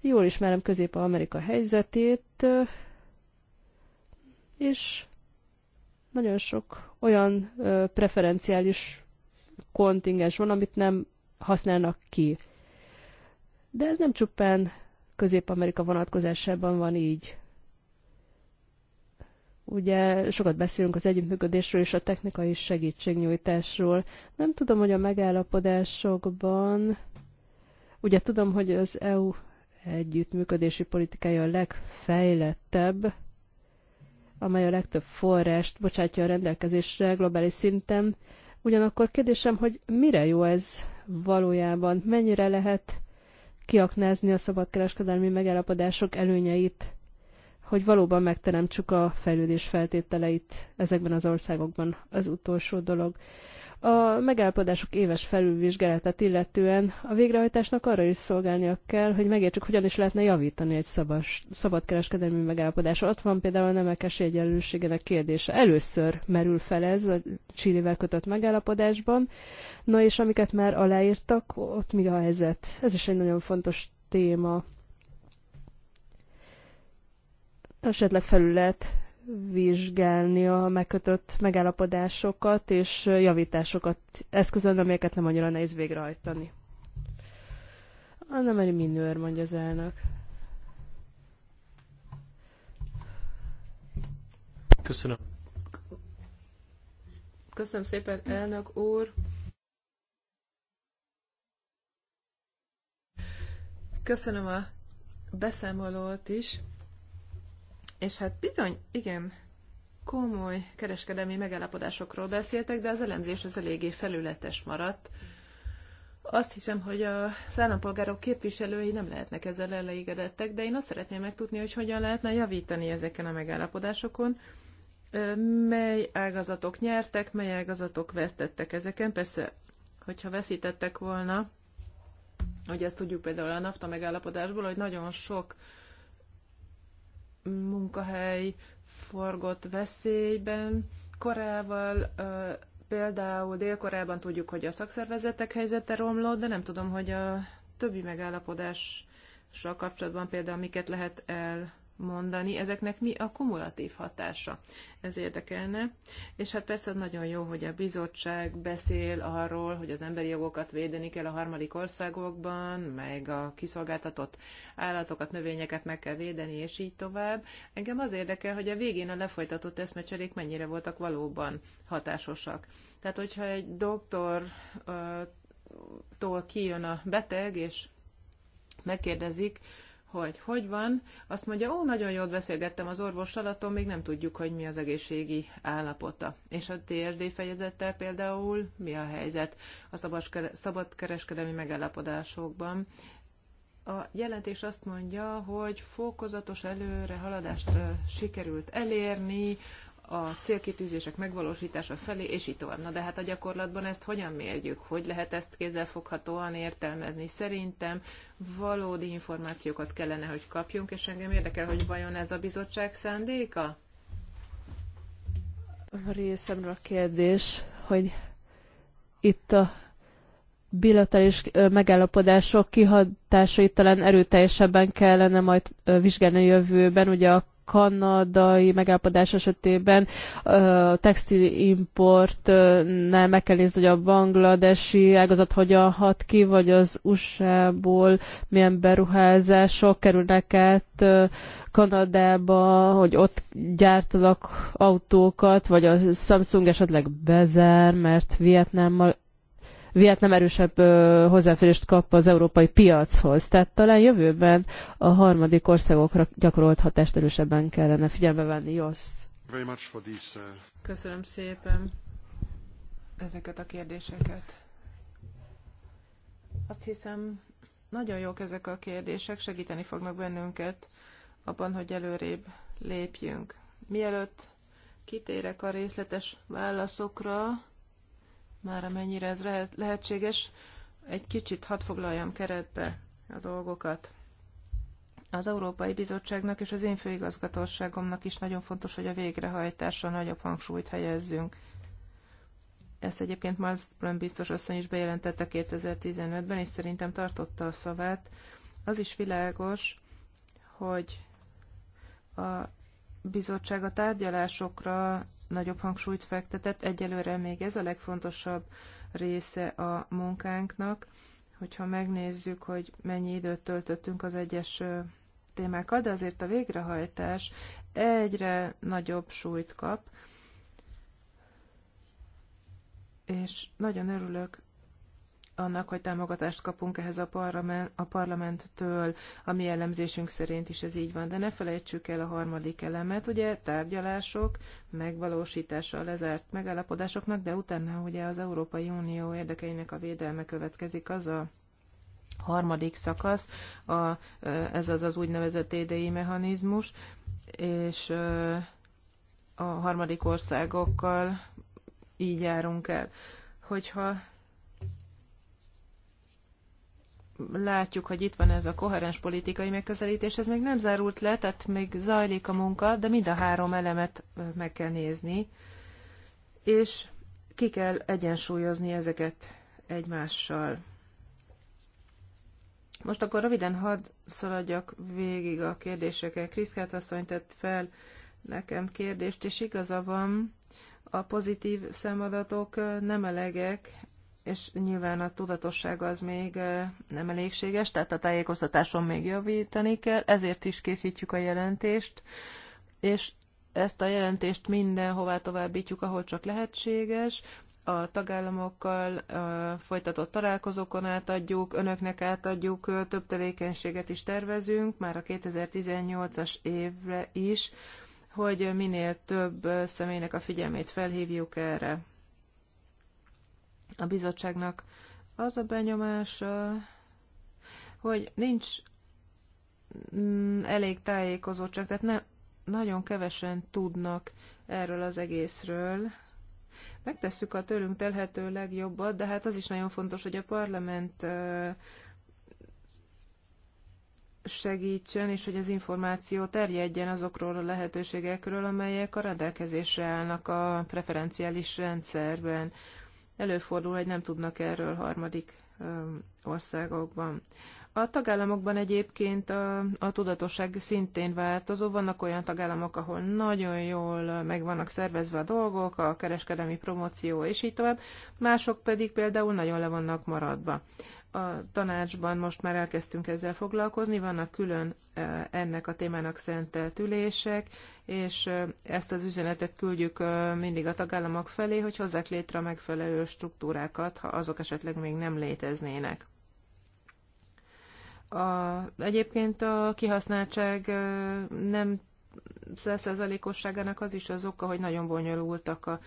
Jól ismerem Közép-Amerika helyzetét, és nagyon sok olyan preferenciális kontingens van, amit nem használnak ki. De ez nem csupán Közép-Amerika vonatkozásában van így. Ugye sokat beszélünk az együttműködésről és a technikai segítségnyújtásról. Nem tudom, hogy a megállapodásokban, ugye tudom, hogy az EU együttműködési politikája a legfejlettebb, amely a legtöbb forrást bocsátja a rendelkezésre globális szinten. Ugyanakkor kérdésem, hogy mire jó ez valójában? Mennyire lehet kiaknázni a szabadkereskedelmi megállapodások előnyeit? hogy valóban megteremtsük a fejlődés feltételeit ezekben az országokban. Az utolsó dolog. A megállapodások éves felülvizsgálatát illetően a végrehajtásnak arra is szolgálnia kell, hogy megértsük, hogyan is lehetne javítani egy szabas, szabadkereskedelmi megállapodás. Ott van például a nemekes egyenlőségenek kérdése. Először merül fel ez a Csillivel kötött megállapodásban. Na és amiket már aláírtak, ott mi a helyzet? Ez is egy nagyon fontos téma esetleg felül lehet vizsgálni a megkötött megállapodásokat és javításokat eszközön, amelyeket nem annyira nehéz végrehajtani. Annem egy Minőr, mondja az elnök. Köszönöm. Köszönöm szépen, elnök úr. Köszönöm a beszámolót is. És hát bizony, igen, komoly kereskedelmi megállapodásokról beszéltek, de az elemzés az eléggé felületes maradt. Azt hiszem, hogy a állampolgárok képviselői nem lehetnek ezzel elégedettek, de én azt szeretném megtudni, hogy hogyan lehetne javítani ezeken a megállapodásokon, mely ágazatok nyertek, mely ágazatok vesztettek ezeken. Persze, hogyha veszítettek volna, hogy ezt tudjuk például a NAFTA megállapodásból, hogy nagyon sok munkahely forgott veszélyben. Korával például délkorában tudjuk, hogy a szakszervezetek helyzete romlott, de nem tudom, hogy a többi megállapodással kapcsolatban például miket lehet el mondani, ezeknek mi a kumulatív hatása. Ez érdekelne. És hát persze nagyon jó, hogy a bizottság beszél arról, hogy az emberi jogokat védeni kell a harmadik országokban, meg a kiszolgáltatott állatokat, növényeket meg kell védeni, és így tovább. Engem az érdekel, hogy a végén a lefolytatott eszmecserék mennyire voltak valóban hatásosak. Tehát, hogyha egy doktortól kijön a beteg, és megkérdezik, hogy hogy van, azt mondja, ó, nagyon jól beszélgettem az orvossal, attól még nem tudjuk, hogy mi az egészségi állapota. És a TSD fejezettel például mi a helyzet a szabadkereskedelmi megállapodásokban. A jelentés azt mondja, hogy fokozatos előrehaladást sikerült elérni, a célkitűzések megvalósítása felé, és így tovább. Na de hát a gyakorlatban ezt hogyan mérjük? Hogy lehet ezt kézzelfoghatóan értelmezni? Szerintem valódi információkat kellene, hogy kapjunk, és engem érdekel, hogy vajon ez a bizottság szándéka? Részemre a kérdés, hogy itt a bilaterális megállapodások kihatásait talán erőteljesebben kellene majd vizsgálni a jövőben. Ugye a kanadai megállapodás esetében a textilimportnál meg kell nézni, hogy a bangladesi ágazat hogyan hat ki, vagy az USA-ból milyen beruházások kerülnek át Kanadába, hogy ott gyártanak autókat, vagy a Samsung esetleg bezár, mert Vietnámmal Vietnám erősebb hozzáférést kap az európai piachoz. Tehát talán jövőben a harmadik országokra gyakorolt hatást erősebben kellene figyelme venni. Jossz. Uh, Köszönöm szépen ezeket a kérdéseket. Azt hiszem, nagyon jók ezek a kérdések, segíteni fognak bennünket abban, hogy előrébb lépjünk. Mielőtt kitérek a részletes válaszokra, már amennyire ez lehet, lehetséges. Egy kicsit hadd foglaljam keretbe a dolgokat. Az Európai Bizottságnak és az én főigazgatóságomnak is nagyon fontos, hogy a végrehajtásra nagyobb hangsúlyt helyezzünk. Ezt egyébként Malmström biztos asszony is bejelentette 2015-ben, és szerintem tartotta a szavát. Az is világos, hogy a bizottság a tárgyalásokra nagyobb hangsúlyt fektetett. Egyelőre még ez a legfontosabb része a munkánknak, hogyha megnézzük, hogy mennyi időt töltöttünk az egyes témákkal, de azért a végrehajtás egyre nagyobb súlyt kap, és nagyon örülök annak, hogy támogatást kapunk ehhez a, parlament, a parlamenttől, a mi elemzésünk szerint is ez így van. De ne felejtsük el a harmadik elemet, ugye tárgyalások, megvalósítása a lezárt megállapodásoknak, de utána ugye az Európai Unió érdekeinek a védelme következik az a harmadik szakasz, a, ez az az úgynevezett TDI mechanizmus, és a harmadik országokkal így járunk el. Hogyha látjuk, hogy itt van ez a koherens politikai megközelítés, ez még nem zárult le, tehát még zajlik a munka, de mind a három elemet meg kell nézni, és ki kell egyensúlyozni ezeket egymással. Most akkor röviden hadd szaladjak végig a kérdéseken. Kriszkát asszony tett fel nekem kérdést, és igaza van, a pozitív számadatok nem elegek és nyilván a tudatosság az még nem elégséges, tehát a tájékoztatáson még javítani kell, ezért is készítjük a jelentést, és ezt a jelentést mindenhová továbbítjuk, ahol csak lehetséges, a tagállamokkal a folytatott találkozókon átadjuk, önöknek átadjuk, több tevékenységet is tervezünk, már a 2018-as évre is, hogy minél több személynek a figyelmét felhívjuk erre a bizottságnak az a benyomása, hogy nincs mm, elég tájékozottság, tehát ne, nagyon kevesen tudnak erről az egészről. Megtesszük a tőlünk telhető legjobbat, de hát az is nagyon fontos, hogy a parlament segítsen, és hogy az információ terjedjen azokról a lehetőségekről, amelyek a rendelkezésre állnak a preferenciális rendszerben előfordul, hogy nem tudnak erről harmadik országokban. A tagállamokban egyébként a, a tudatosság szintén változó. Vannak olyan tagállamok, ahol nagyon jól meg vannak szervezve a dolgok, a kereskedelmi promóció és így tovább, mások pedig például nagyon le vannak maradva. A tanácsban most már elkezdtünk ezzel foglalkozni, vannak külön ennek a témának szentelt ülések, és ezt az üzenetet küldjük mindig a tagállamok felé, hogy hozzák létre a megfelelő struktúrákat, ha azok esetleg még nem léteznének. A, egyébként a kihasználtság nem százszerzalékosságának az is az oka, hogy nagyon bonyolultak a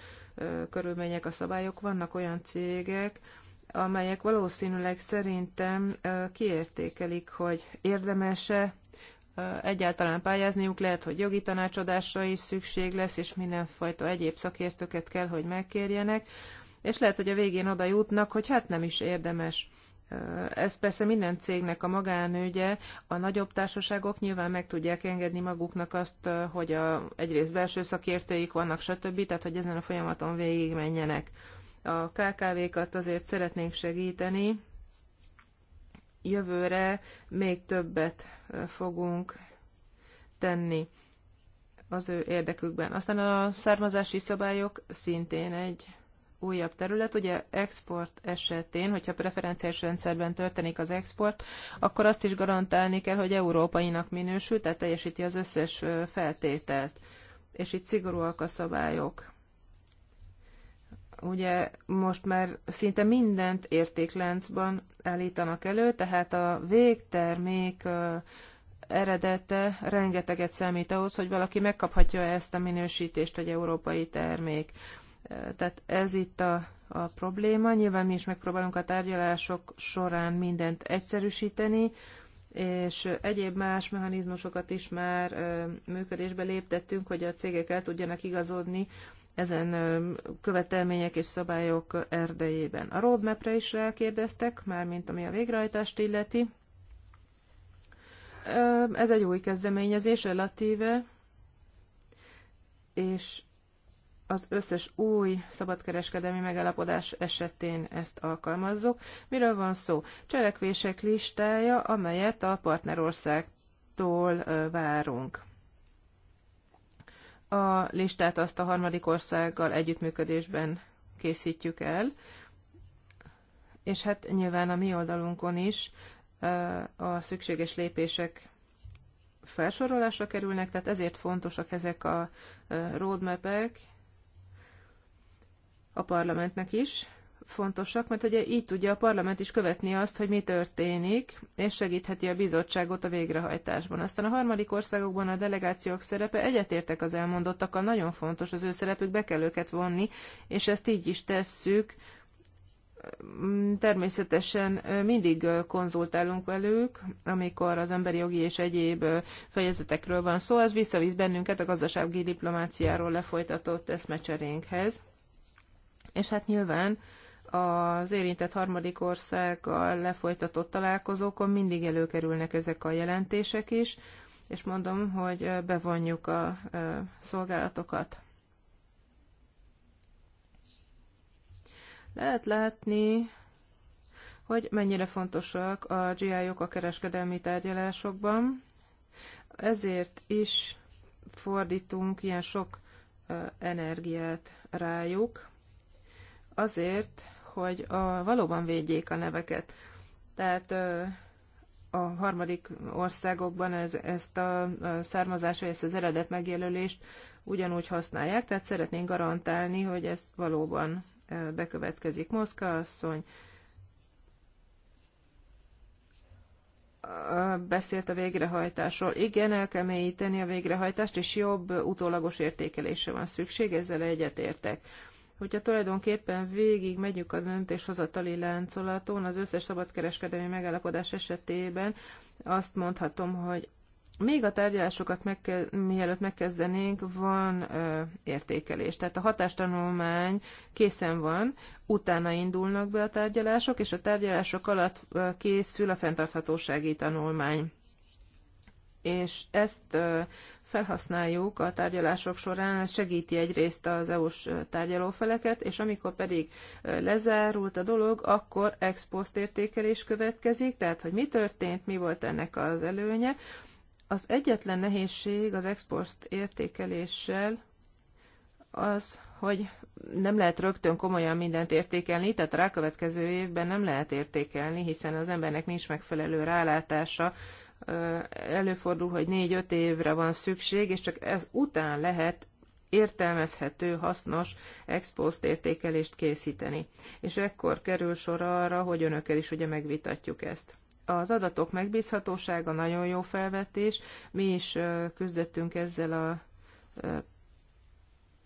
körülmények, a szabályok. Vannak olyan cégek, amelyek valószínűleg szerintem kiértékelik, hogy érdemese egyáltalán pályázniuk, lehet, hogy jogi tanácsadásra is szükség lesz, és mindenfajta egyéb szakértőket kell, hogy megkérjenek, és lehet, hogy a végén oda jutnak, hogy hát nem is érdemes. Ez persze minden cégnek a magánügye, a nagyobb társaságok nyilván meg tudják engedni maguknak azt, hogy a, egyrészt belső szakértőik vannak, stb., tehát hogy ezen a folyamaton végig menjenek. A KKV-kat azért szeretnénk segíteni, jövőre még többet fogunk tenni az ő érdekükben. Aztán a származási szabályok szintén egy újabb terület. Ugye export esetén, hogyha preferenciás rendszerben történik az export, akkor azt is garantálni kell, hogy európainak minősül, tehát teljesíti az összes feltételt. És itt szigorúak a szabályok ugye most már szinte mindent értékláncban állítanak elő, tehát a végtermék eredete rengeteget számít ahhoz, hogy valaki megkaphatja ezt a minősítést, hogy európai termék. Tehát ez itt a, a probléma. Nyilván mi is megpróbálunk a tárgyalások során mindent egyszerűsíteni, és egyéb más mechanizmusokat is már működésbe léptettünk, hogy a cégek el tudjanak igazodni ezen követelmények és szabályok erdejében. A roadmapre is rákérdeztek, mármint ami a végrehajtást illeti. Ez egy új kezdeményezés relatíve, és az összes új szabadkereskedelmi megállapodás esetén ezt alkalmazzuk. Miről van szó? Cselekvések listája, amelyet a partnerországtól várunk a listát azt a harmadik országgal együttműködésben készítjük el, és hát nyilván a mi oldalunkon is a szükséges lépések felsorolásra kerülnek, tehát ezért fontosak ezek a roadmap-ek a parlamentnek is, fontosak, mert ugye így tudja a parlament is követni azt, hogy mi történik, és segítheti a bizottságot a végrehajtásban. Aztán a harmadik országokban a delegációk szerepe egyetértek az elmondottakkal, nagyon fontos az ő szerepük, be kell őket vonni, és ezt így is tesszük. Mm, természetesen mindig konzultálunk velük, amikor az emberi jogi és egyéb fejezetekről van szó, az visszavíz bennünket a gazdasági diplomáciáról lefolytatott eszmecserénkhez. És hát nyilván az érintett harmadik országgal lefolytatott találkozókon mindig előkerülnek ezek a jelentések is, és mondom, hogy bevonjuk a szolgálatokat. Lehet látni, hogy mennyire fontosak a GI-ok a kereskedelmi tárgyalásokban, ezért is fordítunk ilyen sok energiát rájuk, azért, hogy a, valóban védjék a neveket. Tehát a harmadik országokban ez, ezt a származás, vagy ezt az eredet megjelölést ugyanúgy használják, tehát szeretnénk garantálni, hogy ez valóban bekövetkezik. Moszka asszony beszélt a végrehajtásról. Igen, el kell mélyíteni a végrehajtást, és jobb utólagos értékelésre van szükség, ezzel egyetértek hogyha tulajdonképpen végig megyünk a döntéshozatali láncolaton, az összes szabadkereskedelmi megállapodás esetében azt mondhatom, hogy még a tárgyalásokat megke- mielőtt megkezdenénk, van ö, értékelés. Tehát a hatástanulmány készen van, utána indulnak be a tárgyalások, és a tárgyalások alatt ö, készül a fenntarthatósági tanulmány. És ezt ö, felhasználjuk a tárgyalások során, ez segíti egyrészt az EU-s tárgyalófeleket, és amikor pedig lezárult a dolog, akkor ex post értékelés következik, tehát hogy mi történt, mi volt ennek az előnye. Az egyetlen nehézség az ex post értékeléssel az, hogy nem lehet rögtön komolyan mindent értékelni, tehát a rákövetkező évben nem lehet értékelni, hiszen az embernek nincs megfelelő rálátása előfordul, hogy négy-öt évre van szükség, és csak ez után lehet értelmezhető, hasznos expost értékelést készíteni. És ekkor kerül sor arra, hogy önökkel is ugye megvitatjuk ezt. Az adatok megbízhatósága nagyon jó felvetés. Mi is küzdöttünk ezzel a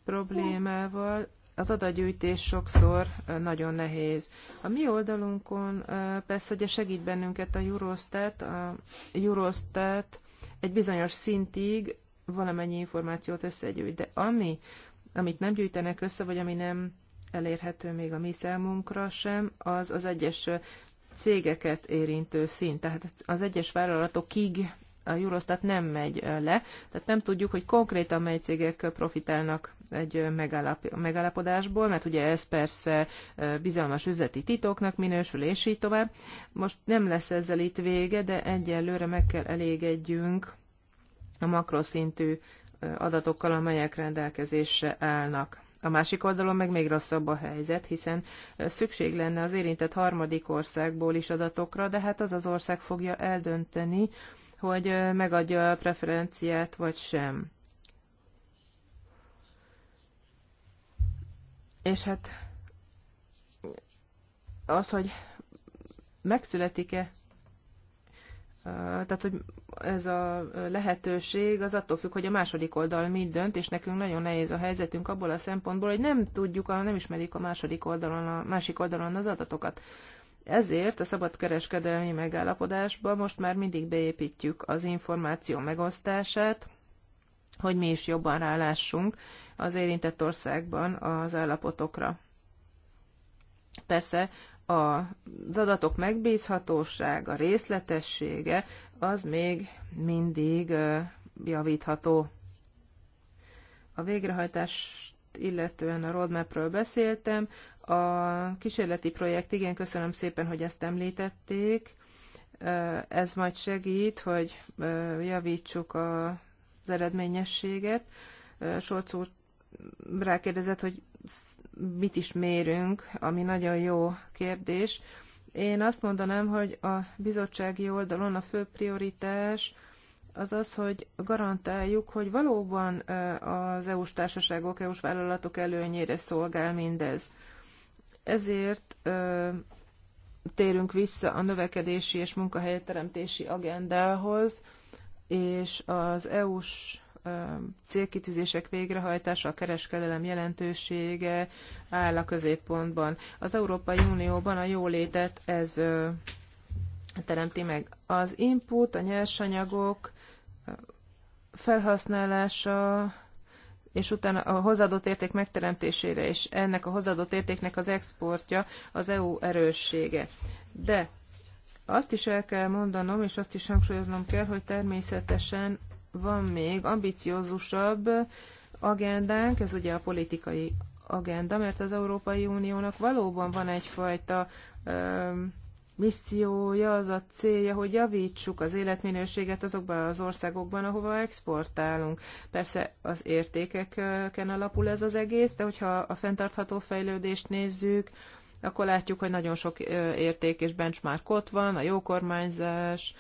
problémával, az adagyűjtés sokszor nagyon nehéz. A mi oldalunkon persze ugye segít bennünket a Eurostat, a Eurostat egy bizonyos szintig valamennyi információt összegyűjt, de ami, amit nem gyűjtenek össze, vagy ami nem elérhető még a mi számunkra sem, az az egyes cégeket érintő szint. Tehát az egyes vállalatokig a Eurostat nem megy le, tehát nem tudjuk, hogy konkrétan mely cégek profitálnak egy megállap, megállapodásból, mert ugye ez persze bizalmas üzleti titoknak minősül, és így tovább. Most nem lesz ezzel itt vége, de egyelőre meg kell elégedjünk a makroszintű adatokkal, amelyek rendelkezésre állnak. A másik oldalon meg még rosszabb a helyzet, hiszen szükség lenne az érintett harmadik országból is adatokra, de hát az az ország fogja eldönteni, hogy megadja a preferenciát vagy sem. És hát az, hogy megszületik-e, tehát, hogy ez a lehetőség az attól függ, hogy a második oldal mit dönt, és nekünk nagyon nehéz a helyzetünk abból a szempontból, hogy nem tudjuk, nem ismerik a második oldalon, a másik oldalon az adatokat. Ezért a szabadkereskedelmi megállapodásba most már mindig beépítjük az információ megosztását, hogy mi is jobban rálássunk, az érintett országban az állapotokra. Persze az adatok megbízhatósága, részletessége az még mindig javítható. A végrehajtást illetően a roadmapről beszéltem. A kísérleti projekt, igen, köszönöm szépen, hogy ezt említették. Ez majd segít, hogy javítsuk az eredményességet. Solc úr rákérdezett, hogy mit is mérünk, ami nagyon jó kérdés. Én azt mondanám, hogy a bizottsági oldalon a fő prioritás az az, hogy garantáljuk, hogy valóban az EU-s társaságok, EU-s vállalatok előnyére szolgál mindez. Ezért térünk vissza a növekedési és munkahelyteremtési agendához, és az EU-s célkitűzések végrehajtása, a kereskedelem jelentősége áll a középpontban. Az Európai Unióban a jólétet ez teremti meg. Az input, a nyersanyagok felhasználása és utána a hozzáadott érték megteremtésére, és ennek a hozzáadott értéknek az exportja az EU erőssége. De azt is el kell mondanom, és azt is hangsúlyoznom kell, hogy természetesen van még ambiciózusabb agendánk, ez ugye a politikai agenda, mert az Európai Uniónak valóban van egyfajta ö, missziója, az a célja, hogy javítsuk az életminőséget azokban az országokban, ahova exportálunk. Persze az értékeken alapul ez az egész, de hogyha a fenntartható fejlődést nézzük, akkor látjuk, hogy nagyon sok érték és benchmark ott van, a jó kormányzás,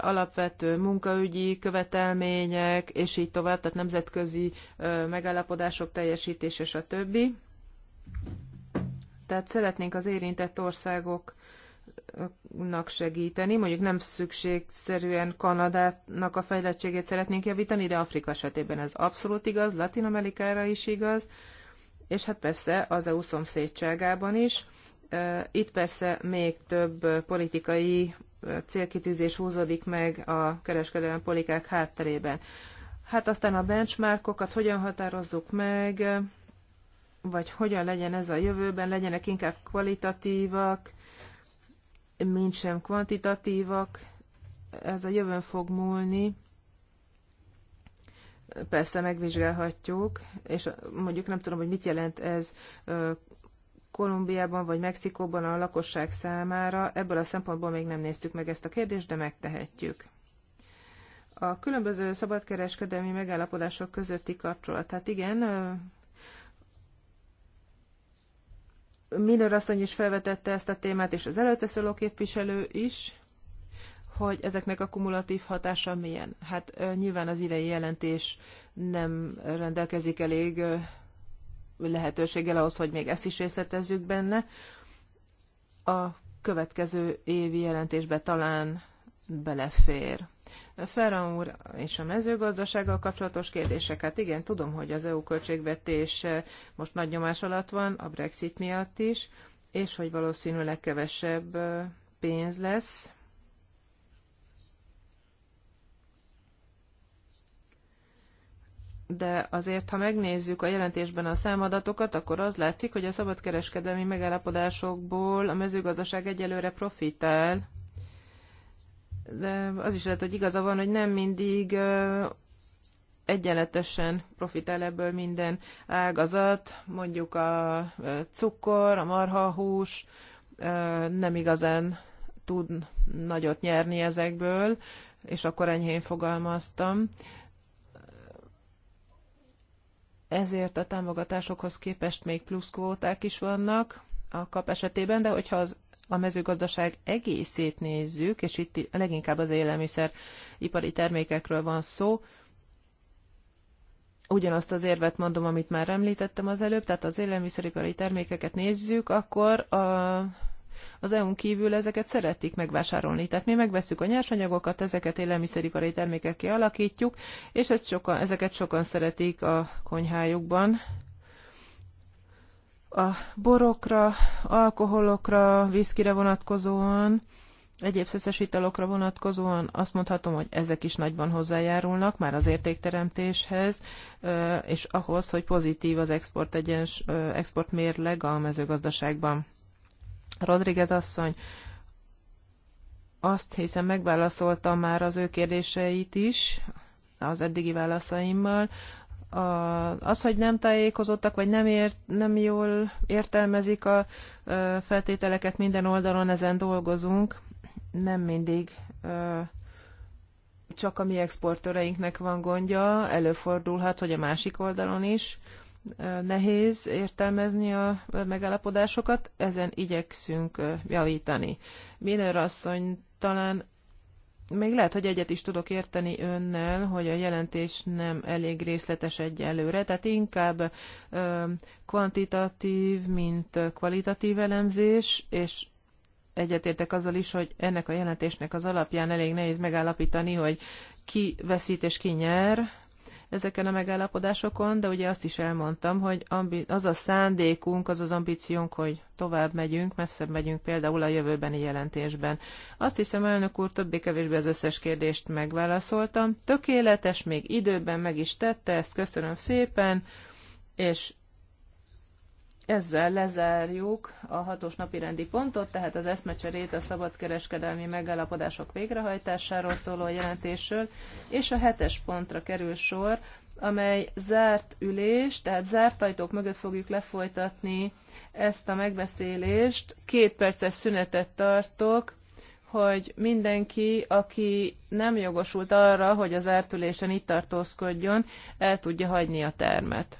alapvető munkaügyi követelmények, és így tovább, tehát nemzetközi megállapodások teljesítése, és a többi. Tehát szeretnénk az érintett országoknak segíteni, mondjuk nem szükségszerűen Kanadának a fejlettségét szeretnénk javítani, de Afrika esetében ez abszolút igaz, Latin Amerikára is igaz, és hát persze az EU szomszédságában is. Itt persze még több politikai célkitűzés húzódik meg a kereskedelmi politikák hátterében. Hát aztán a benchmarkokat hogyan határozzuk meg, vagy hogyan legyen ez a jövőben, legyenek inkább kvalitatívak, mint sem kvantitatívak, ez a jövőn fog múlni. Persze megvizsgálhatjuk, és mondjuk nem tudom, hogy mit jelent ez Kolumbiában vagy Mexikóban a lakosság számára. Ebből a szempontból még nem néztük meg ezt a kérdést, de megtehetjük. A különböző szabadkereskedelmi megállapodások közötti kapcsolat. Hát igen, Miller asszony is felvetette ezt a témát, és az előtte szóló képviselő is, hogy ezeknek a kumulatív hatása milyen. Hát nyilván az idei jelentés nem rendelkezik elég lehetőséggel ahhoz, hogy még ezt is részletezzük benne. A következő évi jelentésbe talán belefér. Ferran úr és a mezőgazdasággal kapcsolatos kérdéseket. Igen, tudom, hogy az EU költségvetés most nagy nyomás alatt van, a Brexit miatt is, és hogy valószínűleg kevesebb pénz lesz de azért, ha megnézzük a jelentésben a számadatokat, akkor az látszik, hogy a szabadkereskedelmi megállapodásokból a mezőgazdaság egyelőre profitál, de az is lehet, hogy igaza van, hogy nem mindig egyenletesen profitál ebből minden ágazat, mondjuk a cukor, a marhahús nem igazán tud nagyot nyerni ezekből, és akkor enyhén fogalmaztam ezért a támogatásokhoz képest még plusz kvóták is vannak a kap esetében, de hogyha az a mezőgazdaság egészét nézzük, és itt leginkább az élelmiszer ipari termékekről van szó, ugyanazt az érvet mondom, amit már említettem az előbb, tehát az élelmiszeripari termékeket nézzük, akkor a az EU-n kívül ezeket szeretik megvásárolni. Tehát mi megveszük a nyersanyagokat, ezeket élelmiszeripari termékek kialakítjuk, és ezt sokan, ezeket sokan szeretik a konyhájukban. A borokra, alkoholokra, viszkire vonatkozóan, Egyéb szeszes italokra vonatkozóan azt mondhatom, hogy ezek is nagyban hozzájárulnak már az értékteremtéshez, és ahhoz, hogy pozitív az export, egyens, export mérleg a mezőgazdaságban. Rodriguez asszony, azt hiszem megválaszoltam már az ő kérdéseit is az eddigi válaszaimmal. A, az, hogy nem tájékozottak, vagy nem, ért, nem jól értelmezik a feltételeket minden oldalon, ezen dolgozunk. Nem mindig csak a mi exportőreinknek van gondja, előfordulhat, hogy a másik oldalon is nehéz értelmezni a megállapodásokat, ezen igyekszünk javítani. Miner asszony talán még lehet, hogy egyet is tudok érteni önnel, hogy a jelentés nem elég részletes egyelőre, tehát inkább ö, kvantitatív, mint kvalitatív elemzés, és egyetértek azzal is, hogy ennek a jelentésnek az alapján elég nehéz megállapítani, hogy ki veszít és ki nyer, ezeken a megállapodásokon, de ugye azt is elmondtam, hogy az a szándékunk, az az ambíciónk, hogy tovább megyünk, messzebb megyünk például a jövőbeni jelentésben. Azt hiszem, elnök úr, többé-kevésbé az összes kérdést megválaszoltam. Tökéletes, még időben meg is tette, ezt köszönöm szépen, és ezzel lezárjuk a hatos napi rendi pontot, tehát az eszmecserét a szabadkereskedelmi megállapodások végrehajtásáról szóló jelentésről, és a hetes pontra kerül sor, amely zárt ülés, tehát zárt ajtók mögött fogjuk lefolytatni ezt a megbeszélést. Két perces szünetet tartok, hogy mindenki, aki nem jogosult arra, hogy az ülésen itt tartózkodjon, el tudja hagyni a termet.